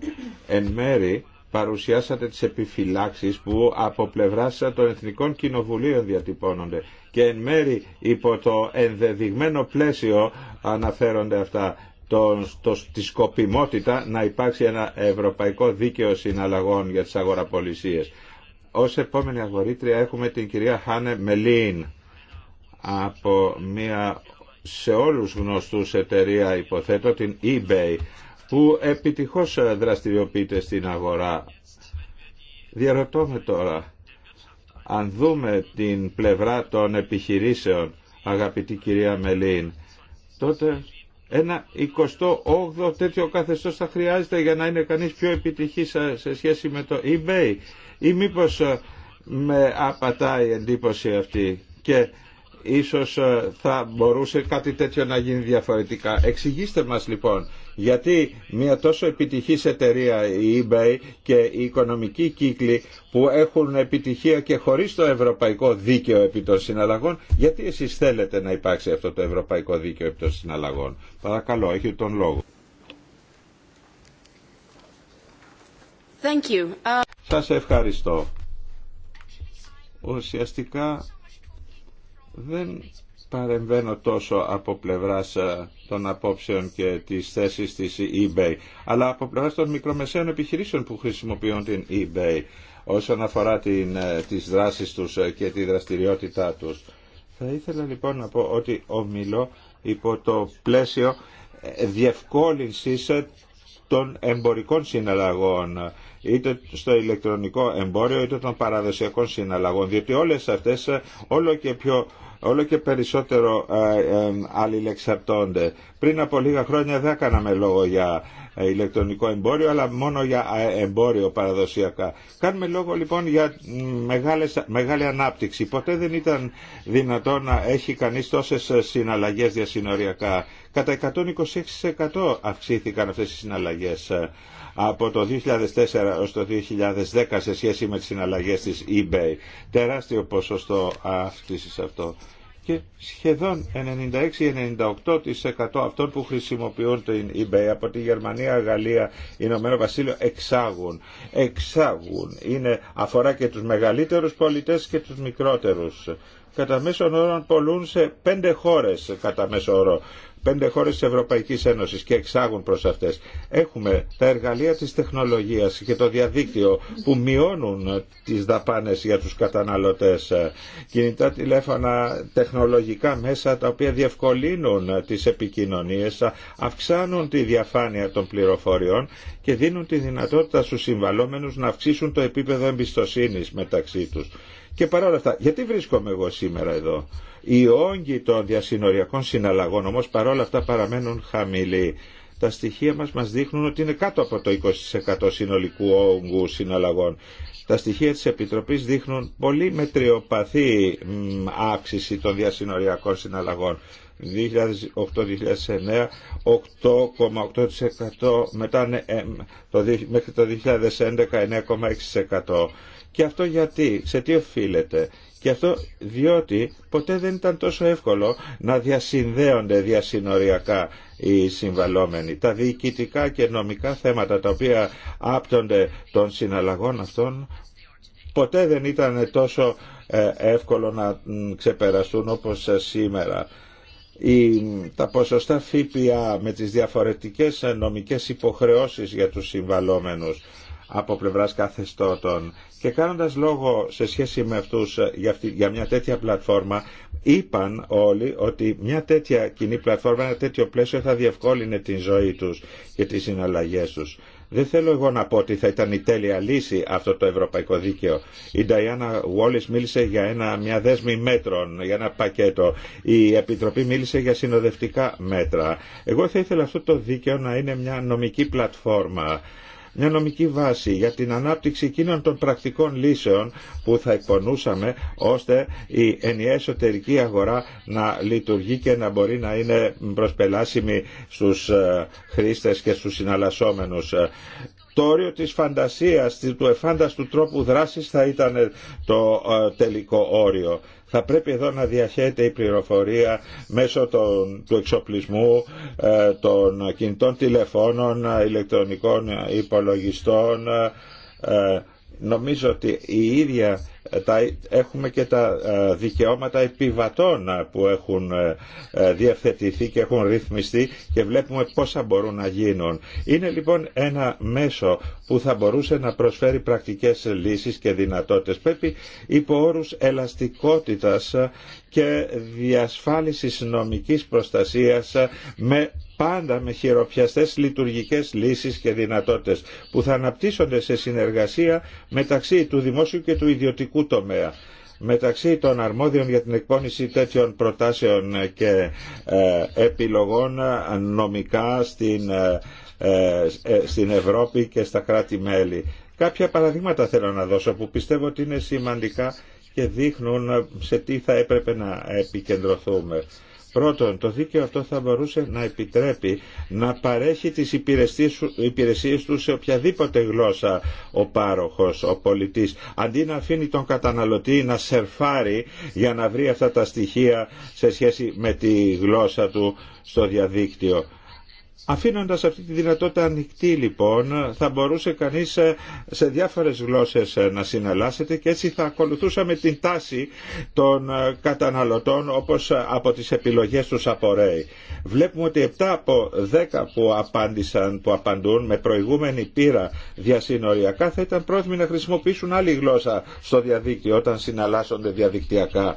εν μέρη παρουσιάσατε τις επιφυλάξεις που από πλευρά των Εθνικών Κοινοβουλίων διατυπώνονται και εν μέρη υπό το ενδεδειγμένο πλαίσιο αναφέρονται αυτά το, το, τη σκοπιμότητα να υπάρξει ένα ευρωπαϊκό δίκαιο συναλλαγών για τις αγοραπολισίες. Ως επόμενη αγορήτρια έχουμε την κυρία Χάνε Μελίν από μια σε όλους γνωστούς εταιρεία υποθέτω την eBay που επιτυχώς δραστηριοποιείται στην αγορά. Διαρωτώ με τώρα, αν δούμε την πλευρά των επιχειρήσεων, αγαπητή κυρία Μελίν, τότε ένα 28ο τέτοιο καθεστώς θα χρειάζεται για να είναι κανείς πιο επιτυχής σε σχέση με το eBay ή μήπως ε, με απατάει η εντύπωση αυτή και ίσως ε, θα μπορούσε κάτι τέτοιο να γίνει διαφορετικά. Εξηγήστε μας λοιπόν γιατί μια τόσο επιτυχής εταιρεία η eBay και οι οικονομικοί κύκλοι που έχουν επιτυχία και χωρίς το ευρωπαϊκό δίκαιο επί των συναλλαγών, γιατί εσείς θέλετε να υπάρξει αυτό το ευρωπαϊκό δίκαιο επί των συναλλαγών. Παρακαλώ, έχετε τον λόγο. Thank uh, Σας ευχαριστώ. Ουσιαστικά δεν παρεμβαίνω τόσο από πλευράς ε, των απόψεων και της θέσης της eBay, αλλά από πλευράς των μικρομεσαίων επιχειρήσεων που χρησιμοποιούν την eBay όσον αφορά την, ε, τις δράσεις τους ε, και τη δραστηριότητά τους. Θα ήθελα λοιπόν να πω ότι ομιλώ υπό το πλαίσιο διευκόλυνσης των εμπορικών συναλλαγών είτε στο ηλεκτρονικό εμπόριο είτε των παραδοσιακών συναλλαγών διότι όλες αυτές ε, όλο και πιο όλο και περισσότερο ε, ε, αλληλεξαρτώνται. Πριν από λίγα χρόνια δεν έκαναμε λόγο για ε, ηλεκτρονικό εμπόριο, αλλά μόνο για ε, εμπόριο παραδοσιακά. Κάνουμε λόγο λοιπόν για μεγάλες, μεγάλη ανάπτυξη. Ποτέ δεν ήταν δυνατό να έχει κανείς τόσες ε, συναλλαγές διασυνοριακά. Κατά 126% αυξήθηκαν αυτές οι συναλλαγές από το 2004 ως το 2010 σε σχέση με τις συναλλαγές της eBay. Τεράστιο ποσοστό αύξησης αυτό και σχεδόν 96-98% αυτών που χρησιμοποιούν την eBay από τη Γερμανία, Γαλλία, Ηνωμένο Βασίλειο εξάγουν. Εξάγουν. Είναι, αφορά και τους μεγαλύτερους πολιτές και τους μικρότερους. Κατά μέσον όρο πολλούν σε πέντε χώρες κατά μέσο όρο πέντε χώρες της Ευρωπαϊκής Ένωσης και εξάγουν προς αυτές. Έχουμε τα εργαλεία της τεχνολογίας και το διαδίκτυο που μειώνουν τις δαπάνες για τους καταναλωτές. Κινητά τηλέφωνα, τεχνολογικά μέσα τα οποία διευκολύνουν τις επικοινωνίες, αυξάνουν τη διαφάνεια των πληροφοριών και δίνουν τη δυνατότητα στους συμβαλόμενους να αυξήσουν το επίπεδο εμπιστοσύνης μεταξύ τους. Και όλα αυτά, γιατί βρίσκομαι εγώ σήμερα εδώ. Οι όγκοι των διασυνοριακών συναλλαγών όμως παρόλα αυτά παραμένουν χαμηλοί. Τα στοιχεία μας μας δείχνουν ότι είναι κάτω από το 20% συνολικού όγκου συναλλαγών. Τα στοιχεία της Επιτροπής δείχνουν πολύ μετριοπαθή αύξηση των διασυνοριακών συναλλαγών. 2008-2009 8,8% μετά ναι, ε, το, μέχρι το 2011 9,6% και αυτό γιατί, σε τι οφείλεται και αυτό διότι ποτέ δεν ήταν τόσο εύκολο να διασυνδέονται διασυνοριακά οι συμβαλόμενοι. Τα διοικητικά και νομικά θέματα τα οποία άπτονται των συναλλαγών αυτών ποτέ δεν ήταν τόσο ε, εύκολο να ξεπεραστούν όπως ε, σήμερα η, τα ποσοστά ΦΠΑ με τις διαφορετικές νομικές υποχρεώσεις για τους συμβαλόμενους από πλευράς καθεστώτων και κάνοντας λόγο σε σχέση με αυτούς για, για μια τέτοια πλατφόρμα είπαν όλοι ότι μια τέτοια κοινή πλατφόρμα, ένα τέτοιο πλαίσιο θα διευκόλυνε την ζωή τους και τις συναλλαγές τους. Δεν θέλω εγώ να πω ότι θα ήταν η τέλεια λύση αυτό το ευρωπαϊκό δίκαιο. Η Νταϊάννα Βόλη μίλησε για ένα, μια δέσμη μέτρων, για ένα πακέτο. Η Επιτροπή μίλησε για συνοδευτικά μέτρα. Εγώ θα ήθελα αυτό το δίκαιο να είναι μια νομική πλατφόρμα μια νομική βάση για την ανάπτυξη εκείνων των πρακτικών λύσεων που θα εκπονούσαμε ώστε η ενιαία εσωτερική αγορά να λειτουργεί και να μπορεί να είναι προσπελάσιμη στους ε, χρήστες και στους συναλλασσόμενους. Ε, το όριο της φαντασίας, του εφάνταστου τρόπου δράσης θα ήταν το ε, τελικό όριο θα πρέπει εδώ να διαχέεται η πληροφορία μέσω των, του εξοπλισμού, ε, των κινητών τηλεφώνων, ηλεκτρονικών υπολογιστών, ε, νομίζω ότι η ίδια τα, έχουμε και τα ε, δικαιώματα επιβατών που έχουν ε, ε, διευθετηθεί και έχουν ρυθμιστεί και βλέπουμε πόσα μπορούν να γίνουν. Είναι λοιπόν ένα μέσο που θα μπορούσε να προσφέρει πρακτικές λύσεις και δυνατότητες. Πρέπει υπό όρους ελαστικότητας και διασφάλισης νομικής προστασίας με πάντα με χειροπιαστές λειτουργικές λύσεις και δυνατότητες που θα αναπτύσσονται σε συνεργασία μεταξύ του δημόσιου και του ιδιωτικού τομέα μεταξύ των αρμόδιων για την εκπόνηση τέτοιων προτάσεων και ε, επιλογών νομικά στην, ε, ε, στην Ευρώπη και στα κράτη-μέλη. Κάποια παραδείγματα θέλω να δώσω που πιστεύω ότι είναι σημαντικά και δείχνουν σε τι θα έπρεπε να επικεντρωθούμε. Πρώτον, το δίκαιο αυτό θα μπορούσε να επιτρέπει να παρέχει τις υπηρεσίες του σε οποιαδήποτε γλώσσα ο πάροχος, ο πολιτής, αντί να αφήνει τον καταναλωτή να σερφάρει για να βρει αυτά τα στοιχεία σε σχέση με τη γλώσσα του στο διαδίκτυο. Αφήνοντας αυτή τη δυνατότητα ανοιχτή λοιπόν θα μπορούσε κανείς ε, σε διάφορες γλώσσες ε, να συναλλάσσεται και έτσι θα ακολουθούσαμε την τάση των ε, καταναλωτών όπως από τις επιλογές τους απορρέει. Βλέπουμε ότι 7 από 10 που απάντησαν, που απαντούν με προηγούμενη πείρα διασυνοριακά θα ήταν πρόθυμοι να χρησιμοποιήσουν άλλη γλώσσα στο διαδίκτυο όταν συναλλάσσονται διαδικτυακά.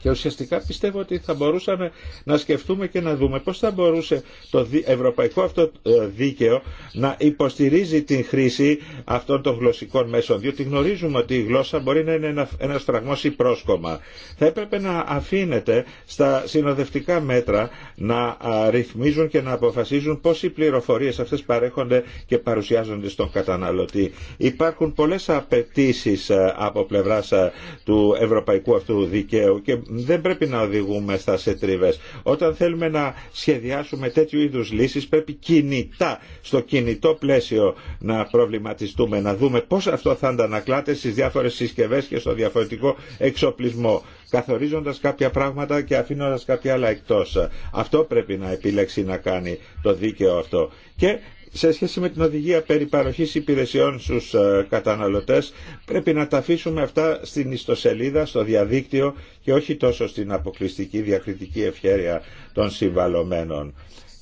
Και ουσιαστικά πιστεύω ότι θα μπορούσαμε να σκεφτούμε και να δούμε πώς θα μπορούσε το ευρωπαϊκό αυτό ε, δίκαιο να υποστηρίζει την χρήση αυτών των γλωσσικών μέσων. Διότι γνωρίζουμε ότι η γλώσσα μπορεί να είναι ένα στραγμός ή πρόσκομα. Θα έπρεπε να αφήνεται στα συνοδευτικά μέτρα να ρυθμίζουν και να αποφασίζουν πώς οι πληροφορίες αυτές παρέχονται και παρουσιάζονται στον καταναλωτή. Υπάρχουν πολλές απαιτήσει ε, από πλευράς ε, του ευρωπαϊκού αυτού δικαίου και δεν πρέπει να οδηγούμε σε τρίβες. Όταν θέλουμε να σχεδιάσουμε τέτοιου είδους λύσεις πρέπει κινητά, στο κινητό πλαίσιο να προβληματιστούμε, να δούμε πώς αυτό θα αντανακλάται στις διάφορες συσκευές και στο διαφορετικό εξοπλισμό καθορίζοντας κάποια πράγματα και αφήνοντας κάποια άλλα εκτός. Αυτό πρέπει να επιλέξει να κάνει το δίκαιο αυτό. Και σε σχέση με την οδηγία περί παροχής υπηρεσιών στους ε, καταναλωτές πρέπει να τα αφήσουμε αυτά στην ιστοσελίδα, στο διαδίκτυο και όχι τόσο στην αποκλειστική διακριτική ευχέρεια των συμβαλωμένων.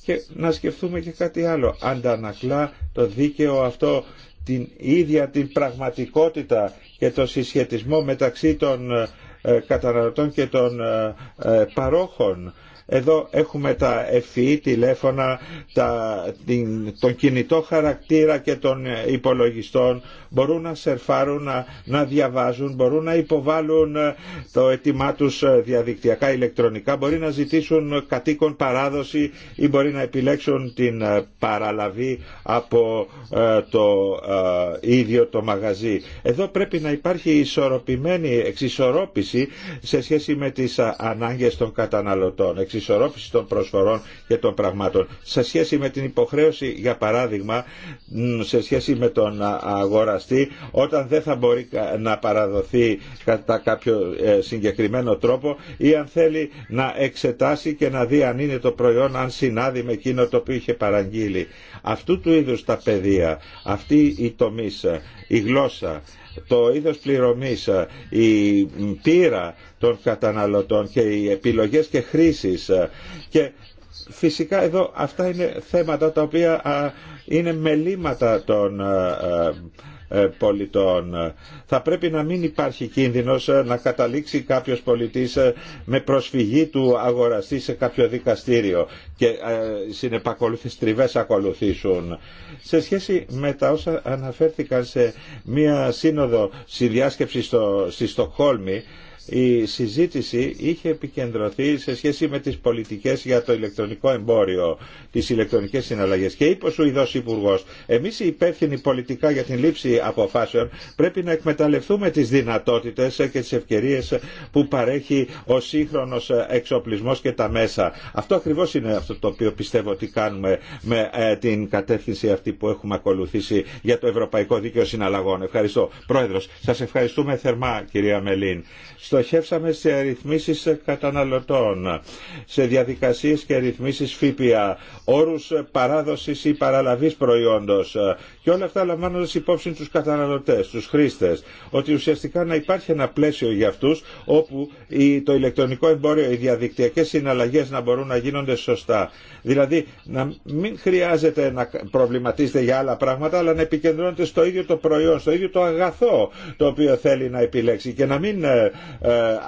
Και να σκεφτούμε και κάτι άλλο. Αντανακλά το δίκαιο αυτό την ίδια την πραγματικότητα και το συσχετισμό μεταξύ των ε, ε, καταναλωτών και των παρόχων εδώ έχουμε τα ευφυή e τηλέφωνα, τα, την, τον κινητό χαρακτήρα και των υπολογιστών. Μπορούν να σερφάρουν, να, διαβάζουν, μπορούν να υποβάλουν ε, το αίτημά τους ε, διαδικτυακά, ηλεκτρονικά. Μπορεί να ζητήσουν κατοίκον παράδοση ή μπορεί να επιλέξουν την ε, παραλαβή από το ίδιο το μαγαζί. Εδώ πρέπει να υπάρχει ισορροπημένη εξισορρόπηση σε σχέση με τις ανάγκες των καταναλωτών εξισορρόπηση των προσφορών και των πραγμάτων. Σε σχέση με την υποχρέωση, για παράδειγμα, σε σχέση με τον αγοραστή, όταν δεν θα μπορεί να παραδοθεί κατά κάποιο ε, συγκεκριμένο τρόπο ή αν θέλει να εξετάσει και να δει αν είναι το προϊόν, αν συνάδει με εκείνο το οποίο είχε παραγγείλει. Αυτού του είδους τα παιδεία, αυτή η τομή, ε, η γλώσσα, το είδος πληρωμής, ε, η πείρα των καταναλωτών και οι επιλογές και χρήσεις ε, και Φυσικά εδώ αυτά είναι θέματα τα οποία είναι μελήματα των ε, πολιτών. Θα πρέπει να μην υπάρχει κίνδυνος ε, να καταλήξει κάποιος πολιτής ε, με προσφυγή του αγοραστή σε κάποιο δικαστήριο και συνεπακολουθείς τριβές ακολουθήσουν. Σε σχέση με τα όσα αναφέρθηκαν σε μία σύνοδο συνδιάσκεψη στο, στη Στοκχόλμη η συζήτηση είχε επικεντρωθεί σε σχέση με τις πολιτικές για το ηλεκτρονικό εμπόριο, τις ηλεκτρονικές συναλλαγές και είπε ο Σουηδός Υπουργό. εμείς οι υπεύθυνοι πολιτικά για την λήψη αποφάσεων πρέπει να εκμεταλλευτούμε τις δυνατότητες και τις ευκαιρίες που παρέχει ο σύγχρονος εξοπλισμός και τα μέσα. Αυτό ακριβώς είναι αυτό το οποίο πιστεύω ότι κάνουμε με ε, την κατεύθυνση αυτή που έχουμε ακολουθήσει για το Ευρωπαϊκό Δίκαιο Συναλλαγών. Ευχαριστώ. Πρόεδρος, σας ευχαριστούμε θερμά κυρία Μελίν. Στο στοχεύσαμε σε ρυθμίσεις καταναλωτών, σε διαδικασίες και ρυθμίσεις ΦΠΑ, όρους παράδοσης ή παραλαβής προϊόντος και όλα αυτά λαμβάνοντας υπόψη τους καταναλωτές, τους χρήστες, ότι ουσιαστικά να υπάρχει ένα πλαίσιο για αυτούς όπου το ηλεκτρονικό εμπόριο, οι διαδικτυακές συναλλαγές να μπορούν να γίνονται σωστά. Δηλαδή να μην χρειάζεται να προβληματίζετε για άλλα πράγματα αλλά να επικεντρώνεται στο ίδιο το προϊόν, στο ίδιο το αγαθό το οποίο θέλει να επιλέξει και να μην ε, ε,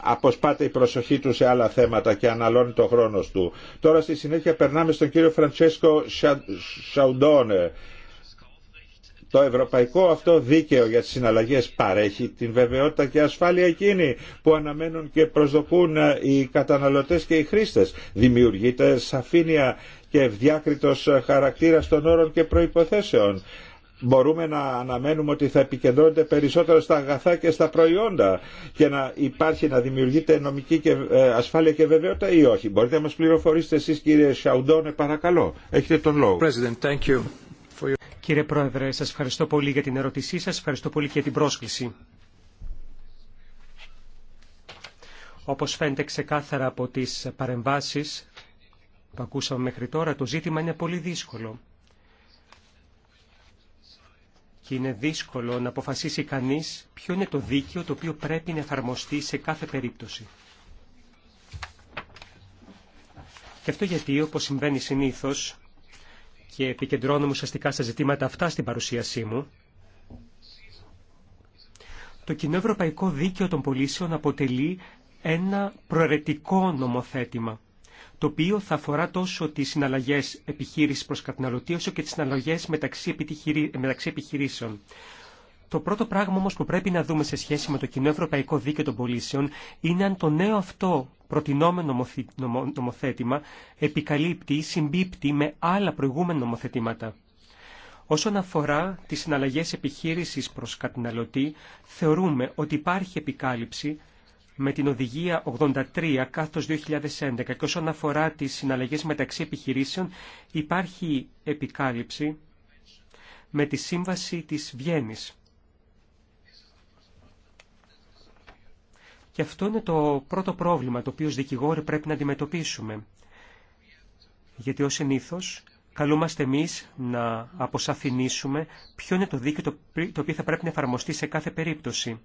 αποσπάται η προσοχή του σε άλλα θέματα και αναλώνει το χρόνο του. Τώρα στη συνέχεια περνάμε στον κύριο Φραντσέσκο Σαουντόνε. Το ευρωπαϊκό αυτό δίκαιο για τις συναλλαγές παρέχει την βεβαιότητα και ασφάλεια εκείνη που αναμένουν και προσδοκούν ε, οι καταναλωτές και οι χρήστες. Δημιουργείται σαφήνεια και ευδιάκριτος ε, χαρακτήρας των όρων και προϋποθέσεων μπορούμε να αναμένουμε ότι θα επικεντρώνεται περισσότερο στα αγαθά και στα προϊόντα και να υπάρχει, να δημιουργείται νομική και, ε, ασφάλεια και βεβαιότητα ή όχι. Μπορείτε να μας πληροφορήσετε εσείς κύριε Σαουντόνε παρακαλώ. Έχετε τον λόγο. Κύριε Πρόεδρε, σας ευχαριστώ πολύ για την ερώτησή σας, ευχαριστώ πολύ και για την πρόσκληση. Όπως φαίνεται ξεκάθαρα από τις παρεμβάσεις που ακούσαμε μέχρι τώρα, το ζήτημα είναι πολύ δύσκολο και είναι δύσκολο να αποφασίσει κανείς ποιο είναι το δίκαιο το οποίο πρέπει να εφαρμοστεί σε κάθε περίπτωση. Και αυτό γιατί, όπως συμβαίνει συνήθως, και επικεντρώνομαι ουσιαστικά στα ζητήματα αυτά στην παρουσίασή μου, το κοινό ευρωπαϊκό δίκαιο των πολίσεων αποτελεί ένα προαιρετικό νομοθέτημα το οποίο θα αφορά τόσο τις συναλλαγές επιχείρησης προς καταναλωτή, όσο και τις συναλλαγές μεταξύ, επιχειρήσεων. Το πρώτο πράγμα όμως που πρέπει να δούμε σε σχέση με το κοινό ευρωπαϊκό δίκαιο των πολίσεων είναι αν το νέο αυτό προτινόμενο νομοθέτημα επικαλύπτει ή συμπίπτει με άλλα προηγούμενα νομοθετήματα. Όσον αφορά τις συναλλαγές επιχείρησης προς καταναλωτή, θεωρούμε ότι υπάρχει επικάλυψη με την Οδηγία 83 κάθος 2011 και όσον αφορά τις συναλλαγές μεταξύ επιχειρήσεων υπάρχει επικάλυψη με τη Σύμβαση της Βιέννης. Και αυτό είναι το πρώτο πρόβλημα το οποίο ως δικηγόροι πρέπει να αντιμετωπίσουμε. Γιατί ως συνήθως καλούμαστε εμείς να αποσαφηνίσουμε ποιο είναι το δίκαιο το οποίο θα πρέπει να εφαρμοστεί σε κάθε περίπτωση.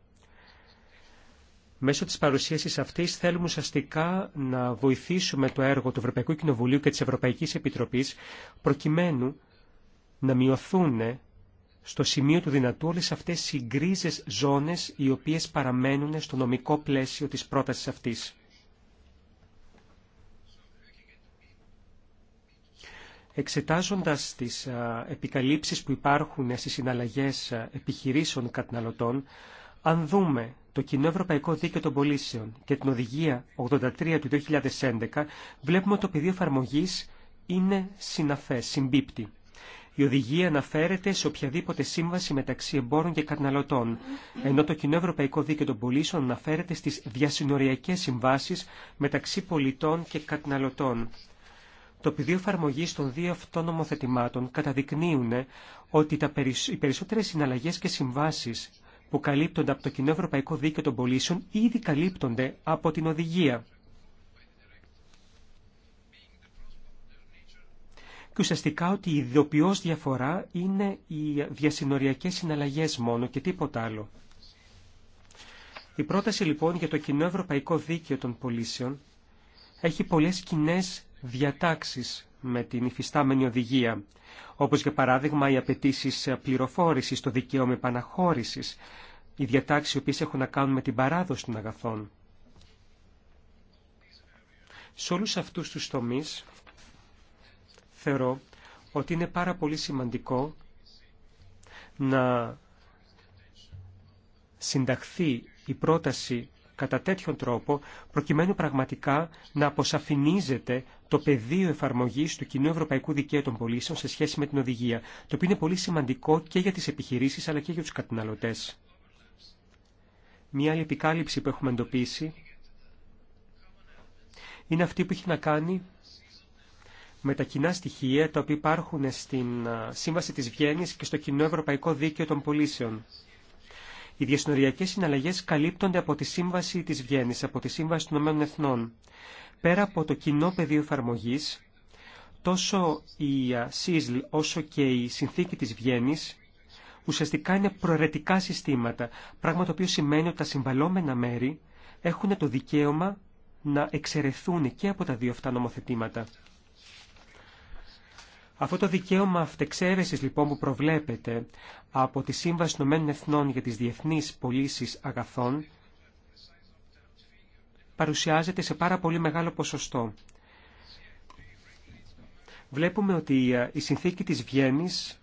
Μέσω της παρουσίασης αυτής θέλουμε ουσιαστικά να βοηθήσουμε το έργο του Ευρωπαϊκού Κοινοβουλίου και της Ευρωπαϊκής Επιτροπής προκειμένου να μειωθούν στο σημείο του δυνατού όλες αυτές οι γκρίζες ζώνες οι οποίες παραμένουν στο νομικό πλαίσιο της πρότασης αυτής. Εξετάζοντας τις επικαλύψεις που υπάρχουν στις συναλλαγές επιχειρήσεων καταναλωτών, αν δούμε το Κοινό Ευρωπαϊκό Δίκαιο των Πολίσεων και την Οδηγία 83 του 2011, βλέπουμε ότι το πεδίο εφαρμογή είναι συναφέ, συμπίπτη. Η οδηγία αναφέρεται σε οποιαδήποτε σύμβαση μεταξύ εμπόρων και καταναλωτών, ενώ το Κοινό Ευρωπαϊκό Δίκαιο των Πωλήσεων αναφέρεται στι διασυνοριακέ συμβάσει μεταξύ πολιτών και καταναλωτών. Το πεδίο εφαρμογή των δύο αυτών νομοθετημάτων καταδεικνύουν ότι οι περισσότερε συναλλαγέ και συμβάσει που καλύπτονται από το κοινό ευρωπαϊκό δίκαιο των πολίσεων ήδη καλύπτονται από την οδηγία. Και ουσιαστικά ότι η ιδιοποιώς διαφορά είναι οι διασυνοριακές συναλλαγές μόνο και τίποτα άλλο. Η πρόταση λοιπόν για το κοινό ευρωπαϊκό δίκαιο των πολίσεων έχει πολλές κοινέ διατάξεις με την υφιστάμενη οδηγία, όπως για παράδειγμα οι απαιτήσει πληροφόρησης, το δικαίωμα επαναχώρησης, οι διατάξεις οι οποίες έχουν να κάνουν με την παράδοση των αγαθών. Σε όλους αυτούς τους τομείς θεωρώ ότι είναι πάρα πολύ σημαντικό να συνταχθεί η πρόταση κατά τέτοιον τρόπο, προκειμένου πραγματικά να αποσαφηνίζεται το πεδίο εφαρμογή του κοινού ευρωπαϊκού δικαίου των Πωλήσεων σε σχέση με την οδηγία, το οποίο είναι πολύ σημαντικό και για τι επιχειρήσει αλλά και για του καταναλωτέ. Μία άλλη επικάλυψη που έχουμε εντοπίσει είναι αυτή που έχει να κάνει με τα κοινά στοιχεία τα οποία υπάρχουν στην Σύμβαση της Βιέννης και στο Κοινό Ευρωπαϊκό Δίκαιο των Πολίσεων. Οι διασυνοριακές συναλλαγές καλύπτονται από τη Σύμβαση της Βιέννης, από τη Σύμβαση των Ηνωμένων Εθνών. Πέρα από το κοινό πεδίο εφαρμογή, τόσο η ΣΥΣΛ όσο και η Συνθήκη της Βιέννης ουσιαστικά είναι προαιρετικά συστήματα, πράγμα το οποίο σημαίνει ότι τα συμβαλόμενα μέρη έχουν το δικαίωμα να εξαιρεθούν και από τα δύο αυτά νομοθετήματα. Αυτό το δικαίωμα αυτεξαίρεσης λοιπόν που προβλέπεται από τη Σύμβαση Ηνωμένων Εθνών για τις Διεθνείς Πωλήσεις Αγαθών παρουσιάζεται σε πάρα πολύ μεγάλο ποσοστό. Βλέπουμε ότι ε, η συνθήκη της Βιέννης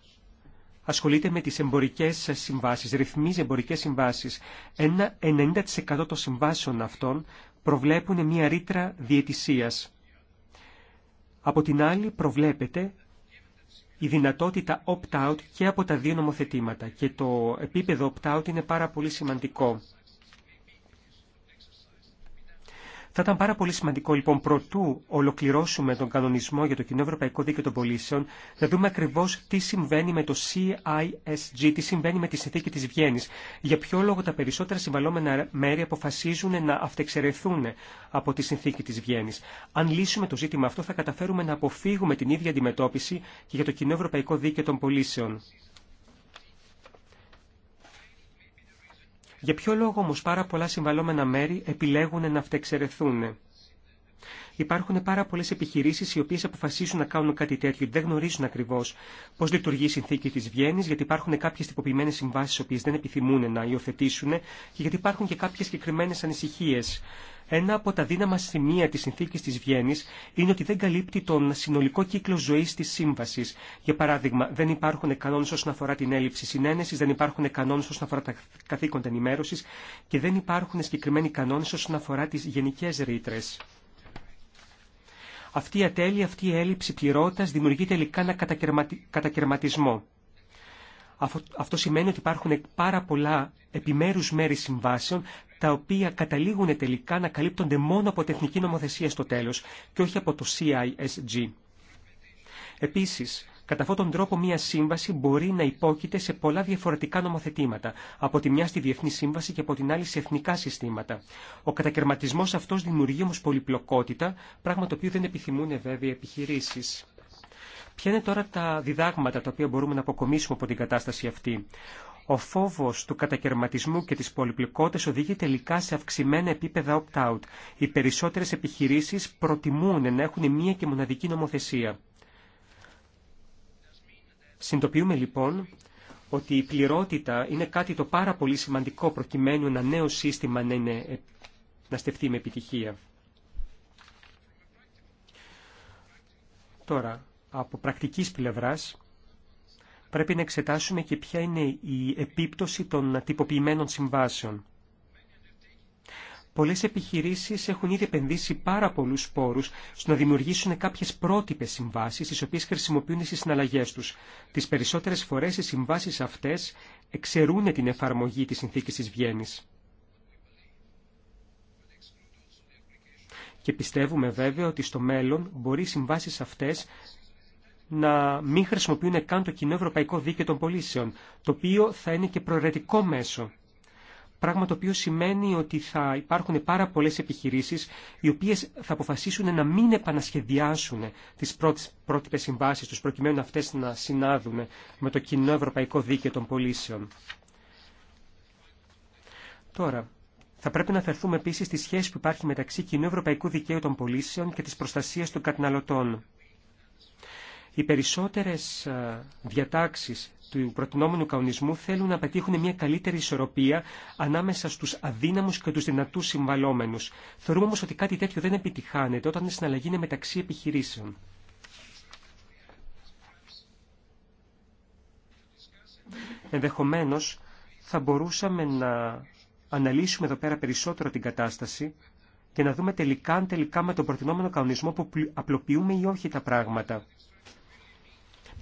ασχολείται με τις εμπορικές συμβάσεις, ρυθμίζει εμπορικές συμβάσεις. Ένα 90% των συμβάσεων αυτών προβλέπουν μια ρήτρα διετησίας. Από την άλλη προβλέπεται η δυνατότητα opt-out και από τα δύο νομοθετήματα και το επίπεδο opt-out είναι πάρα πολύ σημαντικό. Θα ήταν πάρα πολύ σημαντικό λοιπόν προτού ολοκληρώσουμε τον κανονισμό για το κοινό ευρωπαϊκό δίκαιο των πολίσεων να δούμε ακριβώ τι συμβαίνει με το CISG, τι συμβαίνει με τη συνθήκη τη Βιέννη. Για ποιο λόγο τα περισσότερα συμβαλόμενα μέρη αποφασίζουν να αυτεξαιρεθούν από τη συνθήκη τη Βιέννη. Αν λύσουμε το ζήτημα αυτό θα καταφέρουμε να αποφύγουμε την ίδια αντιμετώπιση και για το κοινό ευρωπαϊκό δίκαιο των πολίσεων. Για ποιο λόγο όμως πάρα πολλά συμβαλώμενα μέρη επιλέγουν να αυτεξαιρεθούν. Υπάρχουν πάρα πολλέ επιχειρήσει οι οποίε αποφασίσουν να κάνουν κάτι τέτοιο. Δεν γνωρίζουν ακριβώ πώ λειτουργεί η συνθήκη τη Βιέννη, γιατί υπάρχουν κάποιε τυποποιημένε συμβάσει οι οποίε δεν επιθυμούν να υιοθετήσουν και γιατί υπάρχουν και κάποιε συγκεκριμένε ανησυχίε. Ένα από τα δύναμα σημεία τη συνθήκη τη Βιέννη είναι ότι δεν καλύπτει τον συνολικό κύκλο ζωή τη σύμβαση. Για παράδειγμα, δεν υπάρχουν κανόνε όσον αφορά την έλλειψη συνένεση, δεν υπάρχουν κανόνε όσον αφορά τα καθήκοντα ενημέρωση και δεν υπάρχουν συγκεκριμένοι κανόνε όσον αφορά τι γενικέ ρήτρε. Αυτή η ατέλεια, αυτή η έλλειψη πληρότητας δημιουργεί τελικά ένα κατακαιρματισμό. Αυτό σημαίνει ότι υπάρχουν πάρα πολλά επιμέρους μέρη συμβάσεων, τα οποία καταλήγουν τελικά να καλύπτονται μόνο από τεχνική νομοθεσία στο τέλος και όχι από το CISG. Επίσης, Κατά αυτόν τον τρόπο μια σύμβαση μπορεί να υπόκειται σε πολλά διαφορετικά νομοθετήματα, από τη μια στη Διεθνή Σύμβαση και από την άλλη σε εθνικά συστήματα. Ο κατακαιρματισμό αυτό δημιουργεί όμω πολυπλοκότητα, πράγμα το οποίο δεν επιθυμούν βέβαια οι επιχειρήσεις. Ποια είναι τώρα τα διδάγματα τα οποία μπορούμε να αποκομίσουμε από την κατάσταση αυτή. Ο φόβο του κατακαιρματισμού και της πολυπλοκότητας οδηγεί τελικά σε αυξημένα επίπεδα opt-out. Οι περισσότερε επιχειρήσει προτιμούν να έχουν μία και μοναδική νομοθεσία. Συντοποιούμε λοιπόν ότι η πληρότητα είναι κάτι το πάρα πολύ σημαντικό προκειμένου ένα νέο σύστημα να, είναι, να στεφτεί με επιτυχία. Τώρα, από πρακτικής πλευράς, πρέπει να εξετάσουμε και ποια είναι η επίπτωση των τυποποιημένων συμβάσεων. Πολλές επιχειρήσεις έχουν ήδη επενδύσει πάρα πολλούς πόρους στο να δημιουργήσουν κάποιες πρότυπες συμβάσεις, τις οποίες χρησιμοποιούν στις συναλλαγές τους. Τις περισσότερες φορές οι συμβάσεις αυτές εξαιρούν την εφαρμογή της συνθήκης της Βιέννης. Και πιστεύουμε βέβαια ότι στο μέλλον μπορεί οι συμβάσεις αυτές να μην χρησιμοποιούν καν το κοινό ευρωπαϊκό δίκαιο των πολίσεων, το οποίο θα είναι και προαιρετικό μέσο. Πράγμα το οποίο σημαίνει ότι θα υπάρχουν πάρα πολλές επιχειρήσεις οι οποίες θα αποφασίσουν να μην επανασχεδιάσουν τις πρότυπες συμβάσεις τους προκειμένου αυτές να συνάδουν με το κοινό ευρωπαϊκό δίκαιο των πολίσεων. Τώρα, θα πρέπει να αφαιρθούμε επίσης στη σχέση που υπάρχει μεταξύ κοινού ευρωπαϊκού δικαίου των πολίσεων και της προστασίας των καταναλωτών. Οι περισσότερες ε, διατάξεις του προτινόμενου καονισμού θέλουν να πετύχουν μια καλύτερη ισορροπία ανάμεσα στους αδύναμους και τους δυνατούς συμβαλόμενους. Θεωρούμε όμως ότι κάτι τέτοιο δεν επιτυχάνεται όταν η συναλλαγή είναι μεταξύ επιχειρήσεων. Ενδεχομένως θα μπορούσαμε να αναλύσουμε εδώ πέρα περισσότερο την κατάσταση και να δούμε τελικά αν τελικά με τον προτινόμενο καονισμό που απλοποιούμε ή όχι τα πράγματα.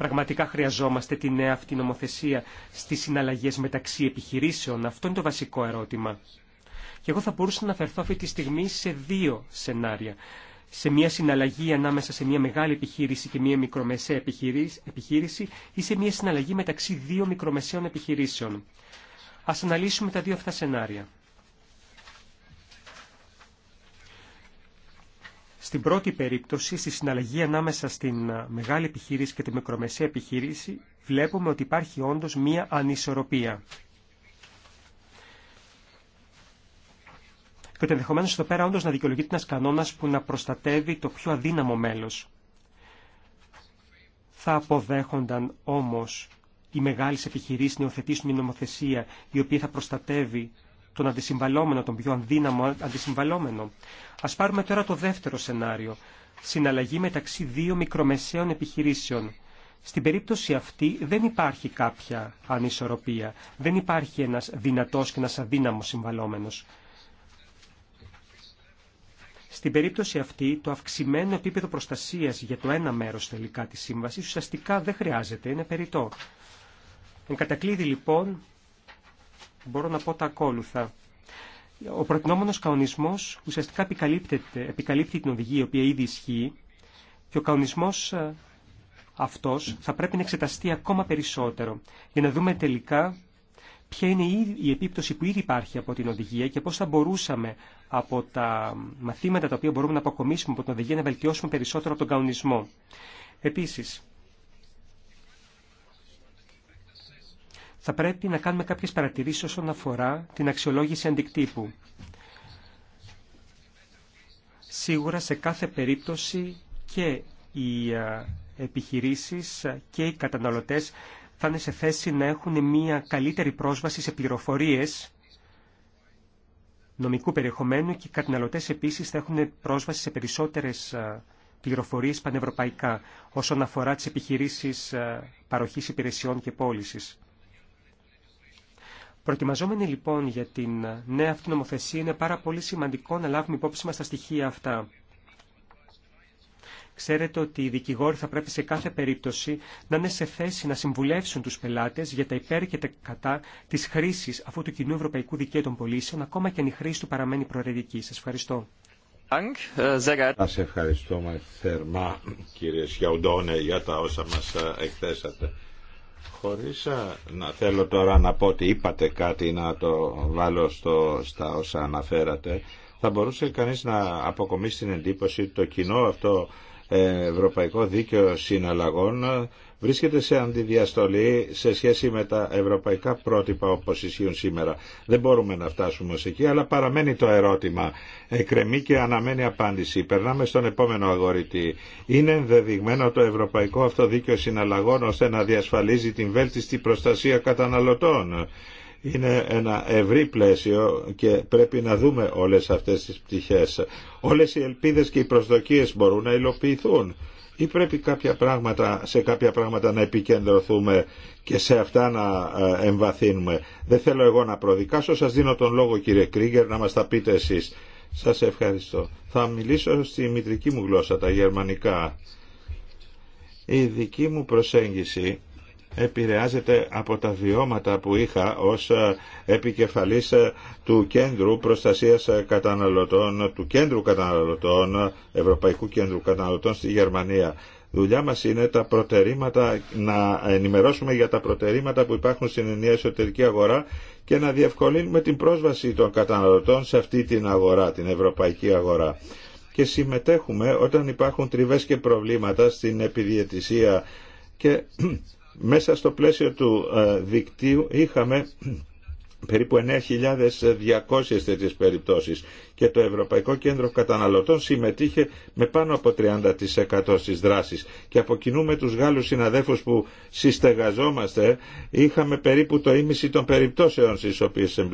Πραγματικά χρειαζόμαστε τη νέα αυτή νομοθεσία στις συναλλαγές μεταξύ επιχειρήσεων. Αυτό είναι το βασικό ερώτημα. Και εγώ θα μπορούσα να αφαιρθώ αυτή τη στιγμή σε δύο σενάρια. Σε μια συναλλαγή ανάμεσα σε μια μεγάλη επιχείρηση και μια μικρομεσαία επιχείρηση ή σε μια συναλλαγή μεταξύ δύο μικρομεσαίων επιχειρήσεων. Ας αναλύσουμε τα δύο αυτά σενάρια. Στην πρώτη περίπτωση, στη συναλλαγή ανάμεσα στην ε, μεγάλη επιχείρηση και τη μικρομεσαία επιχείρηση, βλέπουμε ότι υπάρχει όντως μία ανισορροπία. Και ότι ενδεχομένω εδώ πέρα όντω να δικαιολογείται ένα κανόνα που να προστατεύει το πιο αδύναμο μέλο. Θα αποδέχονταν όμω οι μεγάλε επιχειρήσει να υιοθετήσουν μια νομοθεσία η οποία θα προστατεύει τον αντισυμβαλόμενο, τον πιο αδύναμο αντισυμβαλόμενο. Ας πάρουμε τώρα το δεύτερο σενάριο. Συναλλαγή μεταξύ δύο μικρομεσαίων επιχειρήσεων. Στην περίπτωση αυτή δεν υπάρχει κάποια ανισορροπία. Δεν υπάρχει ένας δυνατός και ένας αδύναμος συμβαλόμενος. Στην περίπτωση αυτή, το αυξημένο επίπεδο προστασίας για το ένα μέρος τελικά της σύμβασης ουσιαστικά δεν χρειάζεται, είναι περιττό. Εν κατακλείδη λοιπόν, μπορώ να πω τα ακόλουθα. Ο προτινόμενος κανονισμός ουσιαστικά επικαλύπτει την οδηγία η οποία ήδη ισχύει και ο κανονισμός ε, αυτός θα πρέπει να εξεταστεί ακόμα περισσότερο για να δούμε τελικά ποια είναι η επίπτωση που ήδη υπάρχει από την οδηγία και πώς θα μπορούσαμε από τα μαθήματα τα οποία μπορούμε να αποκομίσουμε από την οδηγία να βελτιώσουμε περισσότερο από τον καονισμό. Επίσης, θα πρέπει να κάνουμε κάποιες παρατηρήσεις όσον αφορά την αξιολόγηση αντικτύπου. Σίγουρα σε κάθε περίπτωση και οι επιχειρήσεις και οι καταναλωτές θα είναι σε θέση να έχουν μια καλύτερη πρόσβαση σε πληροφορίες νομικού περιεχομένου και οι καταναλωτές επίσης θα έχουν πρόσβαση σε περισσότερες πληροφορίες πανευρωπαϊκά όσον αφορά τις επιχειρήσεις παροχής υπηρεσιών και πώλησης. Προετοιμαζόμενοι λοιπόν για την νέα αυτή νομοθεσία είναι πάρα πολύ σημαντικό να λάβουμε υπόψη μας τα στοιχεία αυτά. Ξέρετε ότι οι δικηγόροι θα πρέπει σε κάθε περίπτωση να είναι σε θέση να συμβουλεύσουν τους πελάτες για τα υπέρ και τα κατά της χρήσης αυτού του κοινού ευρωπαϊκού δικαίου των Πολίσεων ακόμα και αν η χρήση του παραμένει προαιρετική. Σας ευχαριστώ. Ε, Σας ευχαριστούμε θερμά κύριε Σιαουντώνε για τα όσα μας ε, εκθέσατε χωρίς να θέλω τώρα να πω ότι είπατε κάτι να το βάλω στο, στα όσα αναφέρατε θα μπορούσε κανείς να αποκομίσει την εντύπωση το κοινό αυτό ευρωπαϊκό δίκαιο συναλλαγών βρίσκεται σε αντιδιαστολή σε σχέση με τα ευρωπαϊκά πρότυπα όπως ισχύουν σήμερα. Δεν μπορούμε να φτάσουμε ως εκεί, αλλά παραμένει το ερώτημα. Εκκρεμεί και αναμένει απάντηση. Περνάμε στον επόμενο αγορητή. Είναι ενδεδειγμένο το ευρωπαϊκό αυτό συναλλαγών ώστε να διασφαλίζει την βέλτιστη προστασία καταναλωτών είναι ένα ευρύ πλαίσιο και πρέπει να δούμε όλες αυτές τις πτυχές. Όλες οι ελπίδες και οι προσδοκίες μπορούν να υλοποιηθούν ή πρέπει κάποια πράγματα, σε κάποια πράγματα να επικεντρωθούμε και σε αυτά να ε, εμβαθύνουμε. Δεν θέλω εγώ να προδικάσω, σας δίνω τον λόγο κύριε Κρίγκερ να μας τα πείτε εσείς. Σας ευχαριστώ. Θα μιλήσω στη μητρική μου γλώσσα, τα γερμανικά. Η δική μου προσέγγιση επηρεάζεται από τα βιώματα που είχα ως ε, επικεφαλής ε, του Κέντρου Προστασίας ε, Καταναλωτών, του Κέντρου Καταναλωτών, Ευρωπαϊκού Κέντρου Καταναλωτών στη Γερμανία. Δουλειά μας είναι τα προτερήματα, να ενημερώσουμε για τα προτερήματα που υπάρχουν στην ενιαία εσωτερική αγορά και να διευκολύνουμε την πρόσβαση των καταναλωτών σε αυτή την αγορά, την ευρωπαϊκή αγορά και συμμετέχουμε όταν υπάρχουν τριβές και προβλήματα στην επιδιαιτησία μέσα στο πλαίσιο του ε, δικτύου είχαμε περίπου 9.200 τέτοιες περιπτώσεις και το Ευρωπαϊκό Κέντρο Καταναλωτών συμμετείχε με πάνω από 30% στις δράσεις και από κοινού με τους Γάλλους συναδέφους που συστεγαζόμαστε είχαμε περίπου το ίμιση των περιπτώσεων στις οποίες ε,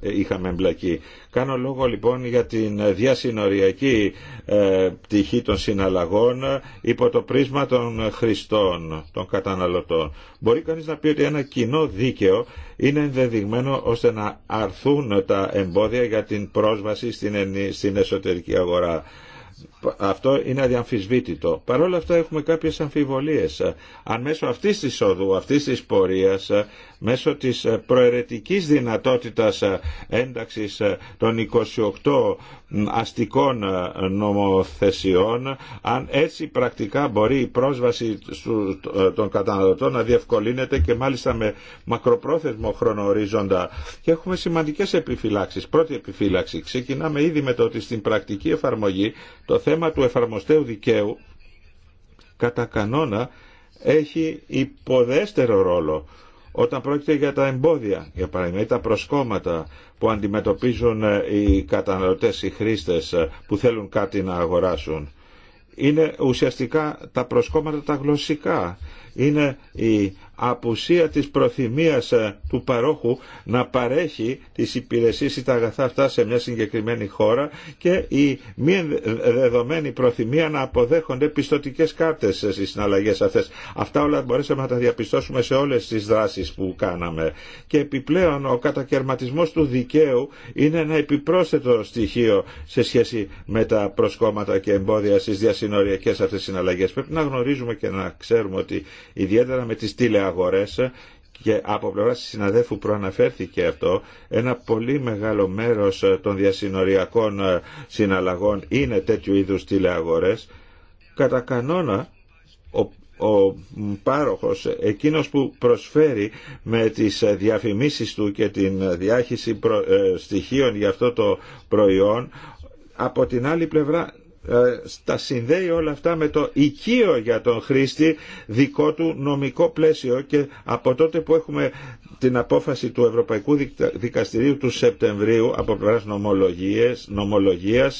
είχαμε εμπλακεί. Κάνω λόγο λοιπόν για την διασυνοριακή ε, πτυχή των συναλλαγών υπό το πρίσμα των χρηστών, των καταναλωτών. Μπορεί κανείς να πει ότι ένα κοινό δίκαιο είναι ενδεδειγμένο ώστε να αρθούν τα εμπόδια για την πρόσβαση στην εσωτερική αγορά. Αυτό είναι αδιαμφισβήτητο. Παρ' όλα αυτά έχουμε κάποιες αμφιβολίες. Αν μέσω αυτής της οδού, αυτής της πορείας, μέσω της προαιρετικής δυνατότητας ένταξης των 28 αστικών ε, νομοθεσιών αν έτσι πρακτικά μπορεί η πρόσβαση ε, των καταναλωτών να διευκολύνεται και μάλιστα με μακροπρόθεσμο χρονοορίζοντα και έχουμε σημαντικές επιφυλάξεις. Πρώτη επιφύλαξη ξεκινάμε ήδη με το ότι στην πρακτική εφαρμογή το θέμα του εφαρμοστέου δικαίου κατά κανόνα έχει υποδέστερο ρόλο όταν πρόκειται για τα εμπόδια, για παράδειγμα, ή τα προσκόμματα που αντιμετωπίζουν ε, οι καταναλωτές, οι χρήστες ε, που θέλουν κάτι να αγοράσουν, είναι ουσιαστικά τα προσκόμματα τα γλωσσικά είναι η απουσία της προθυμίας ε, του παρόχου να παρέχει τις υπηρεσίες ή τα αγαθά αυτά σε μια συγκεκριμένη χώρα και η μη δεδομένη προθυμία να αποδέχονται πιστοτικές κάρτες ε, στις συναλλαγές αυτές. Αυτά όλα μπορέσαμε να τα διαπιστώσουμε σε όλες τις δράσεις που κάναμε. Και επιπλέον ο κατακαιρματισμός του δικαίου είναι ένα επιπρόσθετο στοιχείο σε σχέση με τα προσκόμματα και εμπόδια στις διασυνοριακές αυτές συναλλαγές. Πρέπει να γνωρίζουμε και να ξέρουμε ότι ιδιαίτερα με τις τηλεαγορές και από πλευράς της συναδέφου προαναφέρθηκε αυτό, ένα πολύ μεγάλο μέρος των διασυνοριακών ε, συναλλαγών είναι τέτοιου είδους τηλεαγορές. Κατά κανόνα, ο πάροχος, εκείνος που προσφέρει με τις διαφημίσεις του και την διάχυση ε, στοιχείων για αυτό το προϊόν, από την άλλη πλευρά ε, τα συνδέει όλα αυτά με το οικείο για τον χρήστη δικό του νομικό πλαίσιο και από τότε που έχουμε την απόφαση του Ευρωπαϊκού Δικαστηρίου του Σεπτεμβρίου από πλευρά νομολογία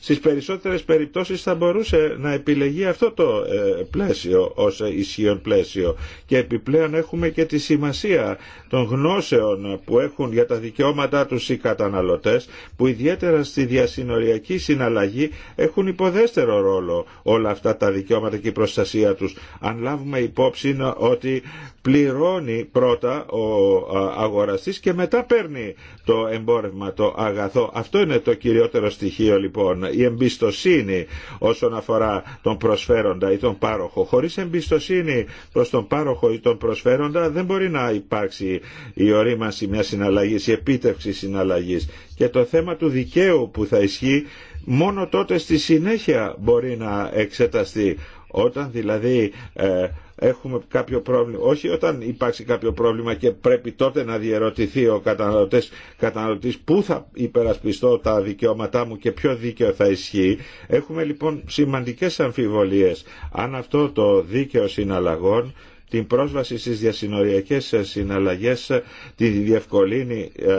στι περισσότερε περιπτώσει θα μπορούσε να επιλεγεί αυτό το ε, πλαίσιο ω ισχύον πλαίσιο και επιπλέον έχουμε και τη σημασία των γνώσεων που έχουν για τα δικαιώματά του οι καταναλωτέ, που ιδιαίτερα στη διασυνοριακή συναλλαγή έχουν υποδέστερο ρόλο όλα αυτά τα δικαιώματα και η προστασία τους αν λάβουμε υπόψη ότι πληρώνει πρώτα ο ε, αγοραστής και μετά παίρνει το εμπόρευμα, το αγαθό. Αυτό είναι το κυριότερο στοιχείο λοιπόν, η εμπιστοσύνη όσον αφορά τον προσφέροντα ή τον πάροχο. Χωρίς εμπιστοσύνη προς τον πάροχο ή τον προσφέροντα δεν μπορεί να υπάρξει η ορίμανση μιας συναλλαγής, η επίτευξη η επιτευξη συναλλαγη Και το θέμα του δικαίου που θα ισχύει μόνο τότε στη συνέχεια μπορεί να εξεταστεί. Όταν δηλαδή ε, έχουμε κάποιο πρόβλημα. Όχι όταν υπάρξει κάποιο πρόβλημα και πρέπει τότε να διερωτηθεί ο καταναλωτής, καταναλωτής πού θα υπερασπιστώ τα δικαιώματά μου και ποιο δίκαιο θα ισχύει. Έχουμε λοιπόν σημαντικές αμφιβολίες αν αυτό το δίκαιο συναλλαγών την πρόσβαση στις διασυνοριακές συναλλαγές τη διευκολύνει ε,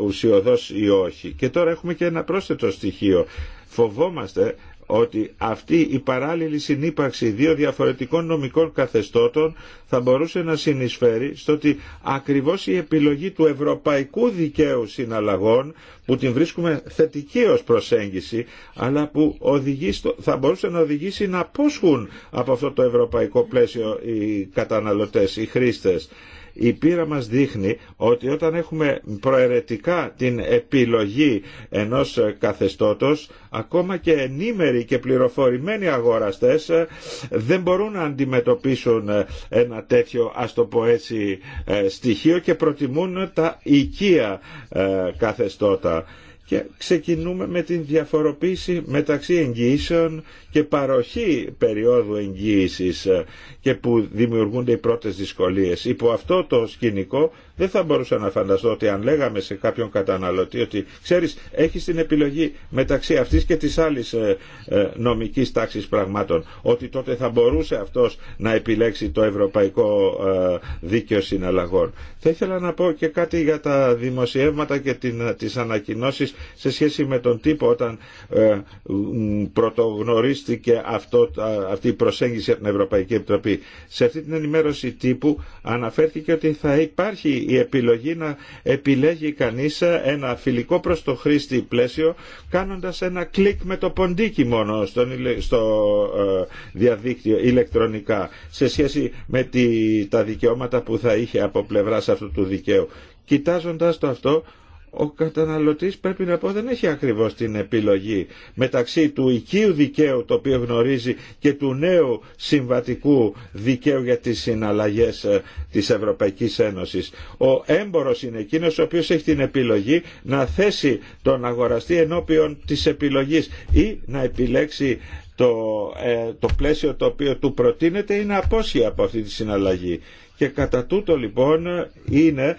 ουσιοδός ή όχι. Και τώρα έχουμε και ένα πρόσθετο στοιχείο. Φοβόμαστε ότι αυτή η παράλληλη συνύπαρξη δύο διαφορετικών νομικών καθεστώτων θα μπορούσε να συνεισφέρει στο ότι ακριβώς η επιλογή του ευρωπαϊκού δικαίου συναλλαγών που την βρίσκουμε θετική ως προσέγγιση αλλά που οδηγεί στο, θα μπορούσε να οδηγήσει να πόσχουν από αυτό το ευρωπαϊκό πλαίσιο οι καταναλωτές, οι χρήστες η πείρα μας δείχνει ότι όταν έχουμε προαιρετικά την επιλογή ενός καθεστώτος, ακόμα και ενήμεροι και πληροφορημένοι αγοραστές ε, δεν μπορούν να αντιμετωπίσουν ε, ένα τέτοιο, ας το πω ε, στοιχείο και προτιμούν τα οικία καθεστώτα και ξεκινούμε με την διαφοροποίηση μεταξύ εγγυήσεων και παροχή περίοδου εγγύησης και που δημιουργούνται οι πρώτες δυσκολίες. Υπό αυτό το σκηνικό δεν θα μπορούσα να φανταστώ ότι αν λέγαμε σε κάποιον καταναλωτή ότι ξέρεις έχεις την επιλογή μεταξύ αυτής και της άλλης ε, ε, νομικής τάξης πραγμάτων ότι τότε θα μπορούσε αυτός να επιλέξει το ευρωπαϊκό ε, δίκαιο συναλλαγών. Θα ήθελα να πω και κάτι για τα δημοσιεύματα και τις ανακοινώσεις σε σχέση με τον τύπο όταν πρωτογνωρίστηκε αυτό, αυτή η προσέγγιση από την Ευρωπαϊκή Επιτροπή. Σε αυτή την ενημέρωση τύπου αναφέρθηκε ότι θα υπάρχει η επιλογή να επιλέγει κανείς ένα φιλικό προς το χρήστη πλαίσιο κάνοντας ένα κλικ με το ποντίκι μόνο στο ε, διαδίκτυο ηλεκτρονικά σε σχέση με τα δικαιώματα που θα είχε από πλευράς αυτού του δικαίου. Κοιτάζοντας το αυτό ο καταναλωτής πρέπει να πω δεν έχει ακριβώς την επιλογή μεταξύ του οικίου δικαίου το οποίο γνωρίζει και του νέου συμβατικού δικαίου για τις συναλλαγές ε, της Ευρωπαϊκής Ένωσης. Ο έμπορος είναι εκείνος ο οποίος έχει την επιλογή να θέσει τον αγοραστή ενώπιον της επιλογής ή να επιλέξει το, ε, το πλαίσιο το οποίο του προτείνεται είναι απόσχεια από αυτή τη συναλλαγή. Και κατά τούτο λοιπόν είναι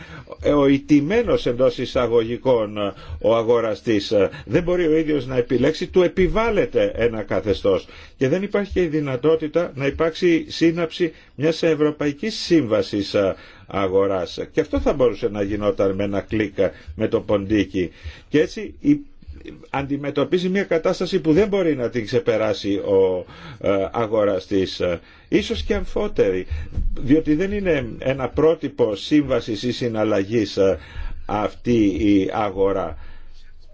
ο ιτημένος εντός εισαγωγικών ο αγοραστής. Δεν μπορεί ο ίδιος να επιλέξει, του επιβάλλεται ένα καθεστώς. Και δεν υπάρχει και η δυνατότητα να υπάρξει σύναψη μιας ευρωπαϊκής σύμβασης αγοράς. Και αυτό θα μπορούσε να γινόταν με ένα κλικ με το ποντίκι. Και έτσι αντιμετωπίζει μια κατάσταση που δεν μπορεί να την ξεπεράσει ο ε, αγοραστής ίσως και αμφότερη διότι δεν είναι ένα πρότυπο σύμβασης ή συναλλαγής ε, αυτή η αγορά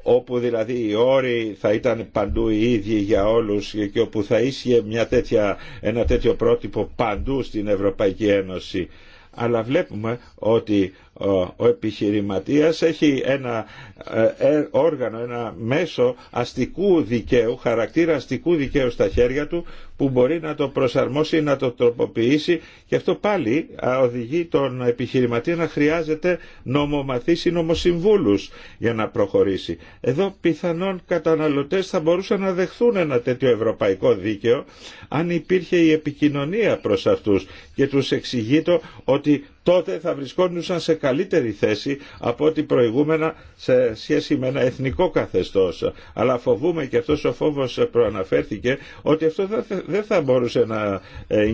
όπου δηλαδή οι όροι θα ήταν παντού οι ίδιοι για όλους και όπου θα ίσχυε μια τέτοια, ένα τέτοιο πρότυπο παντού στην Ευρωπαϊκή Ένωση αλλά βλέπουμε ότι ο επιχειρηματίας έχει ένα ε, ε, όργανο, ένα μέσο αστικού δικαίου, χαρακτήρα αστικού δικαίου στα χέρια του που μπορεί να το προσαρμόσει, να το τροποποιήσει και αυτό πάλι οδηγεί τον επιχειρηματία να χρειάζεται νομομαθείς ή νομοσυμβούλους για να προχωρήσει. Εδώ πιθανόν καταναλωτές θα μπορούσαν να δεχθούν ένα τέτοιο ευρωπαϊκό δίκαιο αν υπήρχε η επικοινωνία προς αυτούς και τους εξηγεί ότι τότε θα βρισκόντουσαν σε καλύτερη θέση από ό,τι προηγούμενα σε σχέση με ένα εθνικό καθεστώς. Αλλά φοβούμε και αυτός ο φόβος προαναφέρθηκε ότι αυτό δεν θα, μπορούσε ε,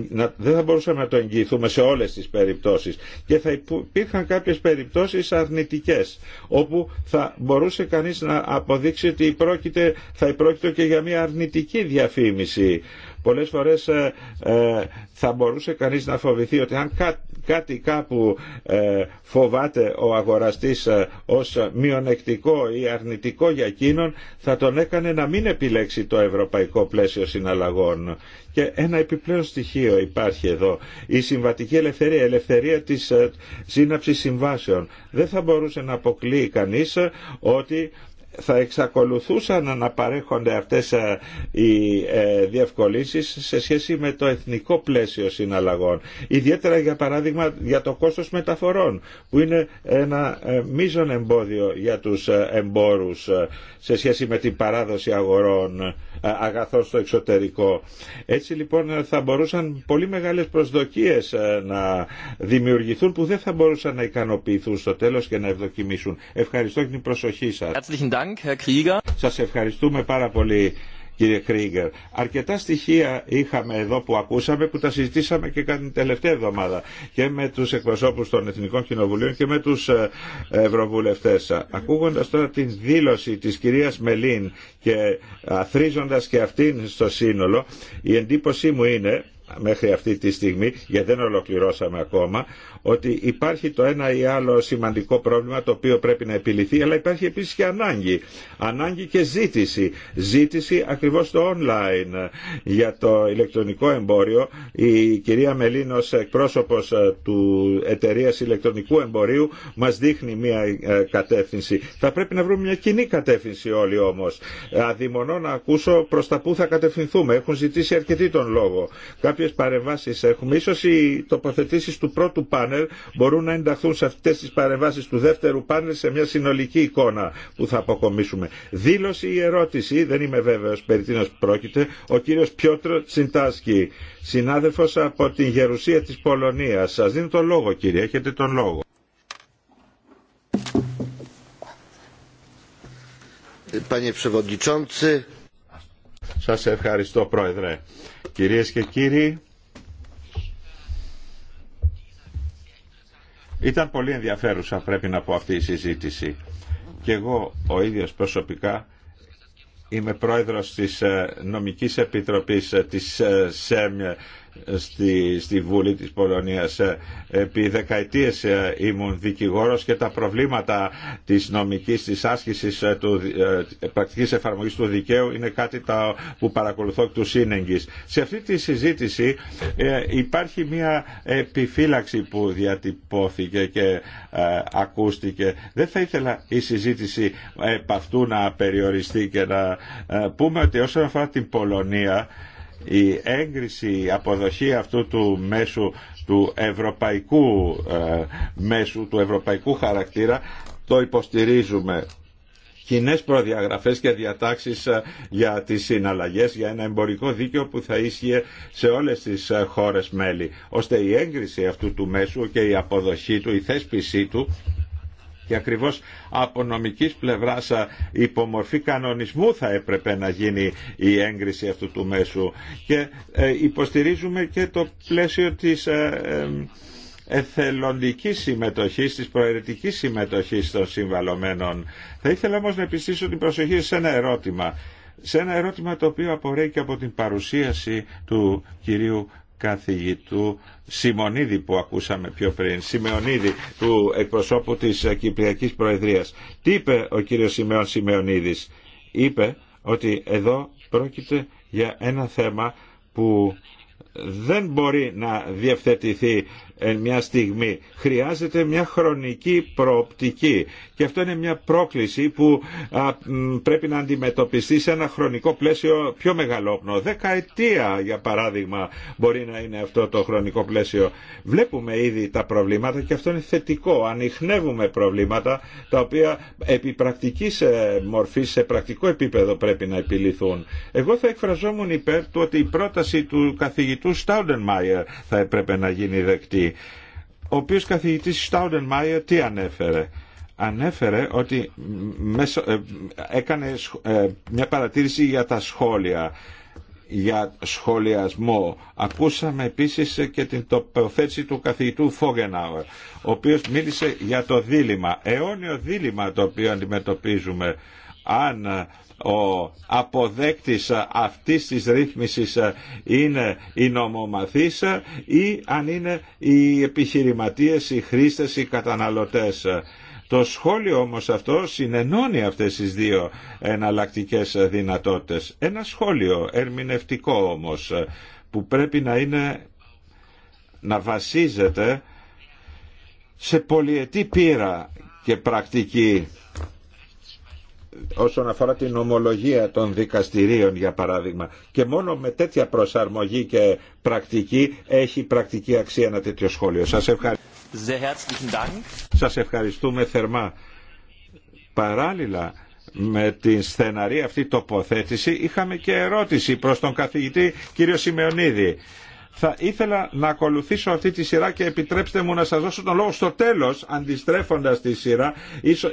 να, δεν θα μπορούσαμε να το εγγυηθούμε σε όλες τις περιπτώσεις και θα υπήρχαν κάποιες περιπτώσεις αρνητικές όπου θα μπορούσε κανείς να αποδείξει ότι θα υπρόκειτο και για μια αρνητική διαφήμιση. Πολλές φορές ε, ε, θα μπορούσε κανείς να φοβηθεί ότι αν κάτι κάτι κάπου ε, φοβάται ο αγοραστής ε, ως μειονεκτικό ή αρνητικό για εκείνον θα τον έκανε να μην επιλέξει το ευρωπαϊκό πλαίσιο συναλλαγών. Και ένα επιπλέον στοιχείο υπάρχει εδώ. Η συμβατική ελευθερία, η ελευθερία της ε, σύναψης συμβάσεων. Δεν θα μπορούσε να αποκλείει κανείς ότι θα εξακολουθούσαν να παρέχονται αυτές ε, οι ε, διευκολύνσεις σε σχέση με το εθνικό πλαίσιο συναλλαγών. Ιδιαίτερα για παράδειγμα για το κόστος μεταφορών που είναι ένα ε, μείζον εμπόδιο για τους εμπόρους σε σχέση με την παράδοση αγορών αγαθών στο εξωτερικό. Έτσι λοιπόν θα μπορούσαν πολύ μεγάλες προσδοκίες να δημιουργηθούν που δεν θα μπορούσαν να ικανοποιηθούν στο τέλος και να ευδοκιμήσουν. Ευχαριστώ την προσοχή σας. Σας ευχαριστούμε πάρα πολύ κύριε Κρίγκερ. Αρκετά στοιχεία είχαμε εδώ που ακούσαμε που τα συζητήσαμε και την τελευταία εβδομάδα και με τους εκπροσώπους των Εθνικών Κοινοβουλίων και με τους ε, Ευρωβουλευτές. Ακούγοντας τώρα την δήλωση της κυρίας Μελίν και αθρίζοντας και αυτήν στο σύνολο, η εντύπωσή μου είναι μέχρι αυτή τη στιγμή, γιατί δεν ολοκληρώσαμε ακόμα, ότι υπάρχει το ένα ή άλλο σημαντικό πρόβλημα το οποίο πρέπει να επιληθεί, αλλά υπάρχει επίσης και ανάγκη. Ανάγκη και ζήτηση. Ζήτηση ακριβώς στο online για το ηλεκτρονικό εμπόριο. Η κυρία Μελίνος, εκπρόσωπος ε, του εταιρείας ηλεκτρονικού εμπορίου, μας δείχνει μια ε, κατεύθυνση. Θα πρέπει να βρούμε μια κοινή κατεύθυνση όλοι όμως. Αδειμονώ να ακούσω προς τα που θα κατευθυνθούμε. Έχουν ζητήσει αρκετοί τον λόγο. Κάποιες παρεμβάσεις έχουμε. Ίσως οι τοποθετήσεις του πρώτου μπορούν να ενταχθούν σε αυτές τις παρεμβάσεις του δεύτερου πάνελ σε μια συνολική εικόνα που θα αποκομίσουμε. Δήλωση ή ερώτηση, δεν είμαι βέβαιος περί τίνος πρόκειται, ο κύριος Πιότρο Τσιντάσκι, συνάδελφος από την Γερουσία της Πολωνίας. Σας δίνω τον λόγο κύριε, έχετε τον λόγο. Σας ευχαριστώ πρόεδρε. Κυρίες και κύριοι, Ήταν πολύ ενδιαφέρουσα πρέπει να πω αυτή η συζήτηση. Και εγώ ο ίδιος προσωπικά είμαι πρόεδρος της ε, Νομικής Επιτροπής ε, της ε, ΣΕΜ στη, στη Βουλή της Πολωνίας. Ε, επί δεκαετίες ε, ήμουν δικηγόρος και τα προβλήματα της νομικής, της άσκησης ε, του, πρακτικής εφαρμογής του δικαίου είναι κάτι που παρακολουθώ του σύνεγγυς. Σε αυτή τη συζήτηση υπάρχει μια επιφύλαξη που διατυπώθηκε και ακούστηκε. Δεν θα ήθελα η συζήτηση επ' αυτού να περιοριστεί και να πούμε ότι όσον αφορά την Πολωνία η έγκριση, η αποδοχή αυτού του μέσου, του ευρωπαϊκού ε, μέσου, του ευρωπαϊκού χαρακτήρα, το υποστηρίζουμε κοινέ προδιαγραφές και διατάξεις ε, για τις συναλλαγές για ένα εμπορικό δίκαιο που θα ίσχυε σε όλες τις ε, χώρες μέλη ώστε η έγκριση αυτού του μέσου και η αποδοχή του, η θέσπιση του και ακριβώς από νομικής πλευράς υπομορφή κανονισμού θα έπρεπε να γίνει η έγκριση αυτού του μέσου. Και ε, υποστηρίζουμε και το πλαίσιο της ε, εθελοντικής συμμετοχής, της προαιρετικής συμμετοχής των συμβαλωμένων. Θα ήθελα όμως να επιστήσω την προσοχή σε ένα ερώτημα. Σε ένα ερώτημα το οποίο απορρέει και από την παρουσίαση του κυρίου καθηγητού Σιμονίδη που ακούσαμε πιο πριν, Σιμεωνίδη, του εκπροσώπου της Κυπριακής Προεδρίας. Τι είπε ο κύριος Σιμεών Σιμεωνίδης. Είπε ότι εδώ πρόκειται για ένα θέμα που δεν μπορεί να διευθετηθεί εν μια στιγμή. Χρειάζεται μια χρονική προοπτική και αυτό είναι μια πρόκληση που πρέπει να αντιμετωπιστεί σε ένα χρονικό πλαίσιο πιο μεγαλόπνο. Δεκαετία για παράδειγμα μπορεί να είναι αυτό το χρονικό πλαίσιο. Βλέπουμε ήδη τα προβλήματα και αυτό είναι θετικό. Ανοιχνεύουμε προβλήματα τα οποία επί πρακτικής ε, μορφής σε πρακτικό επίπεδο πρέπει να επιληθούν. Εγώ θα εκφραζόμουν υπέρ του ότι η πρόταση του καθηγητού Στάουντεν θα έπρεπε να γίνει δεκτή ο οποίος καθηγητής Στάουντεν Μάιο τι ανέφερε. Ανέφερε ότι ε, έκανε ε, μια παρατήρηση για τα σχόλια για σχολιασμό. Ακούσαμε επίσης και την τοποθέτηση του καθηγητού Φόγενάουερ, ο οποίος μίλησε για το δίλημα, αιώνιο δίλημα το οποίο αντιμετωπίζουμε αν ο αποδέκτης αυτής της ρύθμισης είναι η νομομαθείς ή αν είναι οι επιχειρηματίες, οι χρήστες, οι καταναλωτές. Το σχόλιο όμως αυτό συνενώνει αυτές τις δύο εναλλακτικές δυνατότητες. Ένα σχόλιο ερμηνευτικό όμως που πρέπει να είναι να βασίζεται σε πολυετή πείρα και πρακτική όσον αφορά την ομολογία των δικαστηρίων για παράδειγμα και μόνο με τέτοια προσαρμογή και πρακτική έχει πρακτική αξία ένα τέτοιο σχόλιο. Σας, ευχαριστούμε θερμά. Παράλληλα με την στεναρή αυτή τοποθέτηση είχαμε και ερώτηση προς τον καθηγητή κύριο Σημεωνίδη θα ήθελα να ακολουθήσω αυτή τη σειρά και επιτρέψτε μου να σας δώσω τον λόγο στο τέλος, αντιστρέφοντας τη σειρά,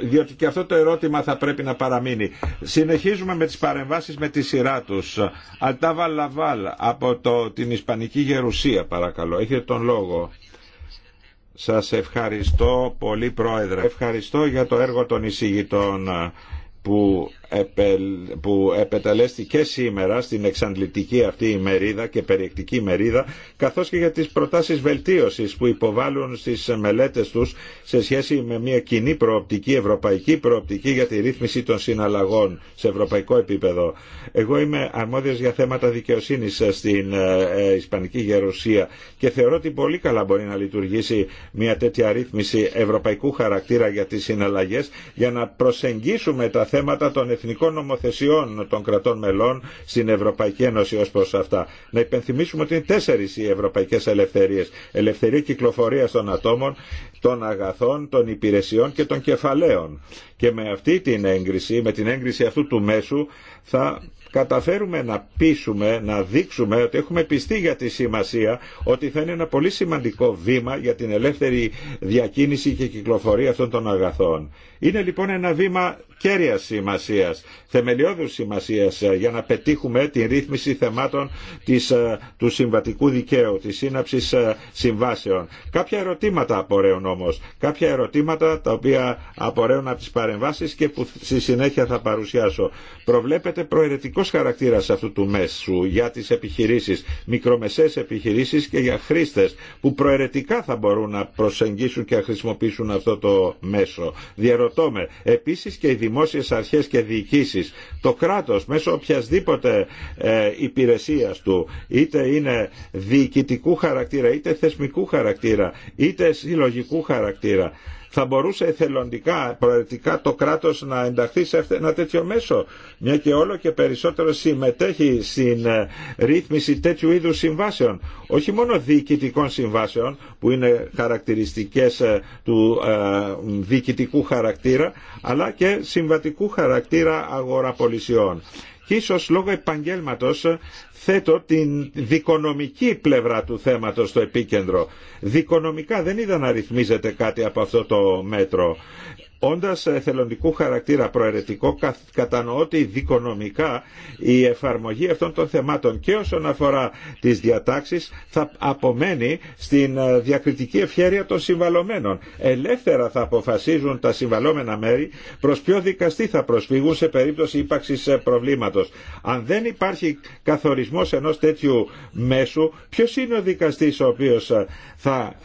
διότι και αυτό το ερώτημα θα πρέπει να παραμείνει. Συνεχίζουμε με τις παρεμβάσεις με τη σειρά τους. Αλτάβα Λαβάλ από το, την Ισπανική Γερουσία, παρακαλώ. Έχετε τον λόγο. Σας ευχαριστώ πολύ, Πρόεδρε. Ευχαριστώ για το έργο των εισηγητών που που και σήμερα στην εξαντλητική αυτή ημερίδα και περιεκτική μερίδα καθώς και για τις προτάσεις βελτίωσης που υποβάλλουν στις μελέτες τους σε σχέση με μια κοινή προοπτική, ευρωπαϊκή προοπτική για τη ρύθμιση των συναλλαγών σε ευρωπαϊκό επίπεδο. Εγώ είμαι αρμόδιος για θέματα δικαιοσύνης στην ε, ε, Ισπανική Γερουσία και θεωρώ ότι πολύ καλά μπορεί να λειτουργήσει μια τέτοια ρύθμιση ευρωπαϊκού χαρακτήρα για τι συναλλαγέ για να προσεγγίσουμε τα θέματα των εθνικών νομοθεσιών των κρατών μελών στην Ευρωπαϊκή Ένωση ως προς αυτά. Να υπενθυμίσουμε ότι είναι τέσσερις οι ευρωπαϊκές ελευθερίες. Ελευθερία κυκλοφορίας των ατόμων, των αγαθών, των υπηρεσιών και των κεφαλαίων. Και με αυτή την έγκριση, με την έγκριση αυτού του μέσου θα καταφέρουμε να πείσουμε, να δείξουμε ότι έχουμε πιστεί για τη σημασία ότι θα είναι ένα πολύ σημαντικό βήμα για την ελεύθερη διακίνηση και κυκλοφορία αυτών των αγαθών. Είναι λοιπόν ένα βήμα κέρια σημασία, θεμελιώδου σημασία ε, για να πετύχουμε την ρύθμιση θεμάτων της, ε, του συμβατικού δικαίου, τη σύναψη ε, συμβάσεων. Κάποια ερωτήματα απορρέουν όμω, κάποια ερωτήματα τα οποία απορρέουν από τι παρεμβάσει και που στη συνέχεια θα παρουσιάσω. Προβλέπεται προαιρετικό χαρακτήρα αυτού του μέσου για τι επιχειρήσει, μικρομεσαίε επιχειρήσει και για χρήστε που προαιρετικά θα μπορούν να προσεγγίσουν και να χρησιμοποιήσουν αυτό το μέσο. Επίση, Επίσης και οι δημόσιες αρχές και διοικήσεις, το κράτος μέσω οποιασδήποτε ε, υπηρεσίας του, είτε είναι διοικητικού χαρακτήρα, είτε θεσμικού χαρακτήρα, είτε συλλογικού χαρακτήρα, θα μπορούσε εθελοντικά, προαιρετικά το κράτος να ενταχθεί σε ένα τέτοιο μέσο, μια και όλο και περισσότερο συμμετέχει στην ε, ρύθμιση τέτοιου είδους συμβάσεων, όχι μόνο διοικητικών συμβάσεων που είναι χαρακτηριστικές ε, του ε, διοικητικού χαρακτήρα, αλλά και συμβατικού χαρακτήρα αγοραπολισιών και ίσως λόγω επαγγέλματος θέτω την δικονομική πλευρά του θέματος στο επίκεντρο. Δικονομικά δεν είδα να ρυθμίζεται κάτι από αυτό το μέτρο. Όντας εθελοντικού χαρακτήρα προαιρετικό, κατανοώ ότι δικονομικά η εφαρμογή αυτών των θεμάτων και όσον αφορά τις διατάξεις θα απομένει στην ε, διακριτική ευχέρεια των συμβαλωμένων. Ελεύθερα θα αποφασίζουν τα συμβαλώμενα μέρη προς ποιο δικαστή θα προσφύγουν σε περίπτωση ύπαρξης ε, προβλήματος. Αν δεν υπάρχει καθορισμός ενός τέτοιου μέσου, ποιος είναι ο δικαστής ο οποίος ε, θα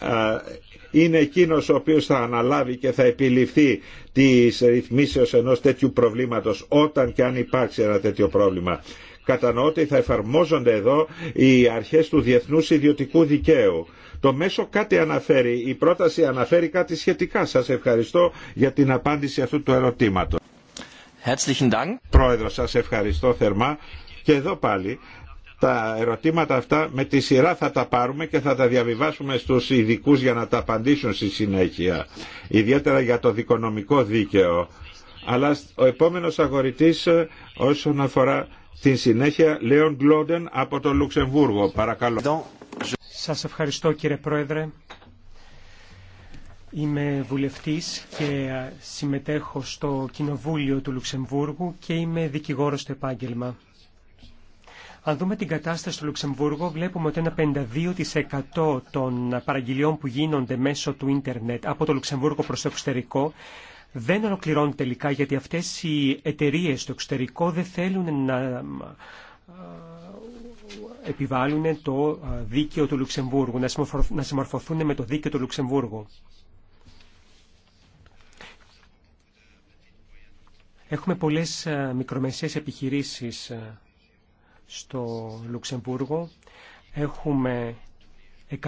είναι εκείνος ο οποίος θα αναλάβει και θα επιληφθεί τη ρυθμίσεως ενός τέτοιου προβλήματος όταν και αν υπάρξει ένα τέτοιο πρόβλημα. Κατανοώ ότι θα εφαρμόζονται εδώ οι αρχές του διεθνούς ιδιωτικού δικαίου. Το μέσο κάτι αναφέρει, η πρόταση αναφέρει κάτι σχετικά. Σας ευχαριστώ για την απάντηση αυτού του ερωτήματος. Πρόεδρο, σας ευχαριστώ θερμά. Και εδώ πάλι τα ερωτήματα αυτά με τη σειρά θα τα πάρουμε και θα τα διαβιβάσουμε στους ειδικού για να τα απαντήσουν στη συνέχεια. Ιδιαίτερα για το δικονομικό δίκαιο. Αλλά ο επόμενος αγορητής ε, όσον αφορά την συνέχεια Λέον Γκλόντεν από το Λουξεμβούργο. Παρακαλώ. Σας ευχαριστώ κύριε Πρόεδρε. Είμαι βουλευτής και ε, συμμετέχω στο Κοινοβούλιο του Λουξεμβούργου και είμαι δικηγόρος στο επάγγελμα. Αν δούμε την κατάσταση στο Λουξεμβούργο, βλέπουμε ότι ένα 52% των παραγγελιών που γίνονται μέσω του ίντερνετ από το Λουξεμβούργο προς το εξωτερικό δεν ολοκληρώνουν τελικά γιατί αυτές οι εταιρείες στο εξωτερικό δεν θέλουν να ε, επιβάλλουν το ε, δίκαιο του Λουξεμβούργου, να συμμορφωθούν με το δίκαιο του Λουξεμβούργου. Έχουμε πολλές ε, μικρομεσαίες επιχειρήσεις στο Λουξεμβούργο. Έχουμε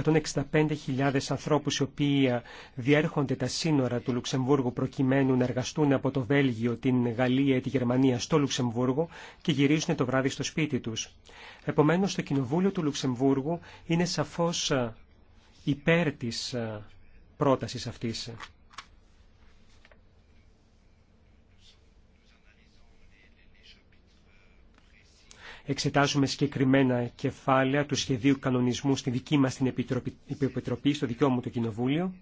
165.000 ανθρώπους οι οποίοι διέρχονται τα σύνορα του Λουξεμβούργου προκειμένου να εργαστούν από το Βέλγιο, την Γαλλία ή τη Γερμανία στο Λουξεμβούργο και γυρίζουν το βράδυ στο σπίτι τους. Επομένως, το Κοινοβούλιο του Λουξεμβούργου είναι σαφώς ε, υπέρ της ε, πρότασης αυτής. εξετάζουμε συγκεκριμένα κεφάλαια του σχεδίου κανονισμού στη δική μας την Επιτροπή, στο δικό μου το Κοινοβούλιο.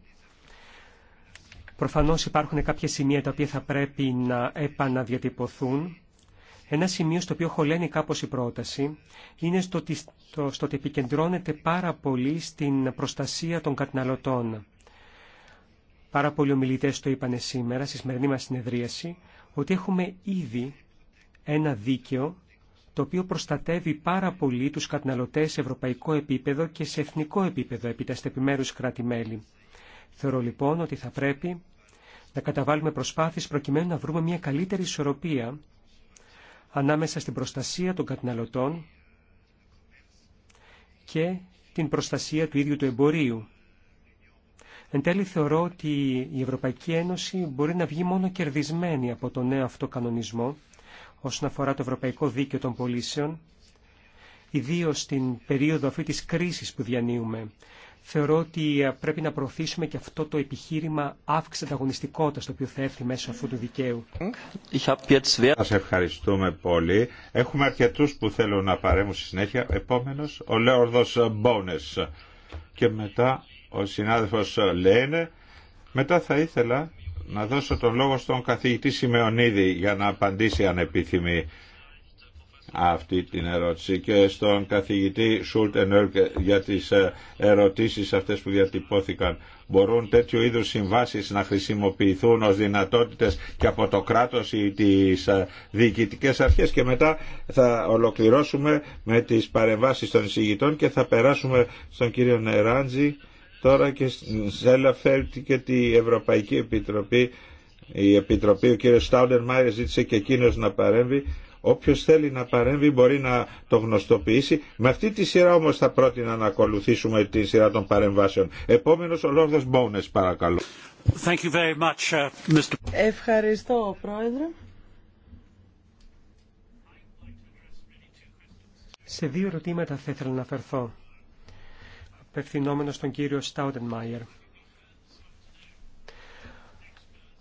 Προφανώς υπάρχουν κάποια σημεία τα οποία θα πρέπει να επαναδιατυπωθούν. Ένα σημείο στο οποίο χωλαίνει κάπως η πρόταση είναι στο ότι, στο, στο ότι επικεντρώνεται πάρα πολύ στην προστασία των καταναλωτών. Πάρα πολλοί ομιλητέ το είπαν σήμερα, στη σημερινή μα συνεδρίαση, ότι έχουμε ήδη ένα δίκαιο το οποίο προστατεύει πάρα πολύ τους καταναλωτές σε ευρωπαϊκό επίπεδο και σε εθνικό επίπεδο επί τα στεπιμέρους κράτη-μέλη. Θεωρώ λοιπόν ότι θα πρέπει να καταβάλουμε προσπάθειες προκειμένου να βρούμε μια καλύτερη ισορροπία ανάμεσα στην προστασία των καταναλωτών και την προστασία του ίδιου του εμπορίου. Εν τέλει θεωρώ ότι η Ευρωπαϊκή Ένωση μπορεί να βγει μόνο κερδισμένη από τον νέο αυτό κανονισμό όσον αφορά το Ευρωπαϊκό Δίκαιο των Πολίσεων, ιδίω στην περίοδο αυτή της κρίσης που διανύουμε. Θεωρώ ότι ε, πρέπει να προωθήσουμε και αυτό το επιχείρημα αύξηση ανταγωνιστικότητα το οποίο θα έρθει μέσω αυτού του δικαίου. Σα ευχαριστούμε πολύ. Έχουμε αρκετού που θέλουν να παρέμουν στη συνέχεια. Επόμενος, ο Λέορδο Μπόνε. Και μετά ο συνάδελφος Λένε. Μετά θα ήθελα να δώσω το λόγο στον καθηγητή Σιμεωνίδη για να απαντήσει αν επιθυμεί αυτή την ερώτηση και στον καθηγητή Σούλτ για τις ε, ερωτήσεις αυτές που διατυπώθηκαν. Μπορούν τέτοιου είδους συμβάσεις να χρησιμοποιηθούν ως δυνατότητες και από το κράτος ή τις ε, διοικητικές αρχές και μετά θα ολοκληρώσουμε με τις παρεμβάσεις των εισηγητών και θα περάσουμε στον κύριο Νεράντζη Τώρα και Ζέλαφελτ και την Ευρωπαϊκή Επιτροπή, η Επιτροπή, ο κύριος Στάουντερ Μάιερ ζήτησε και εκείνο να παρέμβει. Όποιος θέλει να παρέμβει μπορεί να το γνωστοποιήσει. Με αυτή τη σειρά όμως θα πρότεινα να ακολουθήσουμε τη σειρά των παρεμβάσεων. Επόμενος ο Λόρδος Μπόουνες παρακαλώ. Thank uh, Ευχαριστώ Πρόεδρε. Σε δύο ερωτήματα θα ήθελα να αφαιρθώ απευθυνόμενο στον κύριο Μάιερ.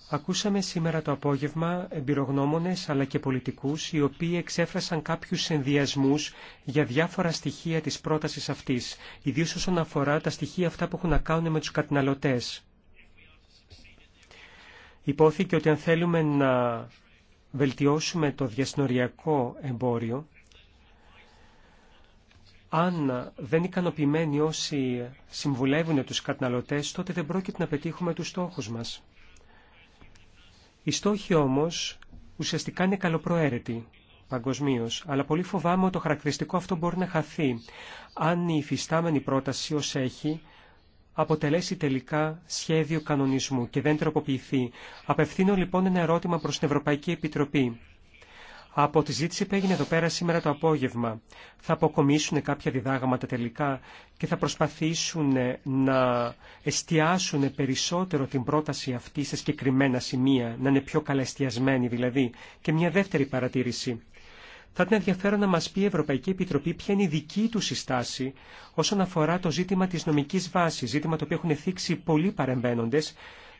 Ακούσαμε σήμερα το απόγευμα εμπειρογνώμονες αλλά και πολιτικούς οι οποίοι εξέφρασαν κάποιους ενδιασμούς για διάφορα στοιχεία της πρότασης αυτής, ιδίως όσον αφορά τα στοιχεία αυτά που έχουν να κάνουν με τους καταναλωτές. Υπόθηκε ότι αν θέλουμε να βελτιώσουμε το διασνοριακό εμπόριο, αν δεν ικανοποιημένοι όσοι συμβουλεύουν τους καταναλωτές, τότε δεν πρόκειται να πετύχουμε τους στόχους μας. Οι στόχοι όμως ουσιαστικά είναι καλοπροαίρετοι παγκοσμίω, αλλά πολύ φοβάμαι ότι το χαρακτηριστικό αυτό μπορεί να χαθεί, αν η υφιστάμενη πρόταση ως έχει αποτελέσει τελικά σχέδιο κανονισμού και δεν τροποποιηθεί. Απευθύνω λοιπόν ένα ερώτημα προς την Ευρωπαϊκή Επιτροπή από τη ζήτηση που έγινε εδώ πέρα σήμερα το απόγευμα. Θα αποκομίσουν κάποια διδάγματα τελικά και θα προσπαθήσουν να εστιάσουν περισσότερο την πρόταση αυτή σε συγκεκριμένα σημεία, να είναι πιο καλαστιασμένη δηλαδή. Και μια δεύτερη παρατήρηση. Θα ήταν ενδιαφέρον να μας πει η Ευρωπαϊκή Επιτροπή ποια είναι η δική του συστάση όσον αφορά το ζήτημα της νομικής βάσης, ζήτημα το οποίο έχουν θίξει πολλοί παρεμβαίνοντες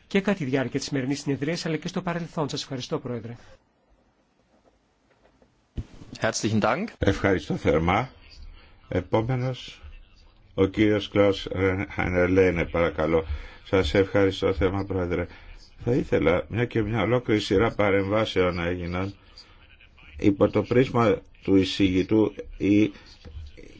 και κατά τη διάρκεια τη σημερινής συνεδρία, αλλά και στο παρελθόν. Σας ευχαριστώ Πρόεδρε. Ευχαριστώ θερμά. Επόμενος, ο κύριος Κλάους Χανερλένε, παρακαλώ. Σας ευχαριστώ θερμά, Πρόεδρε. Θα ήθελα, μια και μια ολόκληρη σειρά παρεμβάσεων έγιναν, υπό το πρίσμα του εισηγητού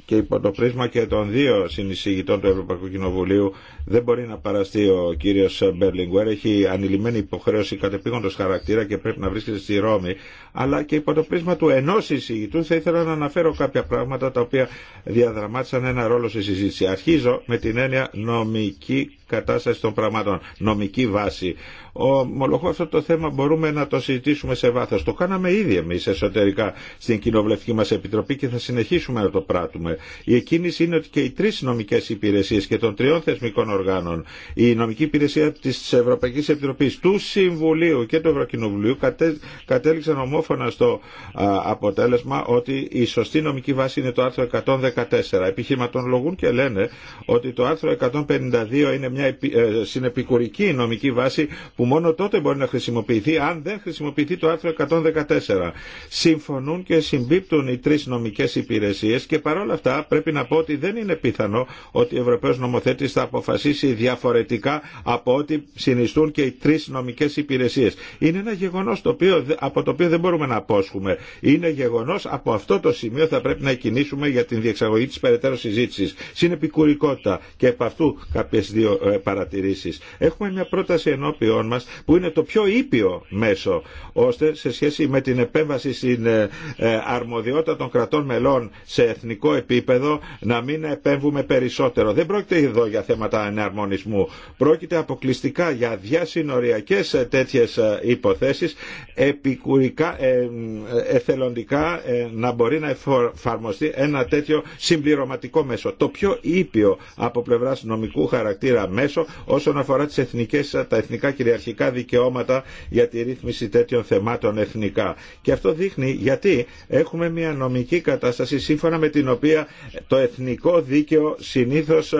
και υπό το πρίσμα και των δύο συνεισηγητών του Ευρωπαϊκού Κοινοβουλίου δεν μπορεί να παραστεί ο κύριο Μπερλιγκουέρ, έχει ανηλυμένη υποχρέωση κατεπήγοντο χαρακτήρα και πρέπει να βρίσκεται στη Ρώμη. Αλλά και υπό το πρίσμα του ενό εισηγητού θα ήθελα να αναφέρω κάποια πράγματα τα οποία διαδραμάτισαν ένα ρόλο στη συζήτηση. Αρχίζω με την έννοια νομική κατάσταση των πραγμάτων, νομική βάση. Ομολογώ αυτό το θέμα μπορούμε να το συζητήσουμε σε βάθο. Το κάναμε ήδη εμεί εσωτερικά στην κοινοβουλευτική μα επιτροπή και θα συνεχίσουμε να το πράττουμε. Η εκκίνηση είναι ότι και οι τρει νομικέ υπηρεσίε και των τριών θεσμικών οργάνων. Η νομική υπηρεσία τη Ευρωπαϊκή Επιτροπή, του Συμβουλίου και του Ευρωκοινοβουλίου κατέληξαν ομόφωνα στο αποτέλεσμα ότι η σωστή νομική βάση είναι το άρθρο 114. Επιχειρηματολογούν και λένε ότι το άρθρο 152 είναι μια ε, συνεπικουρική νομική βάση που μόνο τότε μπορεί να χρησιμοποιηθεί αν δεν χρησιμοποιηθεί το άρθρο 114. Συμφωνούν και συμπίπτουν οι τρει νομικέ υπηρεσίε. και παρόλα αυτά πρέπει να πω ότι δεν είναι πιθανό ότι ο Ευρωπαίος νομοθέτης θα αποφασίσει αποφασίσει διαφορετικά από ό,τι συνιστούν και οι τρεις νομικές υπηρεσίες. Είναι ένα γεγονός από το οποίο δεν μπορούμε να απόσχουμε. Είναι γεγονός από αυτό το σημείο θα πρέπει να κινήσουμε για την διεξαγωγή της περαιτέρω συζήτησης. Συνεπικουρικότητα και επ' αυτού κάποιες δύο ε, παρατηρήσεις. Έχουμε μια πρόταση ενώπιόν μας που είναι το πιο ήπιο μέσο ώστε σε σχέση με την επέμβαση στην ε, ε, αρμοδιότητα των κρατών μελών σε εθνικό επίπεδο να μην επέμβουμε περισσότερο. Δεν πρόκειται εδώ για θέματα εναρμονισμού. Πρόκειται αποκλειστικά για διασυνοριακές ε, τέτοιες ε, υποθέσεις επικουρικά, ε, εθελοντικά να μπορεί να εφαρμοστεί ένα τέτοιο συμπληρωματικό μέσο. Το πιο ήπιο από πλευράς νομικού χαρακτήρα μέσο όσον αφορά τις εθνικές, τα εθνικά κυριαρχικά δικαιώματα για τη ρύθμιση τέτοιων θεμάτων εθνικά. Και αυτό δείχνει γιατί έχουμε μια νομική κατάσταση σύμφωνα με την οποία το εθνικό δίκαιο συνήθως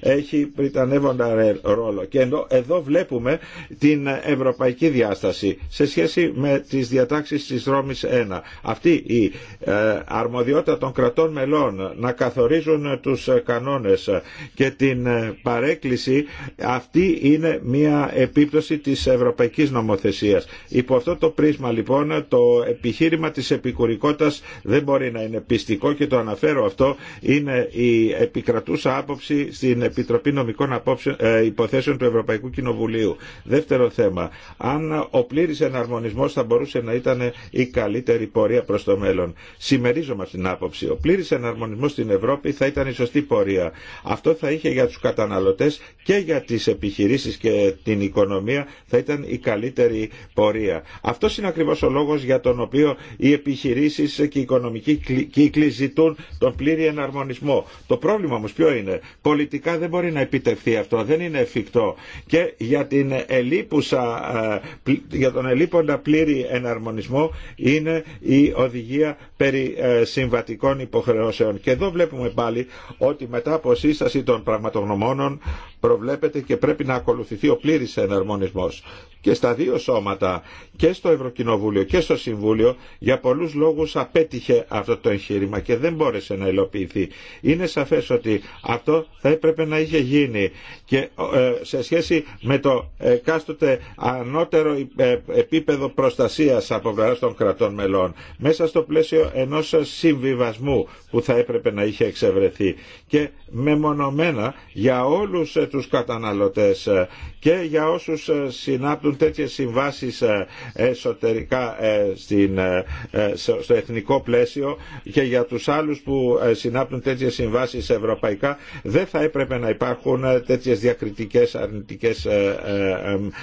έχει ανέβοντα ρόλο. Και εδώ βλέπουμε την ευρωπαϊκή διάσταση σε σχέση με τις διατάξεις της Ρώμης 1. Αυτή η ε, αρμοδιότητα των κρατών μελών να καθορίζουν τους ε, κανόνες και την ε, παρέκκληση αυτή είναι μια επίπτωση της ευρωπαϊκής νομοθεσίας. Υπό αυτό το πρίσμα λοιπόν το επιχείρημα της επικουρικότητας δεν μπορεί να είναι πιστικό και το αναφέρω αυτό είναι η επικρατούσα άποψη στην Επιτροπή Νομικών ε, υποθέσεων του Ευρωπαϊκού Κοινοβουλίου. Δεύτερο θέμα, αν ο πλήρη εναρμονισμό θα μπορούσε να ήταν η καλύτερη πορεία προ το μέλλον. Συμμερίζομαι την άποψη. Ο πλήρη εναρμονισμό στην Ευρώπη θα ήταν η σωστή πορεία. Αυτό θα είχε για του καταναλωτέ και για τι επιχειρήσει και την οικονομία θα ήταν η καλύτερη πορεία. Αυτό είναι ακριβώ ο λόγο για τον οποίο οι επιχειρήσει και οι οικονομικοί κύκλοι ζητούν τον πλήρη εναρμονισμό. Το πρόβλημα όμω ποιο είναι. Πολιτικά δεν μπορεί να επιτευχθεί αυτό. Δεν είναι εφικτό. Και για, την ελίπουσα, ε, για τον ελίποντα πλήρη εναρμονισμό είναι η οδηγία περί ε, συμβατικών υποχρεώσεων. Και εδώ βλέπουμε πάλι ότι μετά από σύσταση των πραγματογνωμόνων προβλέπεται και πρέπει να ακολουθηθεί ο πλήρης εναρμονισμός και στα δύο σώματα και στο Ευρωκοινοβούλιο και στο Συμβούλιο για πολλούς λόγους απέτυχε αυτό το εγχείρημα και δεν μπόρεσε να υλοποιηθεί. Είναι σαφές ότι αυτό θα έπρεπε να είχε γίνει και ε, σε σχέση με το κάστοτε ανώτερο ε, επίπεδο προστασίας από πλευρά των κρατών μελών μέσα στο πλαίσιο ενός συμβιβασμού που θα έπρεπε να είχε εξευρεθεί και μεμονωμένα για όλους ε, τους καταναλωτές και για όσους συνάπτουν προκύπτουν τέτοιες συμβάσεις ε, εσωτερικά ε, ε, στο εθνικό πλαίσιο και για τους άλλους που συνάπτουν τέτοιες συμβάσεις ευρωπαϊκά δεν θα έπρεπε να υπάρχουν τέτοιες διακριτικές αρνητικές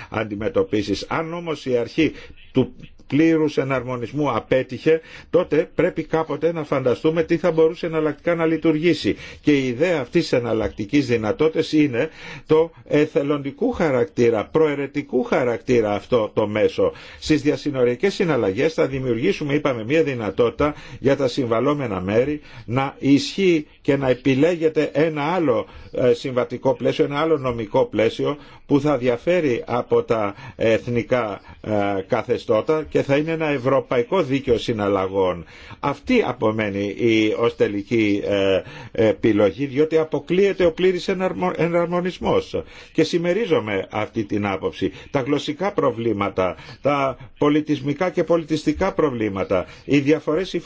αντιμετωπίσεις. Αν όμως η αρχή του πλήρους εναρμονισμού απέτυχε, τότε πρέπει κάποτε να φανταστούμε τι θα μπορούσε εναλλακτικά να λειτουργήσει. Και η ιδέα αυτής της εναλλακτικής δυνατότητας είναι το εθελοντικού χαρακτήρα, προαιρετικού χαρακτήρα αυτό το μέσο. Στις διασυνοριακές συναλλαγές θα δημιουργήσουμε, είπαμε, μια δυνατότητα για τα συμβαλόμενα μέρη να ισχύει και να επιλέγεται ένα άλλο ε, συμβατικό πλαίσιο, ένα άλλο νομικό πλαίσιο που θα διαφέρει από τα εθνικά ε, καθεστώτα και θα είναι ένα ευρωπαϊκό δίκαιο συναλλαγών. Αυτή απομένει η ως τελική ε, επιλογή διότι αποκλείεται ο πλήρης εναρμονισμός. Και συμμερίζομαι αυτή την άποψη. Τα γλωσσικά προβλήματα, τα πολιτισμικά και πολιτιστικά προβλήματα, οι διαφορές οι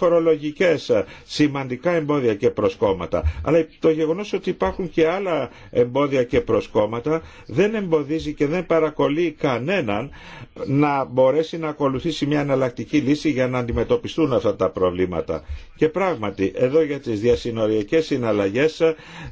σημαντικά εμπόδια και προσκόμματα. Αλλά το γεγονός ότι υπάρχουν και άλλα εμπόδια και προσκόμματα δεν εμποδίζει και δεν παρακολεί κανέναν να μπορέσει να ακολουθήσει μια αναλλακτική λύση για να αντιμετωπιστούν αυτά τα προβλήματα. Και πράγματι, εδώ για τις διασυνοριακές συναλλαγές,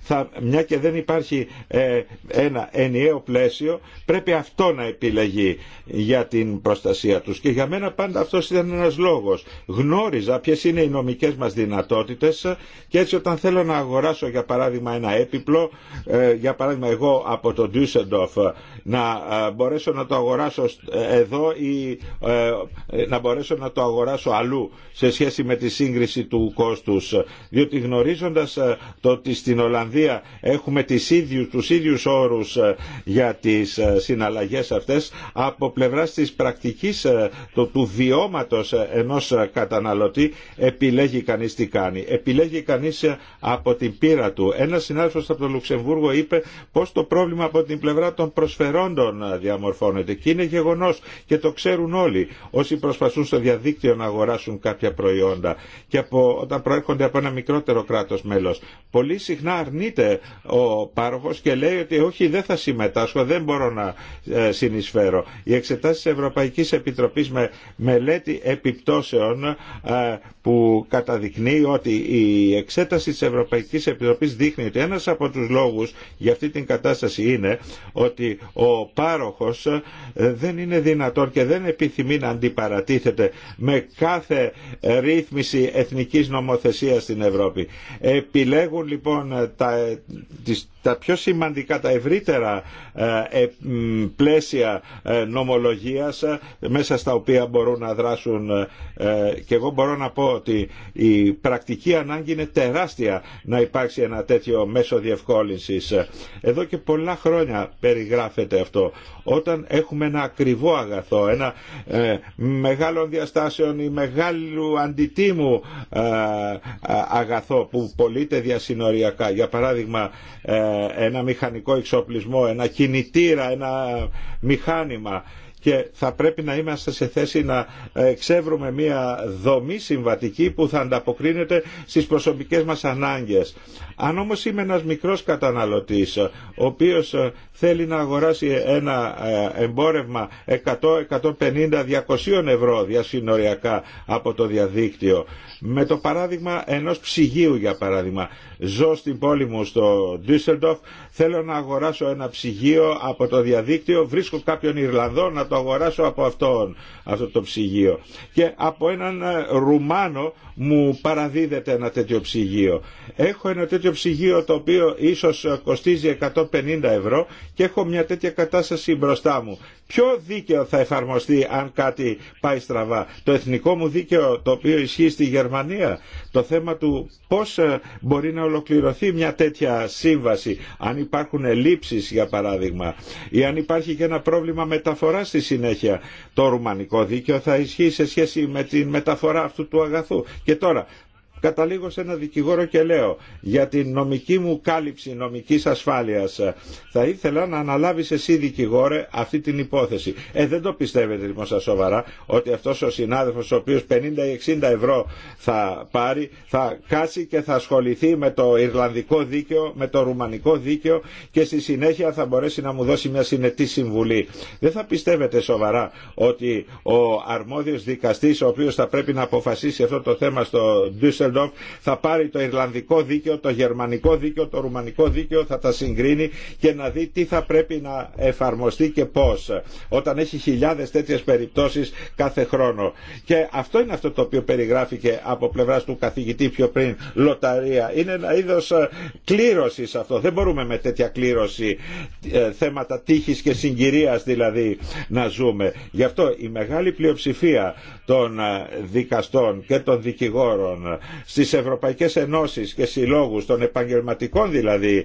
θα, μια και δεν υπάρχει ε, ένα ενιαίο πλαίσιο, πρέπει αυτό να επιλεγεί για την προστασία τους. Και για μένα πάντα αυτός ήταν ένας λόγος. Γνώριζα ποιε είναι οι νομικές μας δυνατότητες και έτσι όταν θέλω να αγοράσω για παράδειγμα ένα έπιπλο, ε, για παράδειγμα εγώ από το Düsseldorf, να ε, μπορέσω να το αγοράσω εδώ ή ε, να μπορέσω να το αγοράσω αλλού σε σχέση με τη σύγκριση του κόστους. Διότι γνωρίζοντας ε, το ότι στην Ολλανδία έχουμε τις ίδιους, τους ίδιους όρους ε, για τις συναλλαγές αυτές, από πλευράς της πρακτικής του βιώματος ενός καταναλωτή επιλέγει κανείς τι κάνει. Επιλέγει κανείς από την πείρα του. Ένας συνάδελφος από το Λουξεμβούργο είπε πως το πρόβλημα από την πλευρά των προσφερόντων διαμορφώνεται και είναι γεγονός και το ξέρουν όλοι. Ο ή προσπαθούν στο διαδίκτυο να αγοράσουν κάποια προϊόντα και από, όταν προέρχονται από ένα μικρότερο κράτος μέλος. Πολύ συχνά αρνείται ο πάροχος και λέει ότι όχι δεν θα συμμετάσχω, δεν μπορώ να ε, συνεισφέρω. Οι εξετάσει της Ευρωπαϊκής Επιτροπής με μελέτη επιπτώσεων ε, που καταδεικνύει ότι η εξέταση της Ευρωπαϊκής Επιτροπής δείχνει ότι ένας από τους λόγους για αυτή την κατάσταση είναι ότι ο πάροχος ε, δεν είναι δυνατόν και δεν επιθυμεί να αντιμετωπίσει παρατίθεται με κάθε ρύθμιση εθνικής νομοθεσίας στην Ευρώπη. Επιλέγουν λοιπόν τα, τις, τα πιο σημαντικά, τα ευρύτερα ε, ε, πλαίσια ε, νομολογίας μέσα στα οποία μπορούν να δράσουν και εγώ μπορώ να πω ότι η πρακτική ανάγκη είναι τεράστια να υπάρξει ένα τέτοιο μέσο διευκόλυνσης. Εδώ και πολλά χρόνια περιγράφεται αυτό. Όταν έχουμε ένα ακριβό αγαθό, ένα μεγάλων διαστάσεων ή μεγάλου αντιτίμου αγαθό που πωλείται διασυνοριακά, για παράδειγμα ένα μηχανικό εξοπλισμό, ένα κινητήρα, ένα μηχάνημα και θα πρέπει να είμαστε σε θέση να ε, εξεύρουμε μια δομή συμβατική που θα ανταποκρίνεται στις προσωπικές μας ανάγκες. Αν όμως είμαι ένας μικρός καταναλωτής ο οποίος ε, θέλει να αγοράσει ένα ε, εμπόρευμα 100, 150, 200 ευρώ διασυνοριακά από το διαδίκτυο με το παράδειγμα ενός ψυγείου για παράδειγμα ζω στην πόλη μου στο Düsseldorf θέλω να αγοράσω ένα ψυγείο από το διαδίκτυο βρίσκω κάποιον Ιρλανδό να το αγοράσω από αυτόν αυτό το ψυγείο. Και από έναν ε, Ρουμάνο μου παραδίδεται ένα τέτοιο ψυγείο. Έχω ένα τέτοιο ψυγείο το οποίο ίσως ε, κοστίζει 150 ευρώ και έχω μια τέτοια κατάσταση μπροστά μου. Ποιο δίκαιο θα εφαρμοστεί αν κάτι πάει στραβά. Το εθνικό μου δίκαιο το οποίο ισχύει στη Γερμανία. Το θέμα του πώς ε, μπορεί να ολοκληρωθεί μια τέτοια σύμβαση. Αν υπάρχουν ελλείψεις για παράδειγμα ή αν υπάρχει και ένα πρόβλημα μεταφοράς συνέχεια το ρουμανικό δίκαιο θα ισχύει σε σχέση με την μεταφορά αυτού του αγαθού. Και τώρα καταλήγω σε ένα δικηγόρο και λέω για την νομική μου κάλυψη νομικής ασφάλειας ε, θα ήθελα να αναλάβεις εσύ δικηγόρε αυτή την υπόθεση. Ε, δεν το πιστεύετε λοιπόν σας σοβαρά ότι αυτός ο συνάδελφος ο οποίος 50 ή 60 ευρώ θα πάρει θα κάσει και θα ασχοληθεί με το Ιρλανδικό δίκαιο, με το Ρουμανικό δίκαιο και στη συνέχεια θα μπορέσει να μου δώσει μια συνετή συμβουλή. Δεν θα πιστεύετε σοβαρά ότι ο αρμόδιος δικαστής ο οποίος θα πρέπει να αποφασίσει αυτό το θέμα στο Ντούσελ θα πάρει το Ιρλανδικό δίκαιο, το Γερμανικό δίκαιο, το Ρουμανικό δίκαιο, θα τα συγκρίνει και να δει τι θα πρέπει να εφαρμοστεί και πώ. Όταν έχει χιλιάδε τέτοιε περιπτώσει κάθε χρόνο. Και αυτό είναι αυτό το οποίο περιγράφηκε από πλευρά του καθηγητή πιο πριν, λοταρία. Είναι ένα είδο ε, κλήρωση αυτό. Δεν μπορούμε με τέτοια κλήρωση ε, θέματα τύχη και συγκυρία δηλαδή να ζούμε. Γι' αυτό η μεγάλη πλειοψηφία των ε, δικαστών και των δικηγόρων στις Ευρωπαϊκές Ενώσεις και Συλλόγους των επαγγελματικών δηλαδή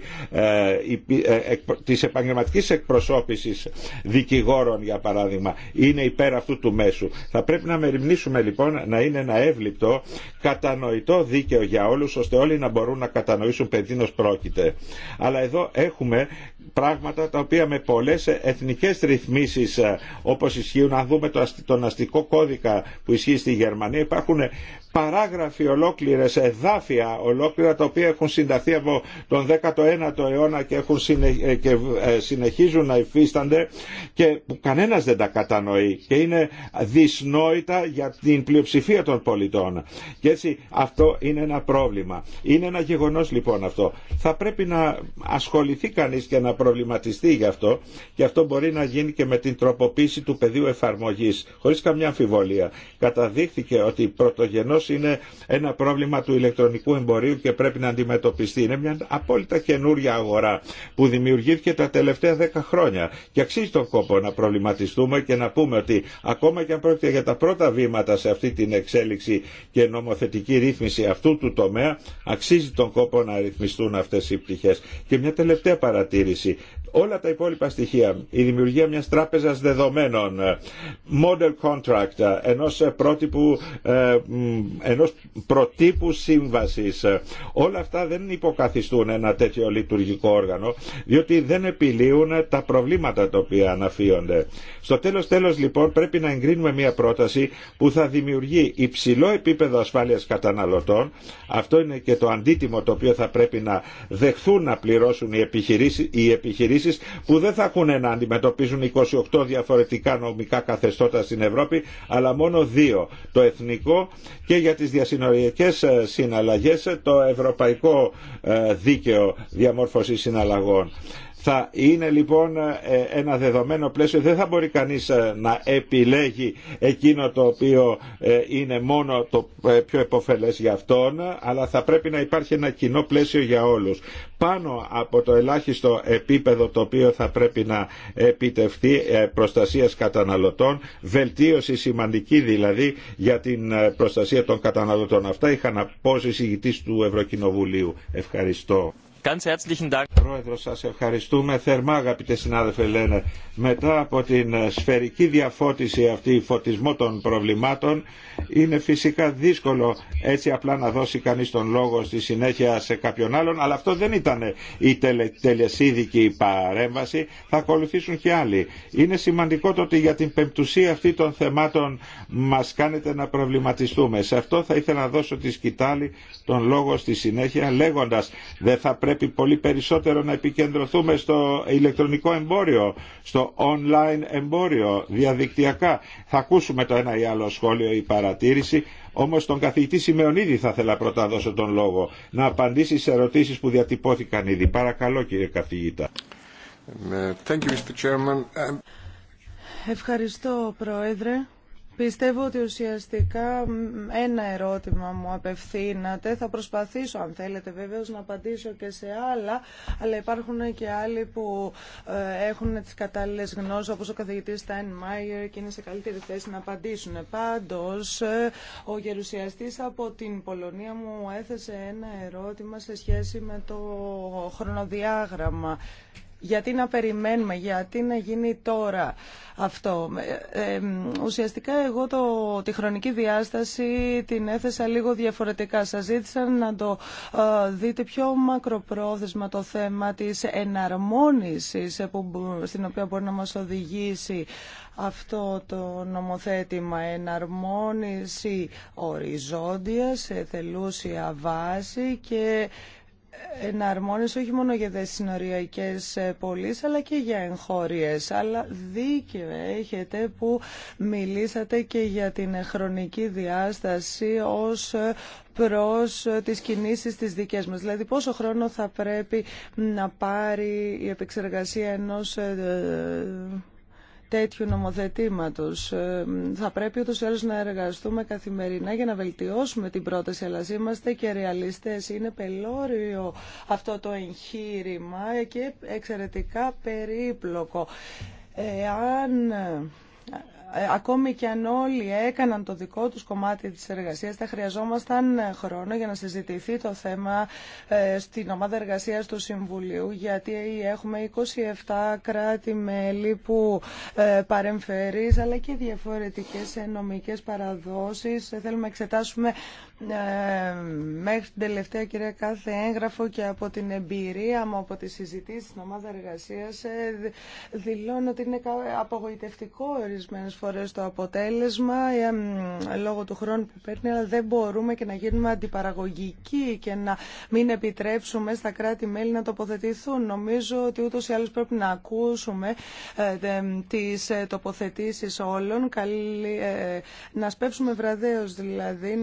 τη ε, ε, της επαγγελματικής εκπροσώπησης δικηγόρων για παράδειγμα είναι υπέρ αυτού του μέσου. Θα πρέπει να μεριμνήσουμε λοιπόν να είναι ένα εύληπτο κατανοητό δίκαιο για όλους ώστε όλοι να μπορούν να κατανοήσουν περί πρόκειται. Αλλά εδώ έχουμε πράγματα τα οποία με πολλές εθνικές ρυθμίσεις ε, όπως ισχύουν αν δούμε τον αστικό κώδικα που ισχύει στη Γερμανία υπάρχουν παράγραφοι ολόκληρες, εδάφια ολόκληρα τα οποία έχουν συνταθεί από τον 19ο αιώνα και, έχουν συνε... Ε, ε, συνεχίζουν να υφίστανται και που κανένας δεν τα κατανοεί και είναι δυσνόητα για την πλειοψηφία των πολιτών. Και έτσι αυτό είναι ένα πρόβλημα. Είναι ένα γεγονός λοιπόν αυτό. Θα πρέπει να ασχοληθεί κανείς και να προβληματιστεί γι' αυτό και αυτό μπορεί να γίνει και με την τροποποίηση του πεδίου εφαρμογής χωρίς καμιά αμφιβολία. Καταδείχθηκε ότι πρωτογενώ είναι ένα πρόβλημα του ηλεκτρονικού εμπορίου και πρέπει να αντιμετωπιστεί. Είναι μια απόλυτα καινούρια αγορά που δημιουργήθηκε τα τελευταία δέκα χρόνια και αξίζει τον κόπο να προβληματιστούμε και να πούμε ότι ακόμα και αν πρόκειται για τα πρώτα βήματα σε αυτή την εξέλιξη και νομοθετική ρύθμιση αυτού του τομέα αξίζει τον κόπο να ρυθμιστούν αυτέ οι πτυχέ Και μια τελευταία παρατήρηση. Όλα τα υπόλοιπα στοιχεία, η δημιουργία μιας τράπεζας δεδομένων, model contract, ενός πρότυπου ε, ενός προτύπου σύμβασης. Όλα αυτά δεν υποκαθιστούν ένα τέτοιο λειτουργικό όργανο, διότι δεν επιλύουν τα προβλήματα τα οποία αναφύονται. Στο τέλος τέλος λοιπόν πρέπει να εγκρίνουμε μια πρόταση που θα δημιουργεί υψηλό επίπεδο ασφάλειας καταναλωτών. Αυτό είναι και το αντίτιμο το οποίο θα πρέπει να δεχθούν να πληρώσουν οι επιχειρήσεις, οι επιχειρήσεις που δεν θα έχουν να αντιμετωπίζουν 28 διαφορετικά νομικά καθεστώτα στην Ευρώπη, αλλά μόνο δύο, το εθνικό και για τις διασυνοριακές ε, συναλλαγές ε, το ευρωπαϊκό ε, δίκαιο διαμόρφωση συναλλαγών. Θα είναι λοιπόν ε, ένα δεδομένο πλαίσιο, δεν θα μπορεί κανείς ε, να επιλέγει εκείνο το οποίο ε, είναι μόνο το πιο επωφελές για αυτόν, αλλά θα πρέπει να υπάρχει ένα κοινό πλαίσιο για όλους. Πάνω από το ελάχιστο επίπεδο το οποίο θα πρέπει να επιτευχθεί προστασίας καταναλωτών, βελτίωση σημαντική δηλαδή για την προστασία των καταναλωτών. Αυτά είχα να πω του Ευρωκοινοβουλίου. Ευχαριστώ. Πρόεδρο, σας ευχαριστούμε θερμά αγαπητέ συνάδελφε Λένε. Μετά από την ε, σφαιρική διαφώτιση αυτή, φωτισμό των προβλημάτων, είναι φυσικά δύσκολο έτσι απλά να δώσει κανείς τον λόγο στη συνέχεια σε κάποιον άλλον, αλλά αυτό δεν ήταν η τελε, τελεσίδικη παρέμβαση, θα ακολουθήσουν και άλλοι. Είναι σημαντικό το ότι για την πεμπτουσία αυτή των θεμάτων μας κάνετε να προβληματιστούμε. Σε αυτό θα ήθελα να δώσω τη σκητάλη τον λόγο στη συνέχεια λέγοντας δεν θα πρέπει πολύ περισσότερο να επικεντρωθούμε στο ηλεκτρονικό εμπόριο, στο online εμπόριο, διαδικτυακά. Θα ακούσουμε το ένα ή άλλο σχόλιο ή παρατήρηση, όμως τον καθηγητή Σιμεωνίδη θα ήθελα πρώτα δώσω τον λόγο, να απαντήσει σε ερωτήσεις που διατυπώθηκαν ήδη. Παρακαλώ κύριε καθηγήτα. Ε, ε, Ευχαριστώ Πρόεδρε. Πιστεύω ότι ουσιαστικά ένα ερώτημα μου απευθύνατε. Θα προσπαθήσω, αν θέλετε βεβαίως, να απαντήσω και σε άλλα, αλλά υπάρχουν και άλλοι που ε, έχουν τις κατάλληλες γνώσεις, όπως ο καθηγητής Μάιερ και είναι σε καλύτερη θέση να απαντήσουν. Πάντως, ε, ο γερουσιαστής από την Πολωνία μου έθεσε ένα ερώτημα σε σχέση με το χρονοδιάγραμμα. Γιατί να περιμένουμε, γιατί να γίνει τώρα αυτό. Ε, ε, ουσιαστικά εγώ το, τη χρονική διάσταση την έθεσα λίγο διαφορετικά. Σας ζήτησα να το ε, δείτε πιο μακροπρόθεσμα το θέμα της εναρμόνισης που, στην οποία μπορεί να μας οδηγήσει αυτό το νομοθέτημα εναρμόνιση οριζόντια σε θελούσια βάση και Εναρμόνες όχι μόνο για τις συνοριακές ε, αλλά και για εγχώριες. Αλλά δίκαιο έχετε που μιλήσατε και για την χρονική διάσταση ως ε, προς ε, τις κινήσεις της δικές μας. Δηλαδή πόσο χρόνο θα πρέπει να πάρει η επεξεργασία ενός τέτοιου νομοθετήματος. Ε, θα πρέπει ούτω ή να εργαστούμε καθημερινά για να βελτιώσουμε την πρόταση, αλλά είμαστε και ρεαλιστέ Είναι πελώριο αυτό το εγχείρημα και εξαιρετικά περίπλοκο. Εάν ακόμη και αν όλοι έκαναν το δικό τους κομμάτι της εργασίας, θα χρειαζόμασταν ε, χρόνο για να συζητηθεί το θέμα ε, στην ομάδα εργασίας του Συμβουλίου, γιατί έχουμε 27 κράτη-μέλη που ε, παρεμφερείς, αλλά και διαφορετικές νομικές παραδόσεις. Θέλουμε να εξετάσουμε μέχρι την τελευταία κυρία κάθε έγγραφο και από την εμπειρία μου, από τις συζητήσεις στην ομάδα εργασίας, δηλώνω ότι είναι απογοητευτικό ορισμένες φορές το αποτέλεσμα λόγω του χρόνου που παίρνει, αλλά δεν μπορούμε και να γίνουμε αντιπαραγωγικοί και να μην επιτρέψουμε στα κράτη-μέλη να τοποθετηθούν. Νομίζω ότι ούτως ή άλλως πρέπει να ακούσουμε ε, τις ε, τοποθετήσεις όλων, ε, να σπέψουμε βραδέως δηλαδή,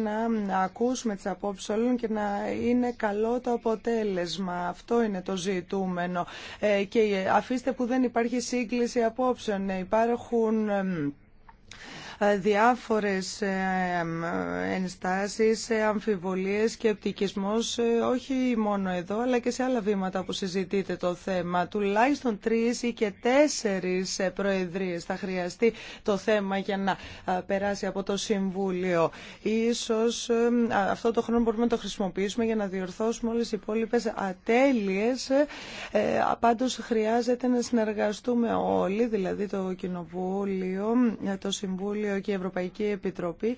να ακούσουμε τις απόψεις όλων και να είναι καλό το αποτέλεσμα. Αυτό είναι το ζητούμενο. Και αφήστε που δεν υπάρχει σύγκληση απόψεων. Υπάρχουν ε, διάφορες ε, ενστάσεις, ε, αμφιβολίες, οπτικισμός όχι μόνο εδώ, αλλά και σε άλλα βήματα που συζητείτε το θέμα. Τουλάχιστον τρεις ή και τέσσερις προεδρίες θα χρειαστεί το θέμα για να περάσει από το Συμβούλιο. Ίσως αυτό το χρόνο μπορούμε να το χρησιμοποιήσουμε για να διορθώσουμε όλες οι υπόλοιπε ατέλειες. Πάντως χρειάζεται να συνεργαστούμε όλοι, δηλαδή το Κοινοβούλιο, το Συμβούλιο, και η Ευρωπαϊκή Επιτροπή.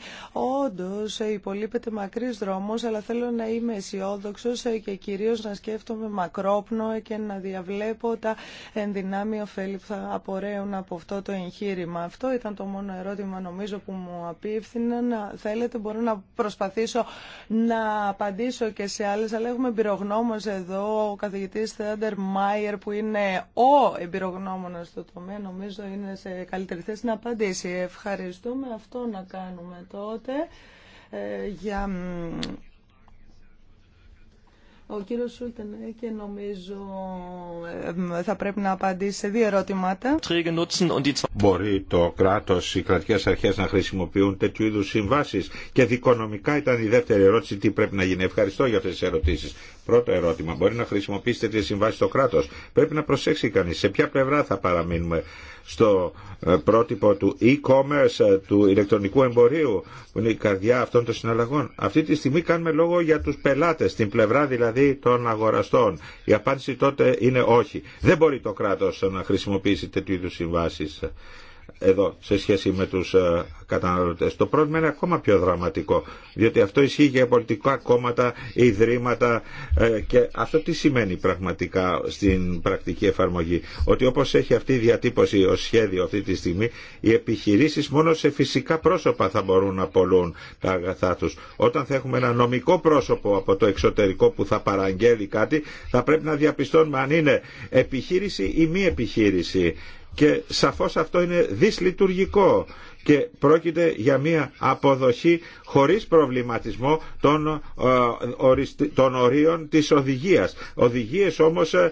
όντω υπολείπεται μακρύ δρόμο, αλλά θέλω να είμαι αισιόδοξο και κυρίω να σκέφτομαι μακρόπνο και να διαβλέπω τα ενδυνάμει ωφέλη που θα απορρέουν από αυτό το εγχείρημα. Αυτό ήταν το μόνο ερώτημα νομίζω που μου απίφθηναν. Θέλετε μπορώ να προσπαθήσω να απαντήσω και σε άλλε, αλλά έχουμε εμπειρογνώμο εδώ, ο καθηγητή Θεάντερ Μάιερ που είναι ο εμπειρογνώμονα στο τομέα, νομίζω είναι σε καλύτερη θέση να απαντήσει. Ευχαριστώ ευχαριστούμε αυτό να κάνουμε τότε ε, για ο κύριος Σούλτεν ε, και νομίζω ε, θα πρέπει να απαντήσει σε δύο ερωτήματα. Μπορεί το κράτος, οι κρατικές αρχές να χρησιμοποιούν τέτοιου είδους συμβάσεις και δικονομικά ήταν η δεύτερη ερώτηση τι πρέπει να γίνει. Ευχαριστώ για αυτές τις ερωτήσεις. Πρώτο ερώτημα. Μπορεί να χρησιμοποιήσετε τη συμβάση στο κράτο. Πρέπει να προσέξει κανεί σε ποια πλευρά θα παραμείνουμε. Στο ε, πρότυπο του e-commerce, ε, του ηλεκτρονικού εμπορίου, που είναι η καρδιά αυτών των συναλλαγών. Αυτή τη στιγμή κάνουμε λόγο για του πελάτε, την πλευρά δηλαδή των αγοραστών. Η απάντηση τότε είναι όχι. Δεν μπορεί το κράτο να χρησιμοποιήσει τέτοιου είδου συμβάσει εδώ σε σχέση με τους ε, καταναλωτές. Το πρόβλημα είναι ακόμα πιο δραματικό, διότι αυτό ισχύει για πολιτικά κόμματα, ιδρύματα ε, και αυτό τι σημαίνει πραγματικά στην πρακτική εφαρμογή. Ότι όπως έχει αυτή η διατύπωση ως σχέδιο αυτή τη στιγμή, οι επιχειρήσεις μόνο σε φυσικά πρόσωπα θα μπορούν να πολλούν τα αγαθά τους. Όταν θα έχουμε ένα νομικό πρόσωπο από το εξωτερικό που θα παραγγέλει κάτι, θα πρέπει να διαπιστώνουμε αν είναι επιχείρηση ή μη επιχείρηση και σαφώς αυτό είναι δυσλειτουργικό και πρόκειται για μια αποδοχή χωρίς προβληματισμό των, ε, των ορίων της οδηγίας. Οδηγίες όμως ε,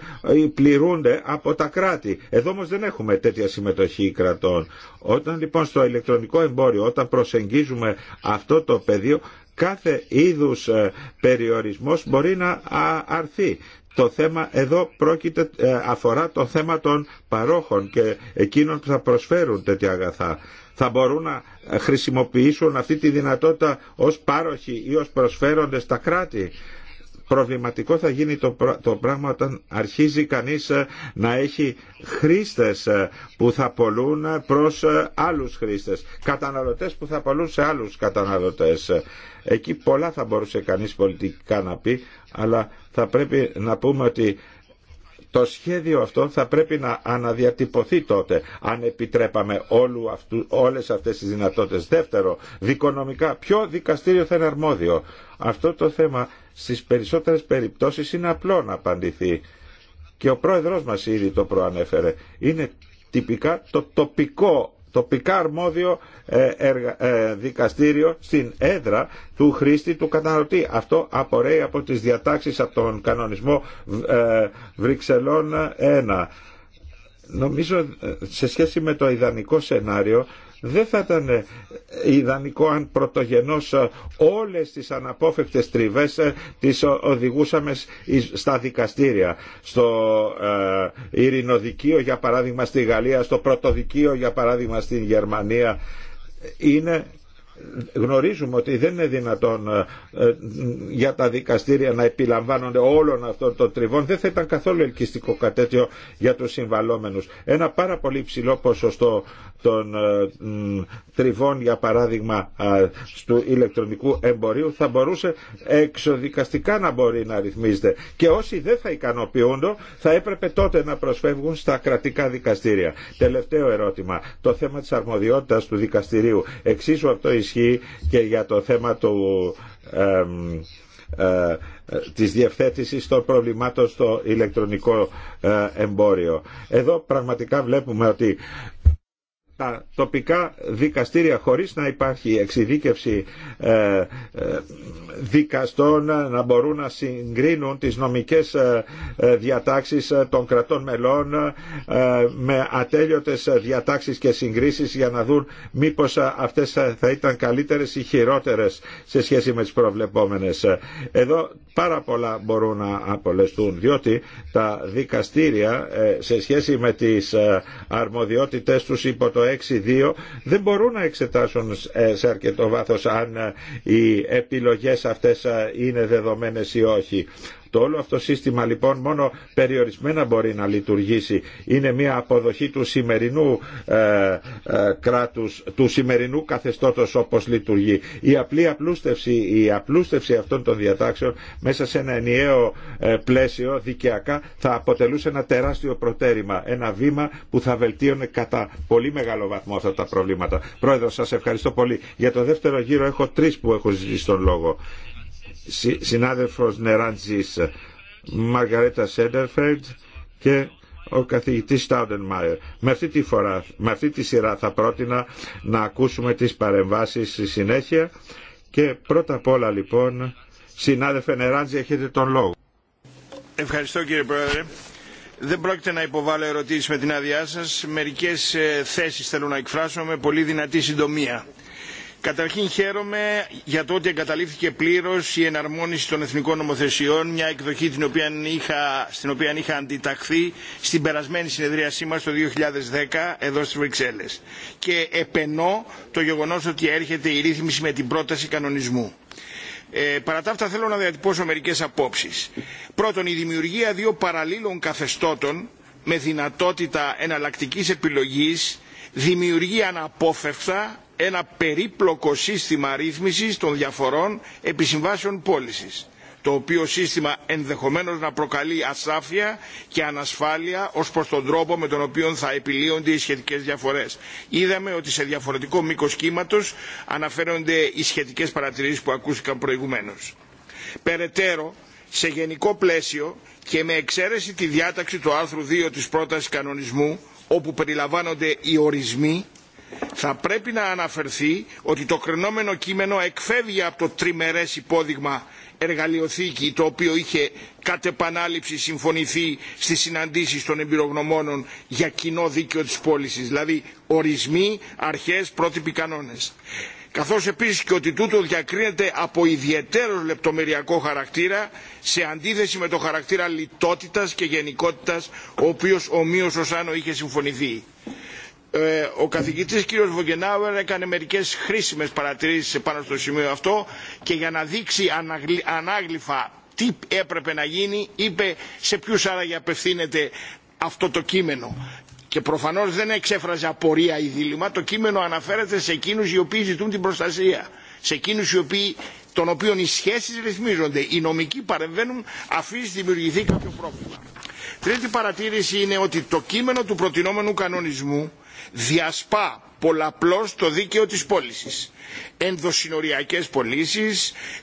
πληρούνται από τα κράτη. Εδώ όμως δεν έχουμε τέτοια συμμετοχή κρατών. Όταν λοιπόν στο ηλεκτρονικό εμπόριο, όταν προσεγγίζουμε αυτό το πεδίο, κάθε είδους ε, περιορισμός μπορεί να αρθεί το θέμα εδώ πρόκειται, ε, αφορά το θέμα των παρόχων και εκείνων που θα προσφέρουν τέτοια αγαθά. Θα μπορούν να χρησιμοποιήσουν αυτή τη δυνατότητα ως πάροχοι ή ως προσφέροντες τα κράτη προβληματικό θα γίνει το πράγμα όταν αρχίζει κανείς ε, να έχει χρήστες ε, που θα πολλούν προς ε, άλλους χρήστες, καταναλωτές που θα πολλούν σε άλλους καταναλωτές. Εκεί πολλά θα μπορούσε κανείς πολιτικά να πει, αλλά θα πρέπει να πούμε ότι το σχέδιο αυτό θα πρέπει να αναδιατυπωθεί τότε αν επιτρέπαμε όλου αυτού, όλες αυτές τις δυνατότητες. Δεύτερο, δικονομικά, ποιο δικαστήριο θα είναι αρμόδιο. Αυτό το θέμα στις περισσότερες περιπτώσεις είναι απλό να απαντηθεί. Και ο πρόεδρος μας ήδη το προανέφερε. Είναι τυπικά το τοπικό τοπικά αρμόδιο ε, ε, δικαστήριο στην έδρα του χρήστη του καταναλωτή. Αυτό απορρέει από τις διατάξεις από τον κανονισμό ε, Βρυξελών 1. Νομίζω σε σχέση με το ιδανικό σενάριο δεν θα ήταν ε, ιδανικό αν πρωτογενώς ε, όλες τις αναπόφευκτες τριβές ε, τις οδηγούσαμε στα δικαστήρια. Στο ειρηνοδικείο για παράδειγμα στη Γαλλία, στο πρωτοδικείο για παράδειγμα στην Γερμανία είναι γνωρίζουμε ότι δεν είναι δυνατόν ε, ε, για τα δικαστήρια να επιλαμβάνονται όλων αυτών των τριβών δεν θα ήταν καθόλου ελκυστικό κατέτιο για τους συμβαλόμενους. Ένα πάρα πολύ ψηλό ποσοστό των ε, τριβών για παράδειγμα του ηλεκτρονικού εμπορίου θα μπορούσε εξοδικαστικά να μπορεί να ρυθμίζεται και όσοι δεν θα ικανοποιούνται θα έπρεπε τότε να προσφεύγουν στα κρατικά δικαστήρια. Τελευταίο ερώτημα, το θέμα της αρμοδιότητας του δικαστηρίου. Εξίσου αυτό και για το θέμα του, ε, της διευθέτησης των προβλημάτων στο ηλεκτρονικό ε, εμπόριο. Εδώ πραγματικά βλέπουμε ότι τα τοπικά δικαστήρια χωρίς να υπάρχει εξειδίκευση ε, ε, δικαστών ε, να μπορούν να συγκρίνουν τις νομικές διατάξεις των κρατών μελών με ατέλειωτες διατάξεις και συγκρίσεις για να δουν μήπως αυτές θα ήταν καλύτερες ή χειρότερες σε σχέση με τις προβλεπόμενες. Εδώ πάρα πολλά μπορούν να απολεστούν διότι τα δικαστήρια σε σχέση με τις αρμοδιότητες τους υπό 6.2 δεν μπορούν να εξετάσουν ε, σε αρκετό βάθος αν ε, οι επιλογές αυτές ε, είναι δεδομένες ή όχι. Το όλο αυτό σύστημα λοιπόν μόνο περιορισμένα μπορεί να λειτουργήσει. Είναι μια αποδοχή του σημερινού ε, ε, κράτους, του σημερινού καθεστώτος όπως λειτουργεί. Η απλή απλούστευση, η απλούστευση αυτών των διατάξεων μέσα σε ένα ενιαίο ε, πλαίσιο δικαιακά θα αποτελούσε ένα τεράστιο προτέρημα, ένα βήμα που θα βελτίωνε κατά πολύ μεγάλο βαθμό αυτά τα προβλήματα. Πρόεδρο, σας ευχαριστώ πολύ. Για το δεύτερο γύρο έχω τρεις που έχω ζητήσει τον λόγο συνάδελφος Νεράντζης Μαργαρέτα Σέντερφελτ και ο καθηγητής Στάουντενμάιερ. Με αυτή τη φορά, με αυτή τη σειρά θα πρότεινα να ακούσουμε τις παρεμβάσεις στη συνέχεια και πρώτα απ' όλα λοιπόν συνάδελφε Νεράντζη έχετε τον λόγο. Ευχαριστώ κύριε Πρόεδρε. Δεν πρόκειται να υποβάλω ερωτήσεις με την άδειά σας. Μερικές ε, θέσεις θέλω να εκφράσω με πολύ δυνατή συντομία Καταρχήν χαίρομαι για το ότι εγκαταλείφθηκε πλήρω η εναρμόνιση των εθνικών νομοθεσιών, μια εκδοχή την οποία είχα, στην οποία είχα αντιταχθεί στην περασμένη συνεδρίασή μας το 2010 εδώ στι Βρυξέλλε. Και επενώ το γεγονό ότι έρχεται η ρύθμιση με την πρόταση κανονισμού. Ε, παρά τα αυτά θέλω να διατυπώσω μερικές απόψεις. Πρώτον, η δημιουργία δύο παραλλήλων καθεστώτων με δυνατότητα εναλλακτικής επιλογής δημιουργεί αναπόφευκτα ένα περίπλοκο σύστημα ρύθμισης των διαφορών επισυμβάσεων πώλησης το οποίο σύστημα ενδεχομένως να προκαλεί ασάφεια και ανασφάλεια ως προς τον τρόπο με τον οποίο θα επιλύονται οι σχετικές διαφορές. Είδαμε ότι σε διαφορετικό μήκος κύματος αναφέρονται οι σχετικές παρατηρήσεις που ακούστηκαν προηγουμένως. Περαιτέρω, σε γενικό πλαίσιο και με εξαίρεση τη διάταξη του άρθρου 2 της πρότασης κανονισμού, όπου περιλαμβάνονται οι ορισμοί, θα πρέπει να αναφερθεί ότι το κρενόμενο κείμενο εκφεύγει από το τριμερές υπόδειγμα εργαλειοθήκη το οποίο είχε κατ' επανάληψη συμφωνηθεί στις συναντήσεις των εμπειρογνωμόνων για κοινό δίκαιο της πώλησης, δηλαδή ορισμοί, αρχές, πρότυποι κανόνες. Καθώς επίσης και ότι τούτο διακρίνεται από ιδιαίτερο λεπτομεριακό χαρακτήρα σε αντίθεση με το χαρακτήρα λιτότητας και γενικότητας ο οποίος ομοίως άνω είχε συμφωνηθεί. Ε, ο καθηγητής κ. Βογγενάουερ έκανε μερικές χρήσιμες παρατηρήσεις πάνω στο σημείο αυτό και για να δείξει ανάγλυφα τι έπρεπε να γίνει είπε σε ποιους άραγε απευθύνεται αυτό το κείμενο και προφανώς δεν εξέφραζε απορία ή δίλημα το κείμενο αναφέρεται σε εκείνους οι οποίοι ζητούν την προστασία σε εκείνους οι οποίοι, των οποίων οι σχέσεις ρυθμίζονται οι νομικοί παρεμβαίνουν αφήσει δημιουργηθεί κάποιο πρόβλημα. Τρίτη παρατήρηση είναι ότι το κείμενο του προτινόμενου κανονισμού διασπά πολλαπλώς το δίκαιο της πώλησης. Ενδοσυνοριακές πωλήσει,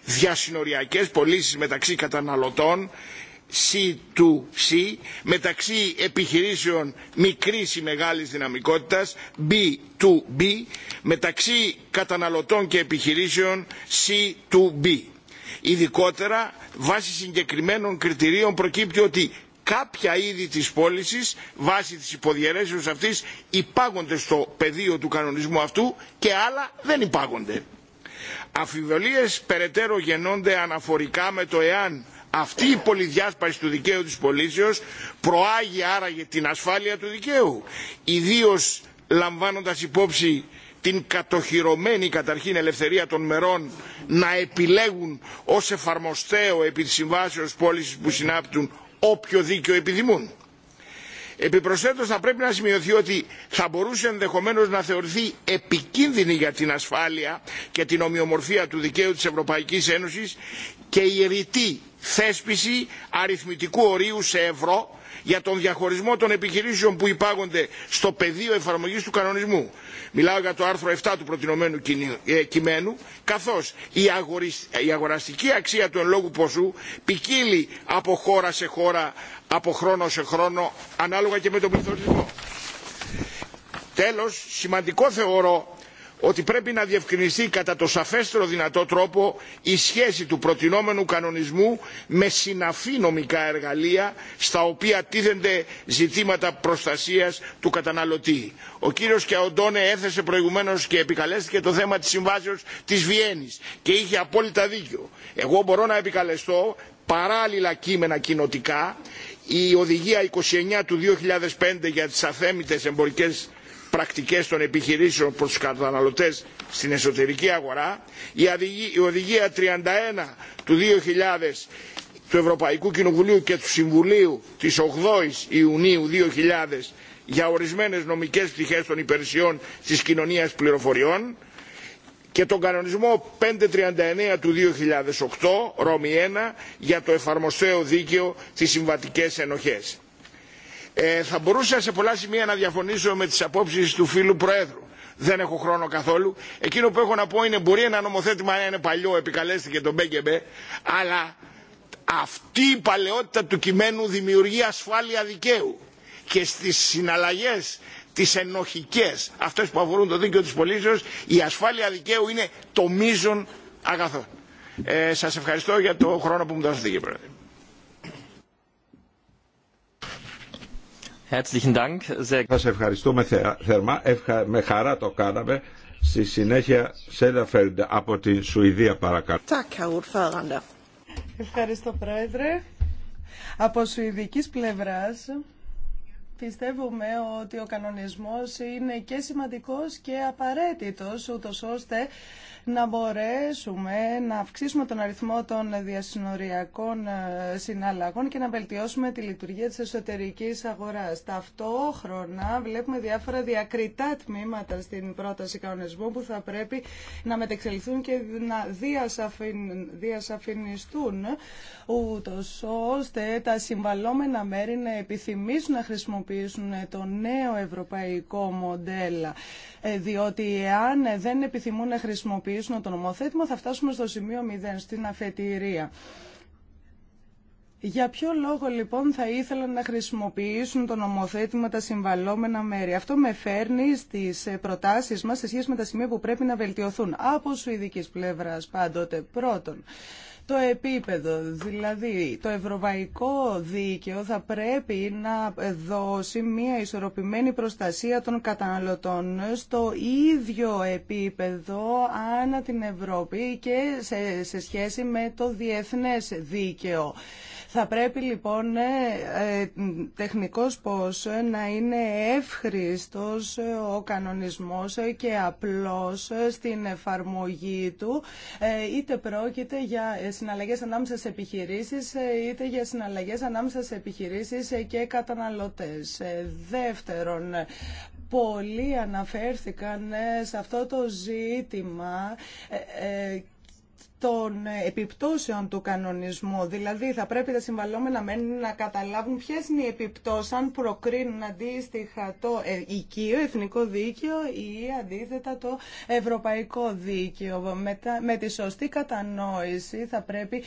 διασυνοριακές πωλήσει μεταξύ καταναλωτών, C2C, μεταξύ επιχειρήσεων μικρής ή μεγάλης δυναμικότητας, B2B, μεταξύ καταναλωτών και επιχειρήσεων C2B. Ειδικότερα, βάσει συγκεκριμένων κριτηρίων προκύπτει ότι κάποια είδη της πώληση βάσει της υποδιαιρέσεως αυτής υπάγονται στο πεδίο του κανονισμού αυτού και άλλα δεν υπάγονται. Αφιβολίες περαιτέρω γεννώνται αναφορικά με το εάν αυτή η πολυδιάσπαση του δικαίου της πωλήσεως προάγει άραγε την ασφάλεια του δικαίου, ιδίως λαμβάνοντας υπόψη την κατοχυρωμένη καταρχήν ελευθερία των μερών να επιλέγουν ως εφαρμοστέο επί της συμβάσεως πώλησης που συνάπτουν όποιο δίκαιο επιθυμούν. Επιπροσθέτως θα πρέπει να σημειωθεί ότι θα μπορούσε ενδεχομένως να θεωρηθεί επικίνδυνη για την ασφάλεια και την ομοιομορφία του δικαίου της Ευρωπαϊκής Ένωσης και η ρητή θέσπιση αριθμητικού ορίου σε ευρώ για τον διαχωρισμό των επιχειρήσεων που υπάγονται στο πεδίο εφαρμογής του κανονισμού. Μιλάω για το άρθρο 7 του προτινομένου ε, κειμένου, καθώς η αγοραστική αξία του εν λόγου ποσού ποικίλει από χώρα σε χώρα, από χρόνο σε χρόνο, ανάλογα και με τον πληθωρισμό. Τέλος, σημαντικό θεωρώ ότι πρέπει να διευκρινιστεί κατά το σαφέστερο δυνατό τρόπο η σχέση του προτινόμενου κανονισμού με συναφή νομικά εργαλεία στα οποία τίθενται ζητήματα προστασίας του καταναλωτή. Ο κύριος Κιαοντόνε έθεσε προηγουμένως και επικαλέστηκε το θέμα της συμβάσεως της Βιέννης και είχε απόλυτα δίκιο. Εγώ μπορώ να επικαλεστώ παράλληλα κείμενα κοινοτικά η οδηγία 29 του 2005 για τις αθέμητες εμπορικές πρακτικές των επιχειρήσεων προς τους καταναλωτές στην εσωτερική αγορά, η Οδηγία 31 του 2000 του Ευρωπαϊκού Κοινοβουλίου και του Συμβουλίου της 8ης Ιουνίου 2000 για ορισμένες νομικές πτυχές των υπηρεσιών της κοινωνίας πληροφοριών και τον κανονισμό 539 του 2008, Ρώμη 1, για το εφαρμοστέο δίκαιο στις συμβατικές ενοχές ε, θα μπορούσα σε πολλά σημεία να διαφωνήσω με τις απόψεις του φίλου Προέδρου. Δεν έχω χρόνο καθόλου. Εκείνο που έχω να πω είναι μπορεί ένα νομοθέτημα να είναι παλιό, επικαλέστηκε τον Μπέγκεμπε, αλλά αυτή η παλαιότητα του κειμένου δημιουργεί ασφάλεια δικαίου. Και στις συναλλαγές τις ενοχικές, αυτές που αφορούν το δίκαιο της πολίσεως, η ασφάλεια δικαίου είναι το μείζον αγαθό. Ε, σας ευχαριστώ για το χρόνο που μου δώσατε κύριε Πρόεδρε. Σας ευχαριστούμε θερμά. Με χαρά το κάναμε. Στη συνέχεια, Σέλαφελντ από τη Σουηδία, παρακαλώ. Ευχαριστώ, Πρόεδρε. Από σουηδικής πλευράς, πιστεύουμε ότι ο κανονισμός είναι και σημαντικός και απαραίτητος, ούτως ώστε να μπορέσουμε να αυξήσουμε τον αριθμό των διασυνοριακών ε, συναλλαγών και να βελτιώσουμε τη λειτουργία της εσωτερικής αγοράς. Ταυτόχρονα βλέπουμε διάφορα διακριτά τμήματα στην πρόταση κανονισμού που θα πρέπει να μετεξελιχθούν και να διασαφινιστούν ούτως ώστε τα συμβαλόμενα μέρη να επιθυμήσουν να χρησιμοποιήσουν το νέο ευρωπαϊκό μοντέλο ε, διότι εάν δεν επιθυμούν να χρησιμοποιήσουν τροποποιήσουν το νομοθέτημα θα φτάσουμε στο σημείο 0, στην αφετηρία. Για ποιο λόγο λοιπόν θα ήθελαν να χρησιμοποιήσουν το νομοθέτημα τα συμβαλόμενα μέρη. Αυτό με φέρνει στις προτάσεις μας σε σχέση με τα σημεία που πρέπει να βελτιωθούν από ειδική πλευράς πάντοτε. Πρώτον, το επίπεδο. Δηλαδή, το ευρωπαϊκό δίκαιο θα πρέπει να δώσει μια ισορροπημένη προστασία των καταναλωτών στο ίδιο επίπεδο ανά την Ευρώπη και σε, σε σχέση με το διεθνές δίκαιο. Θα πρέπει λοιπόν ε, ε, τεχνικός πώς ε, να είναι εύχριστος ο κανονισμός και απλός στην εφαρμογή του είτε πρόκειται για συναλλαγές ανάμεσα σε επιχειρήσεις είτε για συναλλαγές ανάμεσα σε επιχειρήσεις και καταναλωτές. Δεύτερον, πολλοί αναφέρθηκαν σε αυτό το ζήτημα των επιπτώσεων του κανονισμού. Δηλαδή θα πρέπει τα συμβαλόμενα να καταλάβουν ποιε είναι οι επιπτώσει, αν προκρίνουν αντίστοιχα το ε, οικείο, εθνικό δίκαιο ή αντίθετα το ευρωπαϊκό δίκαιο. Με, με τη σωστή κατανόηση θα πρέπει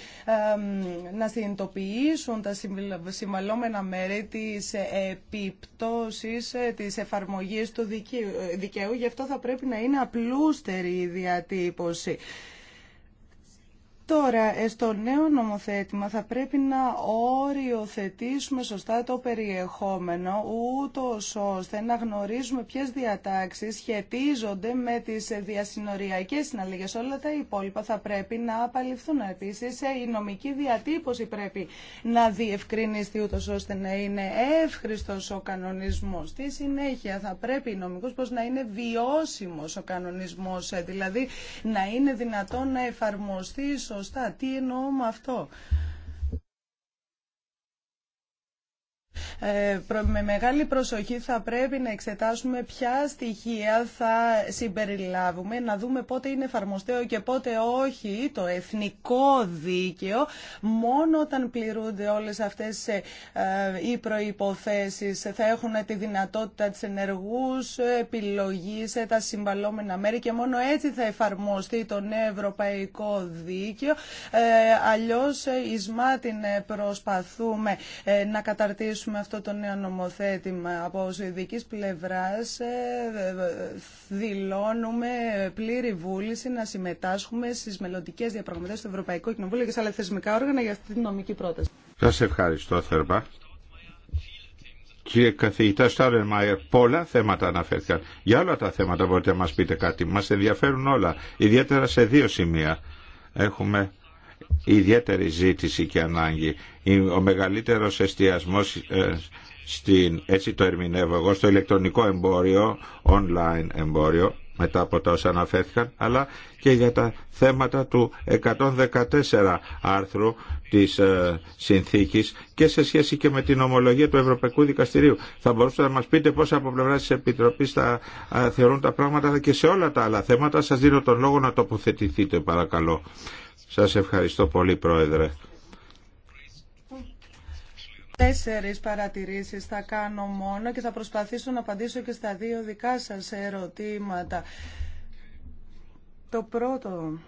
να συνειδητοποιήσουν τα συμβαλόμενα μέρη τι επίπτωσης ε, της εφαρμογής του ε, δικαίου. Γι' αυτό θα πρέπει να είναι απλούστερη η διατύπωση. Τώρα, ε, στο νέο νομοθέτημα θα πρέπει να οριοθετήσουμε σωστά το περιεχόμενο, ούτω ώστε να γνωρίζουμε ποιες διατάξεις σχετίζονται με τις διασυνοριακές συναλλαγές. Όλα τα υπόλοιπα θα πρέπει να απαλληφθούν. Επίσης, ε, η νομική διατύπωση πρέπει να διευκρινιστεί, ούτω ώστε να είναι εύχριστος ο κανονισμός. Στη συνέχεια θα πρέπει η νομικός πως να είναι βιώσιμος ο κανονισμός, ε, δηλαδή να είναι δυνατόν να εφαρμοστεί σωστά σωστά. Τι εννοώ με αυτό. Ε, με μεγάλη προσοχή θα πρέπει να εξετάσουμε ποια στοιχεία θα συμπεριλάβουμε, να δούμε πότε είναι εφαρμοστέο και πότε όχι το εθνικό δίκαιο. Μόνο όταν πληρούνται όλες αυτές ε, οι προϋποθέσεις θα έχουν τη δυνατότητα της ενεργούς επιλογής ε, τα συμβαλόμενα μέρη και μόνο έτσι θα εφαρμοστεί το νέο ευρωπαϊκό δίκαιο. Αλλιώς εις προσπαθούμε να καταρτήσουμε ακούσουμε αυτό το νέο νομοθέτημα από ειδική πλευράς ε, δηλώνουμε πλήρη βούληση να συμμετάσχουμε στις μελλοντικέ διαπραγματεύσεις του Ευρωπαϊκού Κοινοβούλου και σε άλλα θεσμικά όργανα για αυτή την νομική πρόταση. Σα ευχαριστώ θερμά. Κύριε καθηγητά Μάιερ, πολλά θέματα αναφέρθηκαν. Για όλα τα θέματα μπορείτε να μας πείτε κάτι. Μας ενδιαφέρουν όλα, ιδιαίτερα σε δύο σημεία. Έχουμε ιδιαίτερη ζήτηση και ανάγκη. Ο μεγαλύτερος εστιασμός ε, στην, έτσι το ερμηνεύω εγώ, στο ηλεκτρονικό εμπόριο, online εμπόριο, μετά από τα όσα αναφέρθηκαν, αλλά και για τα θέματα του 114 άρθρου της ε, συνθήκης και σε σχέση και με την ομολογία του Ευρωπαϊκού Δικαστηρίου. Θα μπορούσατε να μας πείτε πώς από πλευρά της Επιτροπής θα θεωρούν τα πράγματα και σε όλα τα άλλα θέματα. Σας δίνω τον λόγο να τοποθετηθείτε παρακαλώ. Σας ευχαριστώ πολύ Πρόεδρε. Τέσσερις παρατηρήσεις θα κάνω μόνο και θα προσπαθήσω να απαντήσω και στα δύο δικά σας ερωτήματα. Το πρώτο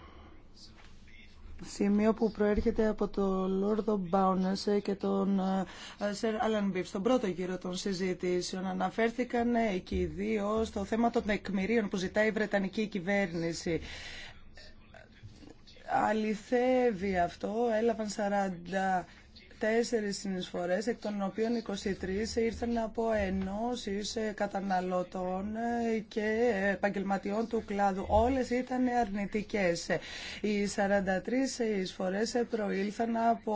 σημείο που προέρχεται από τον Λόρδο Μπάουνες και τον Σερ Άλαν Στον πρώτο γύρο των συζητήσεων αναφέρθηκαν εκεί δύο στο θέμα των τεκμηρίων που ζητάει η Βρετανική κυβέρνηση αληθεύει αυτό. Έλαβαν 40 τέσσερις συνεισφορές, εκ των οποίων 23 ήρθαν από ενώσεις ε, καταναλωτών ε, και επαγγελματιών του κλάδου. Όλες ήταν αρνητικές. Οι 43 συνεισφορές προήλθαν από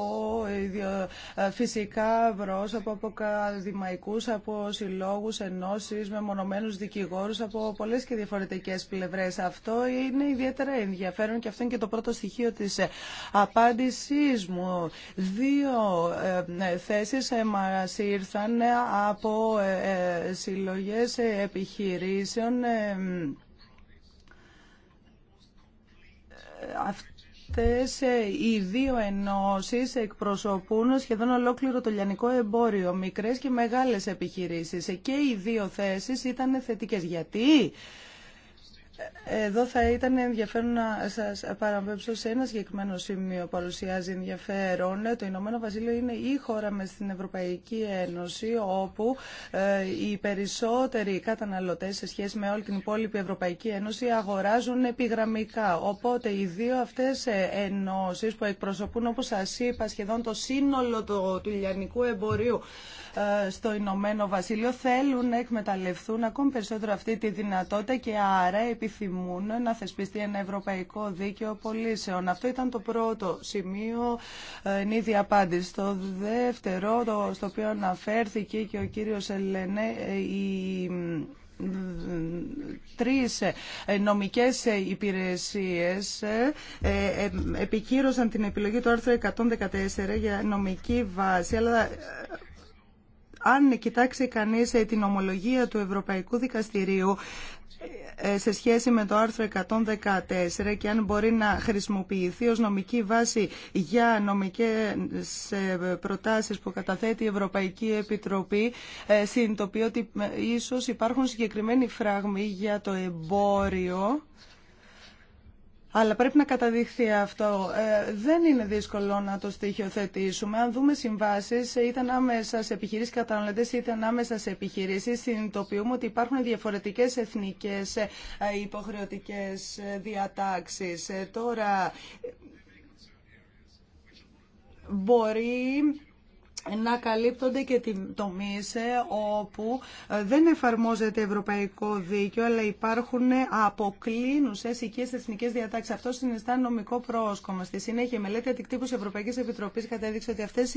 ε, φυσικά πρόσωπα, από ακαδημαϊκούς, από συλλόγους, ενώσεις, μεμονωμένους δικηγόρους, από πολλές και διαφορετικές πλευρές. Αυτό είναι ιδιαίτερα ενδιαφέρον και αυτό είναι και το πρώτο στοιχείο της απάντησής μου. Δύο ε, θέσεις ε, μας ήρθαν από ε, συλλογές επιχειρήσεων αυτές οι δύο ενώσεις εκπροσωπούν σχεδόν ολόκληρο το λιανικό εμπόριο, μικρές και μεγάλες επιχειρήσεις. Και οι δύο θέσεις ήταν θετικές. Γιατί? Εδώ θα ήταν ενδιαφέρον να σας παραβέψω σε ένα συγκεκριμένο σημείο που παρουσιάζει ενδιαφέρον. Το Ηνωμένο Βασίλειο είναι η χώρα με στην Ευρωπαϊκή Ένωση όπου ε, οι περισσότεροι καταναλωτές σε σχέση με όλη την υπόλοιπη Ευρωπαϊκή Ένωση αγοράζουν επιγραμμικά. Οπότε οι δύο αυτές ε, ενώσει που εκπροσωπούν όπω σα είπα σχεδόν το σύνολο του λιανικού εμπορίου ε, στο Ηνωμένο Βασίλειο θέλουν να εκμεταλλευτούν ακόμη περισσότερο αυτή τη δυνατότητα και άρα επιθυμούν να θεσπιστεί ένα ευρωπαϊκό δίκαιο πολίσεων. Αυτό ήταν το πρώτο σημείο ε, εν είδη απάντηση. Το δεύτερο, το, στο οποίο αναφέρθηκε και ο κύριος Ελενέ, ε, η τρεις νομικές υπηρεσίες επικύρωσαν την επιλογή του άρθρου 114 για νομική βάση, αλλά αν κοιτάξει κανείς ε, την ομολογία του Ευρωπαϊκού Δικαστηρίου ε, σε σχέση με το άρθρο 114 και αν μπορεί να χρησιμοποιηθεί ως νομική βάση για νομικές ε, προτάσεις που καταθέτει η Ευρωπαϊκή Επιτροπή συνειδητοποιεί ότι ίσως υπάρχουν συγκεκριμένοι φράγμοι για το εμπόριο αλλά πρέπει να καταδειχθεί αυτό. Ε, δεν είναι δύσκολο να το στοιχειοθετήσουμε. Αν δούμε συμβάσει, είτε ανάμεσα σε επιχειρήσει καταναλωτέ, είτε ανάμεσα σε επιχειρήσει, συνειδητοποιούμε ότι υπάρχουν διαφορετικέ εθνικέ ε, υποχρεωτικέ ε, διατάξει. Τώρα, μπορεί να καλύπτονται και τομείς ε, όπου ε, δεν εφαρμόζεται ευρωπαϊκό δίκαιο, αλλά υπάρχουν ε, αποκλίνουσες οικίες εθνικές διατάξεις. Αυτό συνιστά νομικό πρόσκομα. Στη συνέχεια, η μελέτη αντικτύπωση Ευρωπαϊκής Επιτροπής κατέδειξε ότι αυτές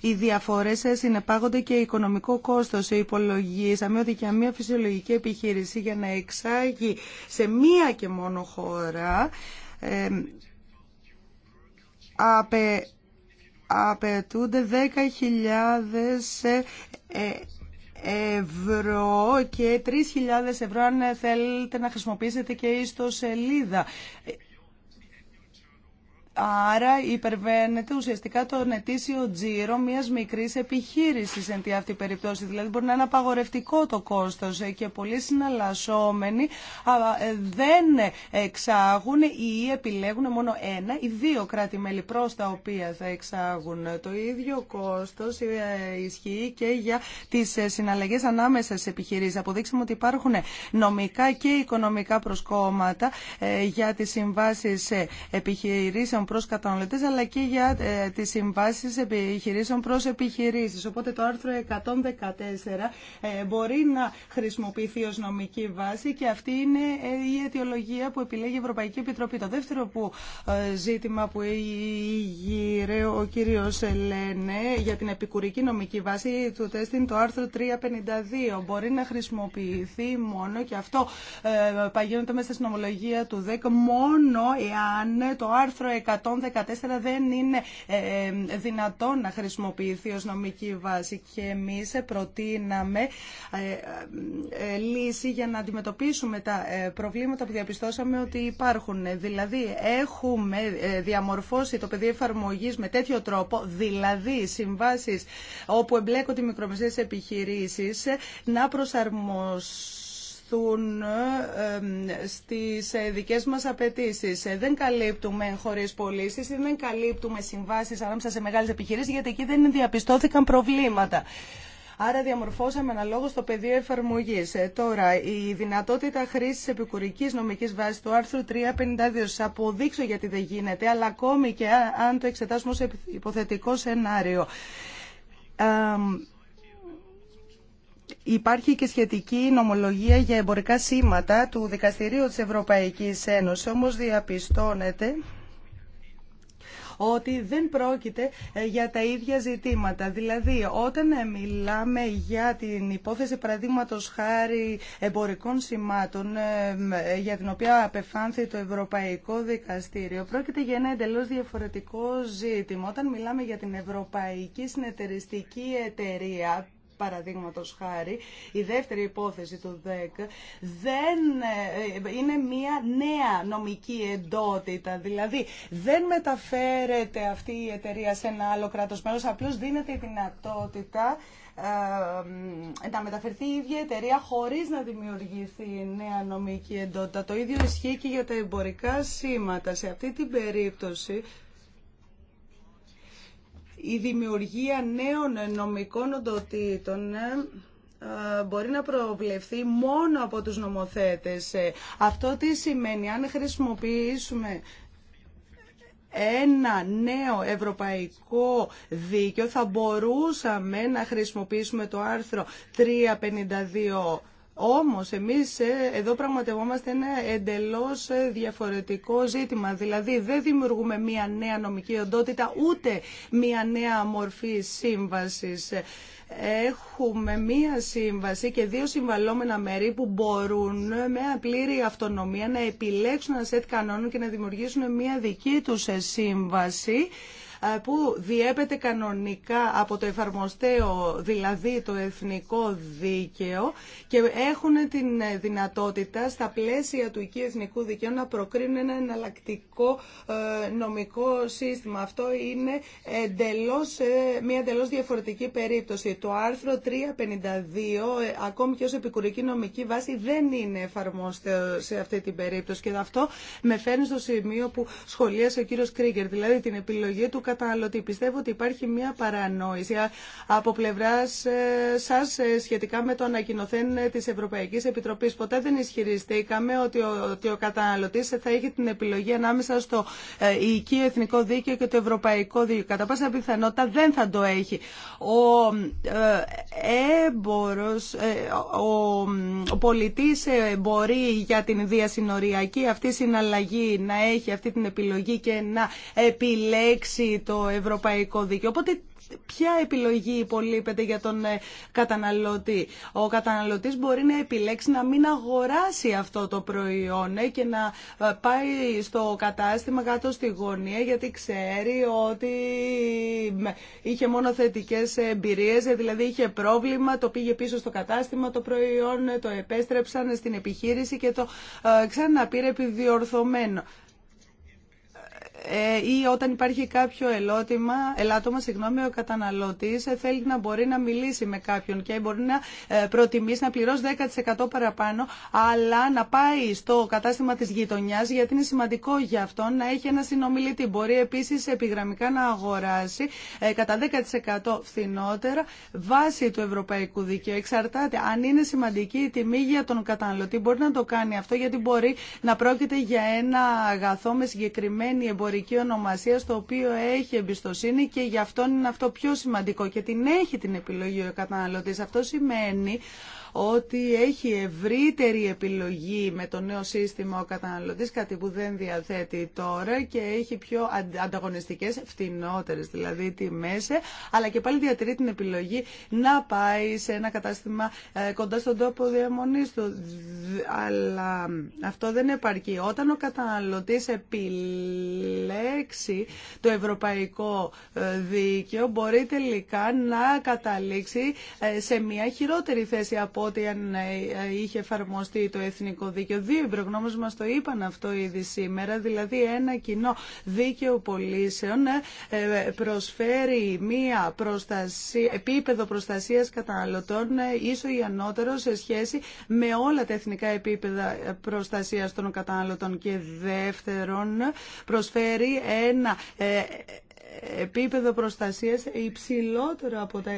οι διαφορές συνεπάγονται και οικονομικό κόστος. Υπολογίσαμε ότι για μια φυσιολογική επιχείρηση για να εξάγει σε μία και μόνο χώρα... Ε, απαιτούνται 10.000 ε, ε, ευρώ και 3.000 ευρώ αν θέλετε να χρησιμοποιήσετε και ιστοσελίδα. Άρα υπερβαίνεται ουσιαστικά το ετήσιο τζίρο μιας μικρής επιχείρησης εν τη αυτή περιπτώσει. Δηλαδή μπορεί να είναι απαγορευτικό το κόστος ε, και πολλοί συναλλασσόμενοι ε, δεν εξάγουν ή επιλέγουν μόνο ένα ή δύο κράτη-μέλη προς τα οποία θα εξάγουν. Το ίδιο κόστος ε, ισχύει και για τις συναλλαγές ανάμεσα στις επιχειρήσεις. Αποδείξαμε ότι υπάρχουν νομικά και οικονομικά προσκόμματα για τις συμβάσεις επιχειρήσεων προς καταναλωτές αλλά και για ε, τις συμβάσεις επιχειρήσεων προς επιχειρήσεις. Οπότε το άρθρο 114 ε, μπορεί να χρησιμοποιηθεί ως νομική βάση και αυτή είναι ε, η αιτιολογία που επιλέγει η Ευρωπαϊκή Επιτροπή. Το δεύτερο που, ε, ζήτημα που γύρε ο κύριος Ελένε για την επικουρική νομική βάση του τεστ είναι το άρθρο 352. Μπορεί να χρησιμοποιηθεί μόνο και αυτό παγιώνεται μέσα στην ομολογία του 10, μόνο εάν το άρθρο 114 δεν είναι ε, ε, δυνατόν να χρησιμοποιηθεί ως νομική βάση και εμείς προτείναμε ε, λύση για να αντιμετωπίσουμε τα προβλήματα που διαπιστώσαμε ότι υπάρχουν. Δηλαδή έχουμε διαμορφώσει το πεδίο εφαρμογή με τέτοιο τρόπο, δηλαδή συμβάσεις όπου εμπλέκονται οι μικρομεσαίες επιχειρήσεις να προσαρμοστούν ανταποκριθούν στις ε, δικές μας απαιτήσεις. Ε, δεν καλύπτουμε χωρίς πωλήσει, δεν καλύπτουμε συμβάσεις ανάμεσα σε μεγάλες επιχειρήσεις, γιατί εκεί δεν διαπιστώθηκαν προβλήματα. Άρα διαμορφώσαμε αναλόγω το πεδίο εφαρμογή. Ε, τώρα, η δυνατότητα χρήση επικουρική νομική βάση του άρθρου 352. Σα αποδείξω γιατί δεν γίνεται, αλλά ακόμη και αν το εξετάσουμε ω υποθετικό σενάριο. Υπάρχει και σχετική νομολογία για εμπορικά σήματα του Δικαστηρίου της Ευρωπαϊκής Ένωσης, όμως διαπιστώνεται ότι δεν πρόκειται ε, για τα ίδια ζητήματα. Δηλαδή, όταν ε, μιλάμε για την υπόθεση παραδείγματο χάρη εμπορικών σημάτων, ε, για την οποία απεφάνθη το Ευρωπαϊκό Δικαστήριο, πρόκειται για ένα εντελώς διαφορετικό ζήτημα. Όταν μιλάμε για την Ευρωπαϊκή Συνεταιριστική Εταιρεία, παραδείγματο χάρη, η δεύτερη υπόθεση του ΔΕΚ, δεν ε, είναι μια νέα νομική εντότητα. Δηλαδή, δεν μεταφέρεται αυτή η εταιρεία σε ένα άλλο κράτο μέλο, απλώ δίνεται η δυνατότητα ε, να μεταφερθεί η ίδια εταιρεία χωρίς να δημιουργηθεί νέα νομική εντότητα. Το ίδιο ισχύει και για τα εμπορικά σήματα. Σε αυτή την περίπτωση η δημιουργία νέων νομικών οντοτήτων ε, ε, μπορεί να προβλεφθεί μόνο από τους νομοθέτες. Ε, αυτό τι σημαίνει, αν χρησιμοποιήσουμε ένα νέο ευρωπαϊκό δίκαιο θα μπορούσαμε να χρησιμοποιήσουμε το άρθρο 352 όμως εμείς ε, εδώ πραγματευόμαστε ένα εντελώς ε, διαφορετικό ζήτημα. Δηλαδή δεν δημιουργούμε μία νέα νομική οντότητα ούτε μία νέα μορφή σύμβασης. Έχουμε μία σύμβαση και δύο συμβαλόμενα μέρη που μπορούν ε, με πλήρη αυτονομία να επιλέξουν ένα σετ κανόνων και να δημιουργήσουν μία δική τους σύμβαση ε, που διέπεται κανονικά από το εφαρμοστέο, δηλαδή το εθνικό δίκαιο και έχουν την δυνατότητα στα πλαίσια του οικείου εθνικού δικαίου να προκρίνουν ένα εναλλακτικό ε, νομικό σύστημα. Αυτό είναι εντελώς, ε, μια εντελώς διαφορετική περίπτωση. Το άρθρο 352, ακόμη και ως επικουρική νομική βάση, δεν είναι εφαρμόστεο σε αυτή την περίπτωση. Και αυτό με φέρνει στο σημείο που σχολίασε ο κύριος Κρίγκερ, δηλαδή την επιλογή του καταναλωτή. Πιστεύω ότι υπάρχει μια παρανόηση από πλευρά ε, σα ε, σχετικά με το ανακοινωθέν ε, τη Ευρωπαϊκή Επιτροπή. Ποτέ δεν ισχυριστήκαμε ότι ο, ότι ο καταναλωτή θα έχει την επιλογή ανάμεσα στο οικείο εθνικό δίκαιο και το ευρωπαϊκό δίκαιο. Κατά πάσα πιθανότητα δεν θα το έχει. Ο έμπορος, ο πολιτής μπορεί για την διασυνοριακή αυτή συναλλαγή να έχει αυτή την επιλογή και να επιλέξει το ευρωπαϊκό δίκαιο. Οπότε ποια επιλογή υπολείπεται για τον ε, καταναλωτή. Ο καταναλωτής μπορεί να επιλέξει να μην αγοράσει αυτό το προϊόν ε, και να ε, πάει στο κατάστημα κάτω στη γωνία γιατί ξέρει ότι είχε μόνο θετικές εμπειρίες, δηλαδή είχε πρόβλημα, το πήγε πίσω στο κατάστημα το προϊόν, το επέστρεψαν στην επιχείρηση και το ξαναπήρε επιδιορθωμένο. Ε, ή όταν υπάρχει κάποιο ελότημα, ελάττωμα, συγγνώμη, ο καταναλωτής ε, θέλει να μπορεί να μιλήσει με κάποιον και μπορεί να ε, προτιμήσει να πληρώσει 10% παραπάνω, αλλά να πάει στο κατάστημα της γειτονιάς, γιατί είναι σημαντικό για αυτόν να έχει ένα συνομιλητή. Μπορεί επίσης επιγραμμικά να αγοράσει κατά 10% φθηνότερα βάσει του ευρωπαϊκού δικαίου. Εξαρτάται αν είναι σημαντική η οταν υπαρχει καποιο ελοτημα ελαττωμα συγγνωμη ο καταναλωτης θελει να μπορει να μιλησει με καποιον και μπορει να προτιμησει να πληρωσει 10 παραπανω αλλα να παει στο καταστημα τη γειτονιά, γιατι ειναι σημαντικο για αυτον να εχει ενα συνομιλητη μπορει επίση επιγραμμικα να αγορασει κατα 10 φθηνοτερα βασει του ευρωπαικου δικαιου εξαρταται αν ειναι σημαντικη η τιμη για τον καταναλωτή. Μπορεί να το κάνει αυτό γιατί μπορεί να πρόκειται για ένα αγαθό με συγκεκριμένη εμπορική η ονομασία στο οποίο έχει εμπιστοσύνη και γι' αυτό είναι αυτό πιο σημαντικό και την έχει την επιλογή ο καταναλωτής. Αυτό σημαίνει ότι έχει ευρύτερη επιλογή με το νέο σύστημα ο καταναλωτής, κάτι που δεν διαθέτει τώρα και έχει πιο ανταγωνιστικές, φτηνότερες δηλαδή μέσα; αλλά και πάλι διατηρεί την επιλογή να πάει σε ένα κατάστημα ε, κοντά στον τόπο διαμονής του. Αλλά αυτό δεν επαρκεί. Όταν ο καταναλωτής επιλέξει το ευρωπαϊκό ε, δίκαιο, μπορεί τελικά να καταλήξει ε, σε μια χειρότερη θέση από ότι αν ε, είχε εφαρμοστεί το εθνικό δίκαιο. Δύο εμπειρογνώμες μας το είπαν αυτό ήδη σήμερα, δηλαδή ένα κοινό δίκαιο πολίσεων ε, ε, προσφέρει μία προστασία, επίπεδο προστασίας καταναλωτών ίσο ή ανώτερο σε σχέση με όλα τα εθνικά επίπεδα προστασίας των καταναλωτών και δεύτερον προσφέρει ένα επίπεδο προστασίας υψηλότερο από τα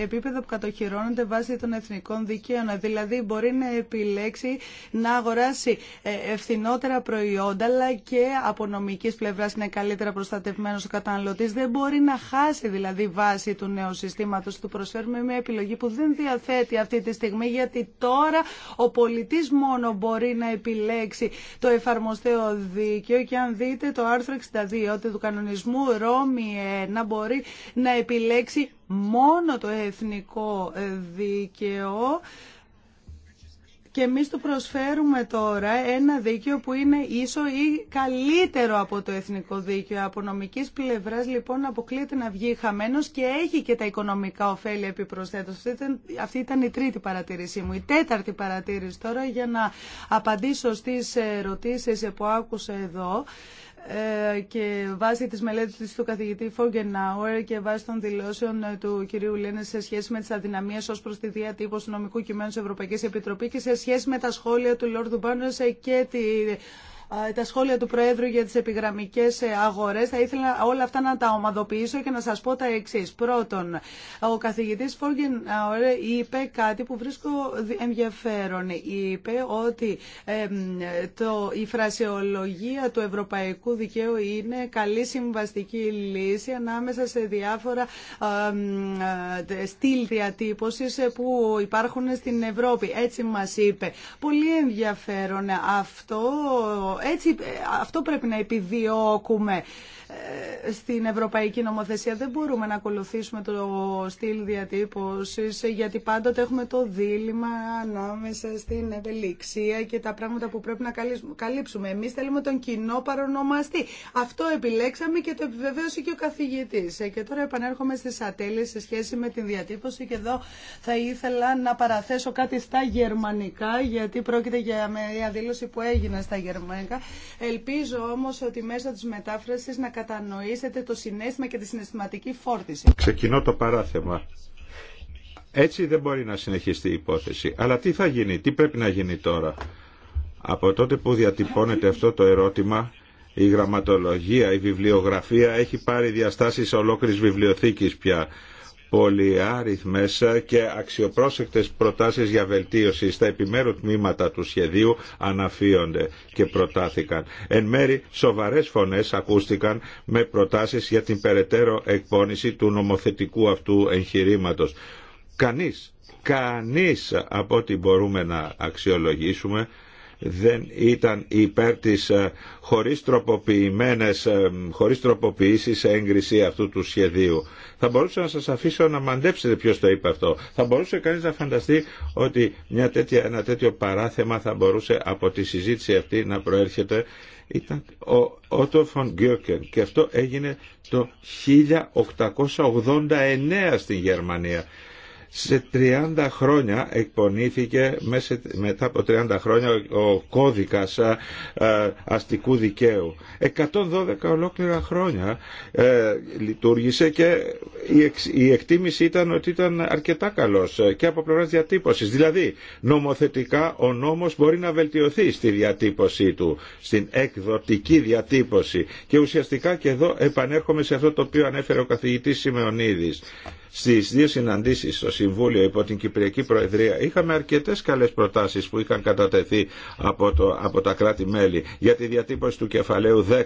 επίπεδα που κατοχυρώνονται βάσει των εθνικών δικαίων. Δηλαδή μπορεί να επιλέξει να αγοράσει ε, ευθυνότερα προϊόντα αλλά και από νομικής πλευράς είναι καλύτερα προστατευμένος ο καταναλωτής. Δεν μπορεί να χάσει δηλαδή βάση του νέου συστήματος. Του προσφέρουμε μια επιλογή που δεν διαθέτει αυτή τη στιγμή γιατί τώρα ο πολιτής μόνο μπορεί να επιλέξει το εφαρμοστέο δίκαιο και αν δείτε το άρθρο 62 του κανονισμού Ρώμη να μπορεί να επιλέξει μόνο το εθνικό δίκαιο. Και εμείς του προσφέρουμε τώρα ένα δίκαιο που είναι ίσο ή καλύτερο από το εθνικό δίκαιο. Από νομικής πλευρά λοιπόν αποκλείεται να βγει χαμένος και έχει και τα οικονομικά ωφέλη επιπροσθέτως. Αυτή ήταν η τρίτη παρατήρησή μου. Η τέταρτη παρατήρηση τώρα για να απαντήσω στις ερωτήσεις που άκουσα εδώ. Ε, και βάσει της μελέτης του καθηγητή Φόγγενάουερ και βάσει των δηλώσεων ε, του κυρίου Λένε σε σχέση με τις αδυναμίες ως προς τη διατύπωση του νομικού κειμένου της Ευρωπαϊκής Επιτροπής και σε σχέση με τα σχόλια του Λόρδου Μπάνουσε και τη τα σχόλια του Προέδρου για τις επιγραμμικές ε, αγορές. Θα ήθελα όλα αυτά να τα ομαδοποιήσω και να σας πω τα εξή. Πρώτον, ο καθηγητής Φόργεν είπε κάτι που βρίσκω ενδιαφέρον. Είπε ότι το, η φρασιολογία του ευρωπαϊκού δικαίου είναι καλή συμβαστική λύση ανάμεσα σε διάφορα ε, στυλ διατύπωσης ε, που υπάρχουν στην Ευρώπη. Έτσι μας είπε. Πολύ ενδιαφέρον αυτό έτσι, ε, αυτό πρέπει να επιδιώκουμε. Ε, στην ευρωπαϊκή νομοθεσία. Δεν μπορούμε να ακολουθήσουμε το στυλ διατύπωση γιατί πάντοτε έχουμε το δίλημα ανάμεσα στην ευελιξία και τα πράγματα που πρέπει να καλύψουμε. Εμεί θέλουμε τον κοινό παρονομαστή. Αυτό επιλέξαμε και το επιβεβαίωσε και ο καθηγητή. Ε, και τώρα επανέρχομαι στι ατέλειε σε σχέση με την διατύπωση και εδώ θα ήθελα να παραθέσω κάτι στα γερμανικά γιατί πρόκειται για μια δήλωση που έγινε στα γερμανικά. Ελπίζω όμω ότι μέσα τη μετάφραση να κατανοήσετε το συνέστημα και τη συναισθηματική φόρτιση. Ξεκινώ το παράθεμα. Έτσι δεν μπορεί να συνεχιστεί η υπόθεση. Αλλά τι θα γίνει, τι πρέπει να γίνει τώρα. Από τότε που διατυπώνεται αυτό το ερώτημα, η γραμματολογία, η βιβλιογραφία έχει πάρει διαστάσεις ολόκληρης βιβλιοθήκης πια πολυάριθμες και αξιοπρόσεκτες προτάσεις για βελτίωση στα επιμέρου τμήματα του σχεδίου αναφύονται και προτάθηκαν. Εν μέρη σοβαρές φωνές ακούστηκαν με προτάσεις για την περαιτέρω εκπόνηση του νομοθετικού αυτού εγχειρήματος. Κανείς, κανείς από ό,τι μπορούμε να αξιολογήσουμε δεν ήταν υπέρ της ε, χωρίς, τροποποιημένες, ε, χωρίς έγκριση αυτού του σχεδίου. Θα μπορούσα να σας αφήσω να μαντέψετε ποιος το είπε αυτό. Θα μπορούσε κανείς να φανταστεί ότι μια τέτοια, ένα τέτοιο παράθεμα θα μπορούσε από τη συζήτηση αυτή να προέρχεται ήταν ο Otto von Γκιόκεν και αυτό έγινε το 1889 στην Γερμανία σε 30 χρόνια εκπονήθηκε μετά από 30 χρόνια ο κώδικας αστικού δικαίου. 112 ολόκληρα χρόνια ε, λειτουργήσε και η εκτίμηση ήταν ότι ήταν αρκετά καλός ε, και από πλευράς διατύπωσης. Δηλαδή νομοθετικά ο νόμος μπορεί να βελτιωθεί στη διατύπωσή του, στην εκδοτική διατύπωση και ουσιαστικά και εδώ επανέρχομαι σε αυτό το οποίο ανέφερε ο καθηγητής Σιμεωνίδης στις δύο συναντήσεις στο Συμβούλιο υπό την Κυπριακή Προεδρία είχαμε αρκετές καλές προτάσεις που είχαν κατατεθεί από, το, από τα κράτη-μέλη για τη διατύπωση του κεφαλαίου 10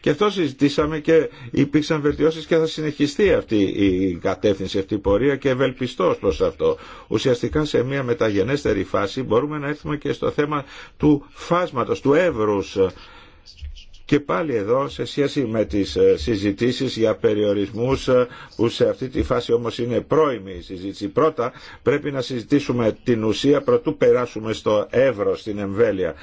και αυτό συζητήσαμε και υπήρξαν βελτιώσεις και θα συνεχιστεί αυτή η κατεύθυνση, αυτή η πορεία και ευελπιστώ προ αυτό. Ουσιαστικά σε μια μεταγενέστερη φάση μπορούμε να έρθουμε και στο θέμα του φάσματος, του εύρους και πάλι εδώ σε σχέση με τις ε, συζητήσεις για περιορισμούς ε, που σε αυτή τη φάση όμως είναι πρώιμη η συζήτηση. Πρώτα πρέπει να συζητήσουμε την ουσία προτού περάσουμε στο εύρο στην εμβέλεια.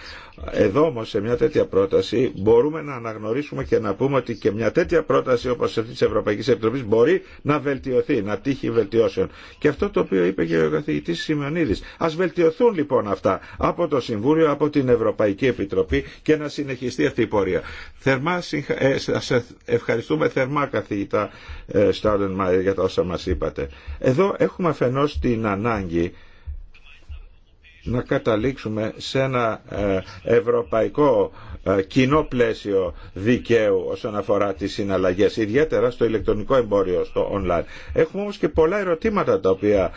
Εδώ όμω σε μια τέτοια πρόταση μπορούμε να αναγνωρίσουμε και να πούμε ότι και μια τέτοια πρόταση όπως αυτή της Ευρωπαϊκής Επιτροπής μπορεί να βελτιωθεί, να τύχει βελτιώσεων. Και αυτό το οποίο είπε και ο καθηγητής Σιμεωνίδη. Ας βελτιωθούν λοιπόν αυτά από το Συμβούλιο, από την Ευρωπαϊκή Επιτροπή και να συνεχιστεί αυτή η πορεία. Θερμά, ε, σας ε, ευχαριστούμε θερμά καθηγητά ε, Μάιρ για τα όσα μα είπατε. Εδώ έχουμε αφενό την ανάγκη να καταλήξουμε σε ένα ε, ευρωπαϊκό ε, κοινό πλαίσιο δικαίου όσον αφορά τις συναλλαγές, ιδιαίτερα στο ηλεκτρονικό εμπόριο, στο online. Έχουμε όμως και πολλά ερωτήματα τα οποία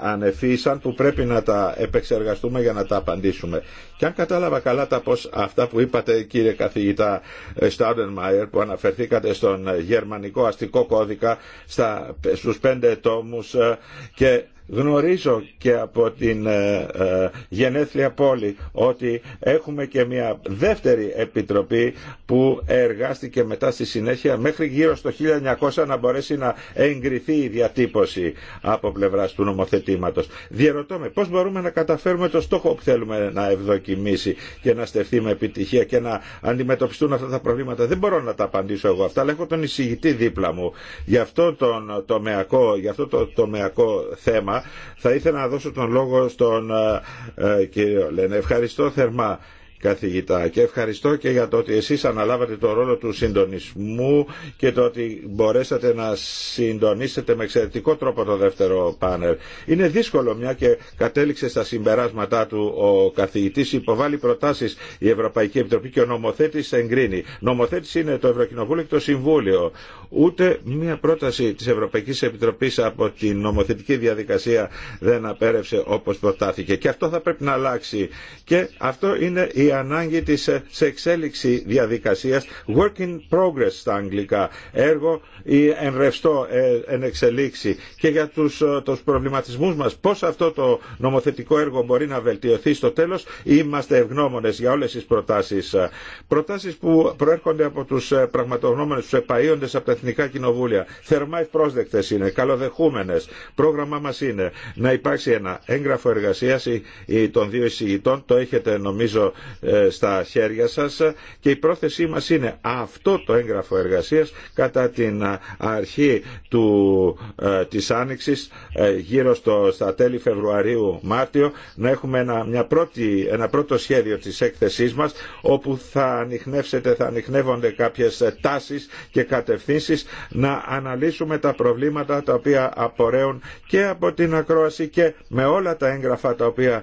ανεφίσαν που πρέπει να τα επεξεργαστούμε για να τα απαντήσουμε. Και αν κατάλαβα καλά τα πώς αυτά που είπατε κύριε καθηγητά Στάουντενμαϊερ που αναφερθήκατε στον γερμανικό αστικό κώδικα στα, στους πέντε τόμους ε, και Γνωρίζω και από την ε, ε, γενέθλια πόλη ότι έχουμε και μια δεύτερη επιτροπή που εργάστηκε μετά στη συνέχεια μέχρι γύρω στο 1900 να μπορέσει να εγκριθεί η διατύπωση από πλευράς του νομοθετήματος. Διερωτώ με πώς μπορούμε να καταφέρουμε το στόχο που θέλουμε να ευδοκιμήσει και να στεφθεί με επιτυχία και να αντιμετωπιστούν αυτά τα προβλήματα. Δεν μπορώ να τα απαντήσω εγώ αυτά, αλλά έχω τον εισηγητή δίπλα μου. για αυτό, αυτό το τομεακό θέμα θα ήθελα να δώσω τον λόγο στον ε, ε, κύριο Λένε. Ευχαριστώ θερμά καθηγητά και ευχαριστώ και για το ότι εσείς αναλάβατε το ρόλο του συντονισμού και το ότι μπορέσατε να συντονίσετε με εξαιρετικό τρόπο το δεύτερο πάνελ. Είναι δύσκολο μια και κατέληξε στα συμπεράσματά του ο καθηγητής υποβάλλει προτάσεις η Ευρωπαϊκή Επιτροπή και ο νομοθέτης εγκρίνει. Νομοθέτης είναι το Ευρωκοινοβούλιο και το Συμβούλιο. Ούτε μια πρόταση της Ευρωπαϊκής Επιτροπής από την νομοθετική διαδικασία δεν απέρευσε όπως προτάθηκε. Και αυτό θα πρέπει να αλλάξει. Και αυτό είναι η ανάγκη της ε, σε εξέλιξη διαδικασίας work in progress στα αγγλικά έργο ή εν ρευστό ε, εν εξελίξη και για τους, ε, τους προβληματισμούς μας πώς αυτό το νομοθετικό έργο μπορεί να βελτιωθεί στο τέλος είμαστε ευγνώμονες για όλες τις προτάσεις προτάσεις που προέρχονται από τους πραγματογνώμονες τους επαΐοντες από τα Εθνικά Κοινοβούλια θερμά ευπρόσδεκτες είναι, καλοδεχούμενες πρόγραμμά μας είναι να υπάρξει ένα έγγραφο εργασίας των δύο εισηγητών το έχετε νομίζω ε, στα χέρια σας και η πρόθεσή μας είναι αυτό το έγγραφο εργασίας κατά την αρχή του, ε, της Άνοιξης ε, γύρω στο, στα τέλη Φεβρουαρίου-Μάρτιο να έχουμε ένα, μια πρώτη, ένα πρώτο σχέδιο της έκθεσής μας όπου θα ανοιχνεύσετε, θα ανοιχνεύονται κάποιες τάσεις και κατευθύνσεις να αναλύσουμε τα προβλήματα τα οποία απορρέουν και από την ακρόαση και με όλα τα έγγραφα τα οποία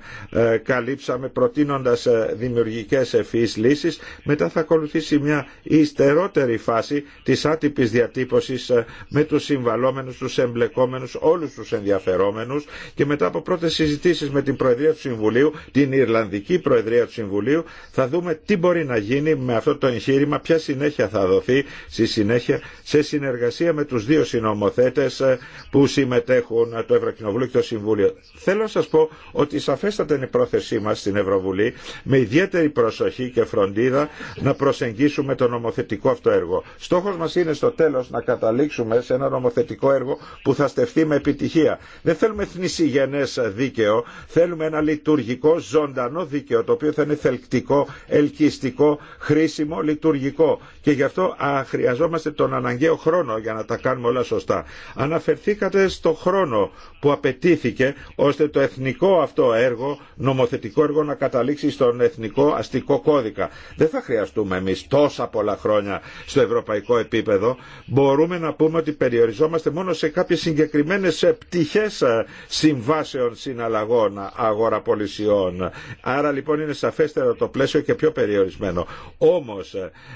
καλύψαμε προτείνοντας δημιουργία γεωργικές ευφυείς λύσεις. Μετά θα ακολουθήσει μια υστερότερη φάση της άτυπης διατύπωσης ε, με τους συμβαλόμενους, τους εμπλεκόμενους, όλους τους ενδιαφερόμενους και μετά από πρώτες συζητήσεις με την Προεδρία του Συμβουλίου, την Ιρλανδική Προεδρία του Συμβουλίου, θα δούμε τι μπορεί να γίνει με αυτό το εγχείρημα, ποια συνέχεια θα δοθεί στη συνέχεια σε συνεργασία με τους δύο συνομοθέτες ε, που συμμετέχουν ε, το Ευρωκοινοβούλιο και το Συμβούλιο. Θέλω να σας πω ότι σαφέστατα είναι η πρόθεσή μας στην Ευρωβουλή με ιδιαίτερη ιδιαίτερη προσοχή και φροντίδα να προσεγγίσουμε το νομοθετικό αυτό έργο. Στόχος μας είναι στο τέλος να καταλήξουμε σε ένα νομοθετικό έργο που θα στεφθεί με επιτυχία. Δεν θέλουμε θνησιγενές δίκαιο, θέλουμε ένα λειτουργικό, ζωντανό δίκαιο, το οποίο θα είναι θελκτικό, ελκυστικό, χρήσιμο, λειτουργικό. Και γι' αυτό α, χρειαζόμαστε τον αναγκαίο χρόνο για να τα κάνουμε όλα σωστά. Αναφερθήκατε στο χρόνο που απαιτήθηκε ώστε το εθνικό αυτό έργο, νομοθετικό έργο να καταλήξει στον εθνικό Ευρωπαϊκό Αστικό Κώδικα. Δεν θα χρειαστούμε εμεί τόσα πολλά χρόνια στο ευρωπαϊκό επίπεδο. Μπορούμε να πούμε ότι περιοριζόμαστε μόνο σε κάποιε συγκεκριμένε ε, πτυχέ ε, συμβάσεων συναλλαγών αγοραπολισιών. Άρα λοιπόν είναι σαφέστερο το πλαίσιο και πιο περιορισμένο. Όμω,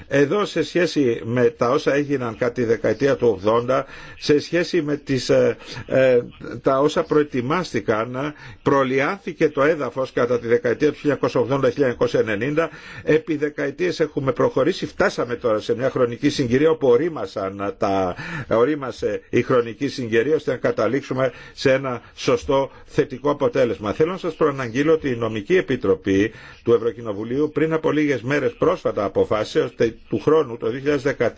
ε, εδώ σε σχέση με τα όσα έγιναν κατά τη δεκαετία του 80 σε σχέση με τις, ε, τα όσα προετοιμάστηκαν προλιάθηκε το έδαφος κατά τη δεκαετία του 1990. Επί δεκαετίες έχουμε προχωρήσει. Φτάσαμε τώρα σε μια χρονική συγκυρία όπου ορίμασαν τα, ορίμασε η χρονική συγκυρία ώστε να καταλήξουμε σε ένα σωστό θετικό αποτέλεσμα. Θέλω να σας προαναγγείλω ότι η Νομική Επιτροπή του Ευρωκοινοβουλίου πριν από λίγες μέρες πρόσφατα αποφάσισε ότι του χρόνου το 2013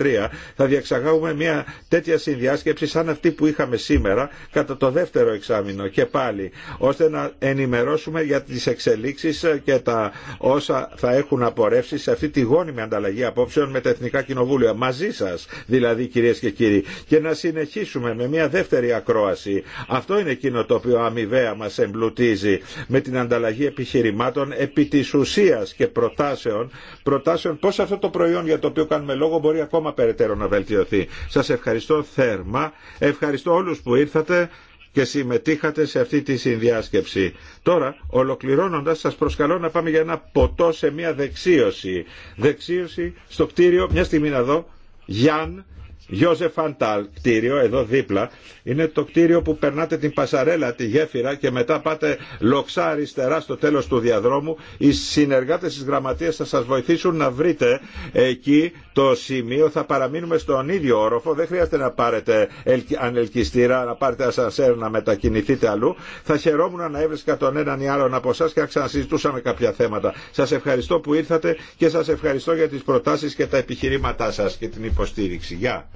θα διεξαγάγουμε μια τέτοια συνδιάσκεψη σαν αυτή που είχαμε σήμερα κατά το δεύτερο εξάμεινο και πάλι ώστε να ενημερώσουμε για τις εξελίξεις και τα θα έχουν απορρεύσει σε αυτή τη γόνιμη ανταλλαγή απόψεων με τα Εθνικά Κοινοβούλια. Μαζί σας δηλαδή κυρίες και κύριοι. Και να συνεχίσουμε με μια δεύτερη ακρόαση. Αυτό είναι εκείνο το οποίο αμοιβαία μας εμπλουτίζει με την ανταλλαγή επιχειρημάτων επί τη ουσία και προτάσεων, προτάσεων πώς αυτό το προϊόν για το οποίο κάνουμε λόγο μπορεί ακόμα περαιτέρω να βελτιωθεί. Σα ευχαριστώ θέρμα, ευχαριστώ όλου που ήρθατε και συμμετείχατε σε αυτή τη συνδιάσκεψη. Τώρα, ολοκληρώνοντας, σας προσκαλώ να πάμε για ένα ποτό σε μια δεξίωση. Δεξίωση στο κτίριο, μια στιγμή να δω, Γιάν Γιώζε Αντάλ κτίριο, εδώ δίπλα, είναι το κτίριο που περνάτε την Πασαρέλα, τη γέφυρα και μετά πάτε λοξά αριστερά στο τέλος του διαδρόμου. Οι συνεργάτες της γραμματείας θα σας βοηθήσουν να βρείτε εκεί το σημείο. Θα παραμείνουμε στον ίδιο όροφο, δεν χρειάζεται να πάρετε ανελκυστήρα, να πάρετε ασανσέρ, να μετακινηθείτε αλλού. Θα χαιρόμουν να έβρισκα τον έναν ή άλλον από εσά και να ξανασυζητούσαμε κάποια θέματα. Σας ευχαριστώ που ήρθατε και σας ευχαριστώ για τις προτάσεις και τα επιχειρήματά σας και την υποστήριξη. Γεια!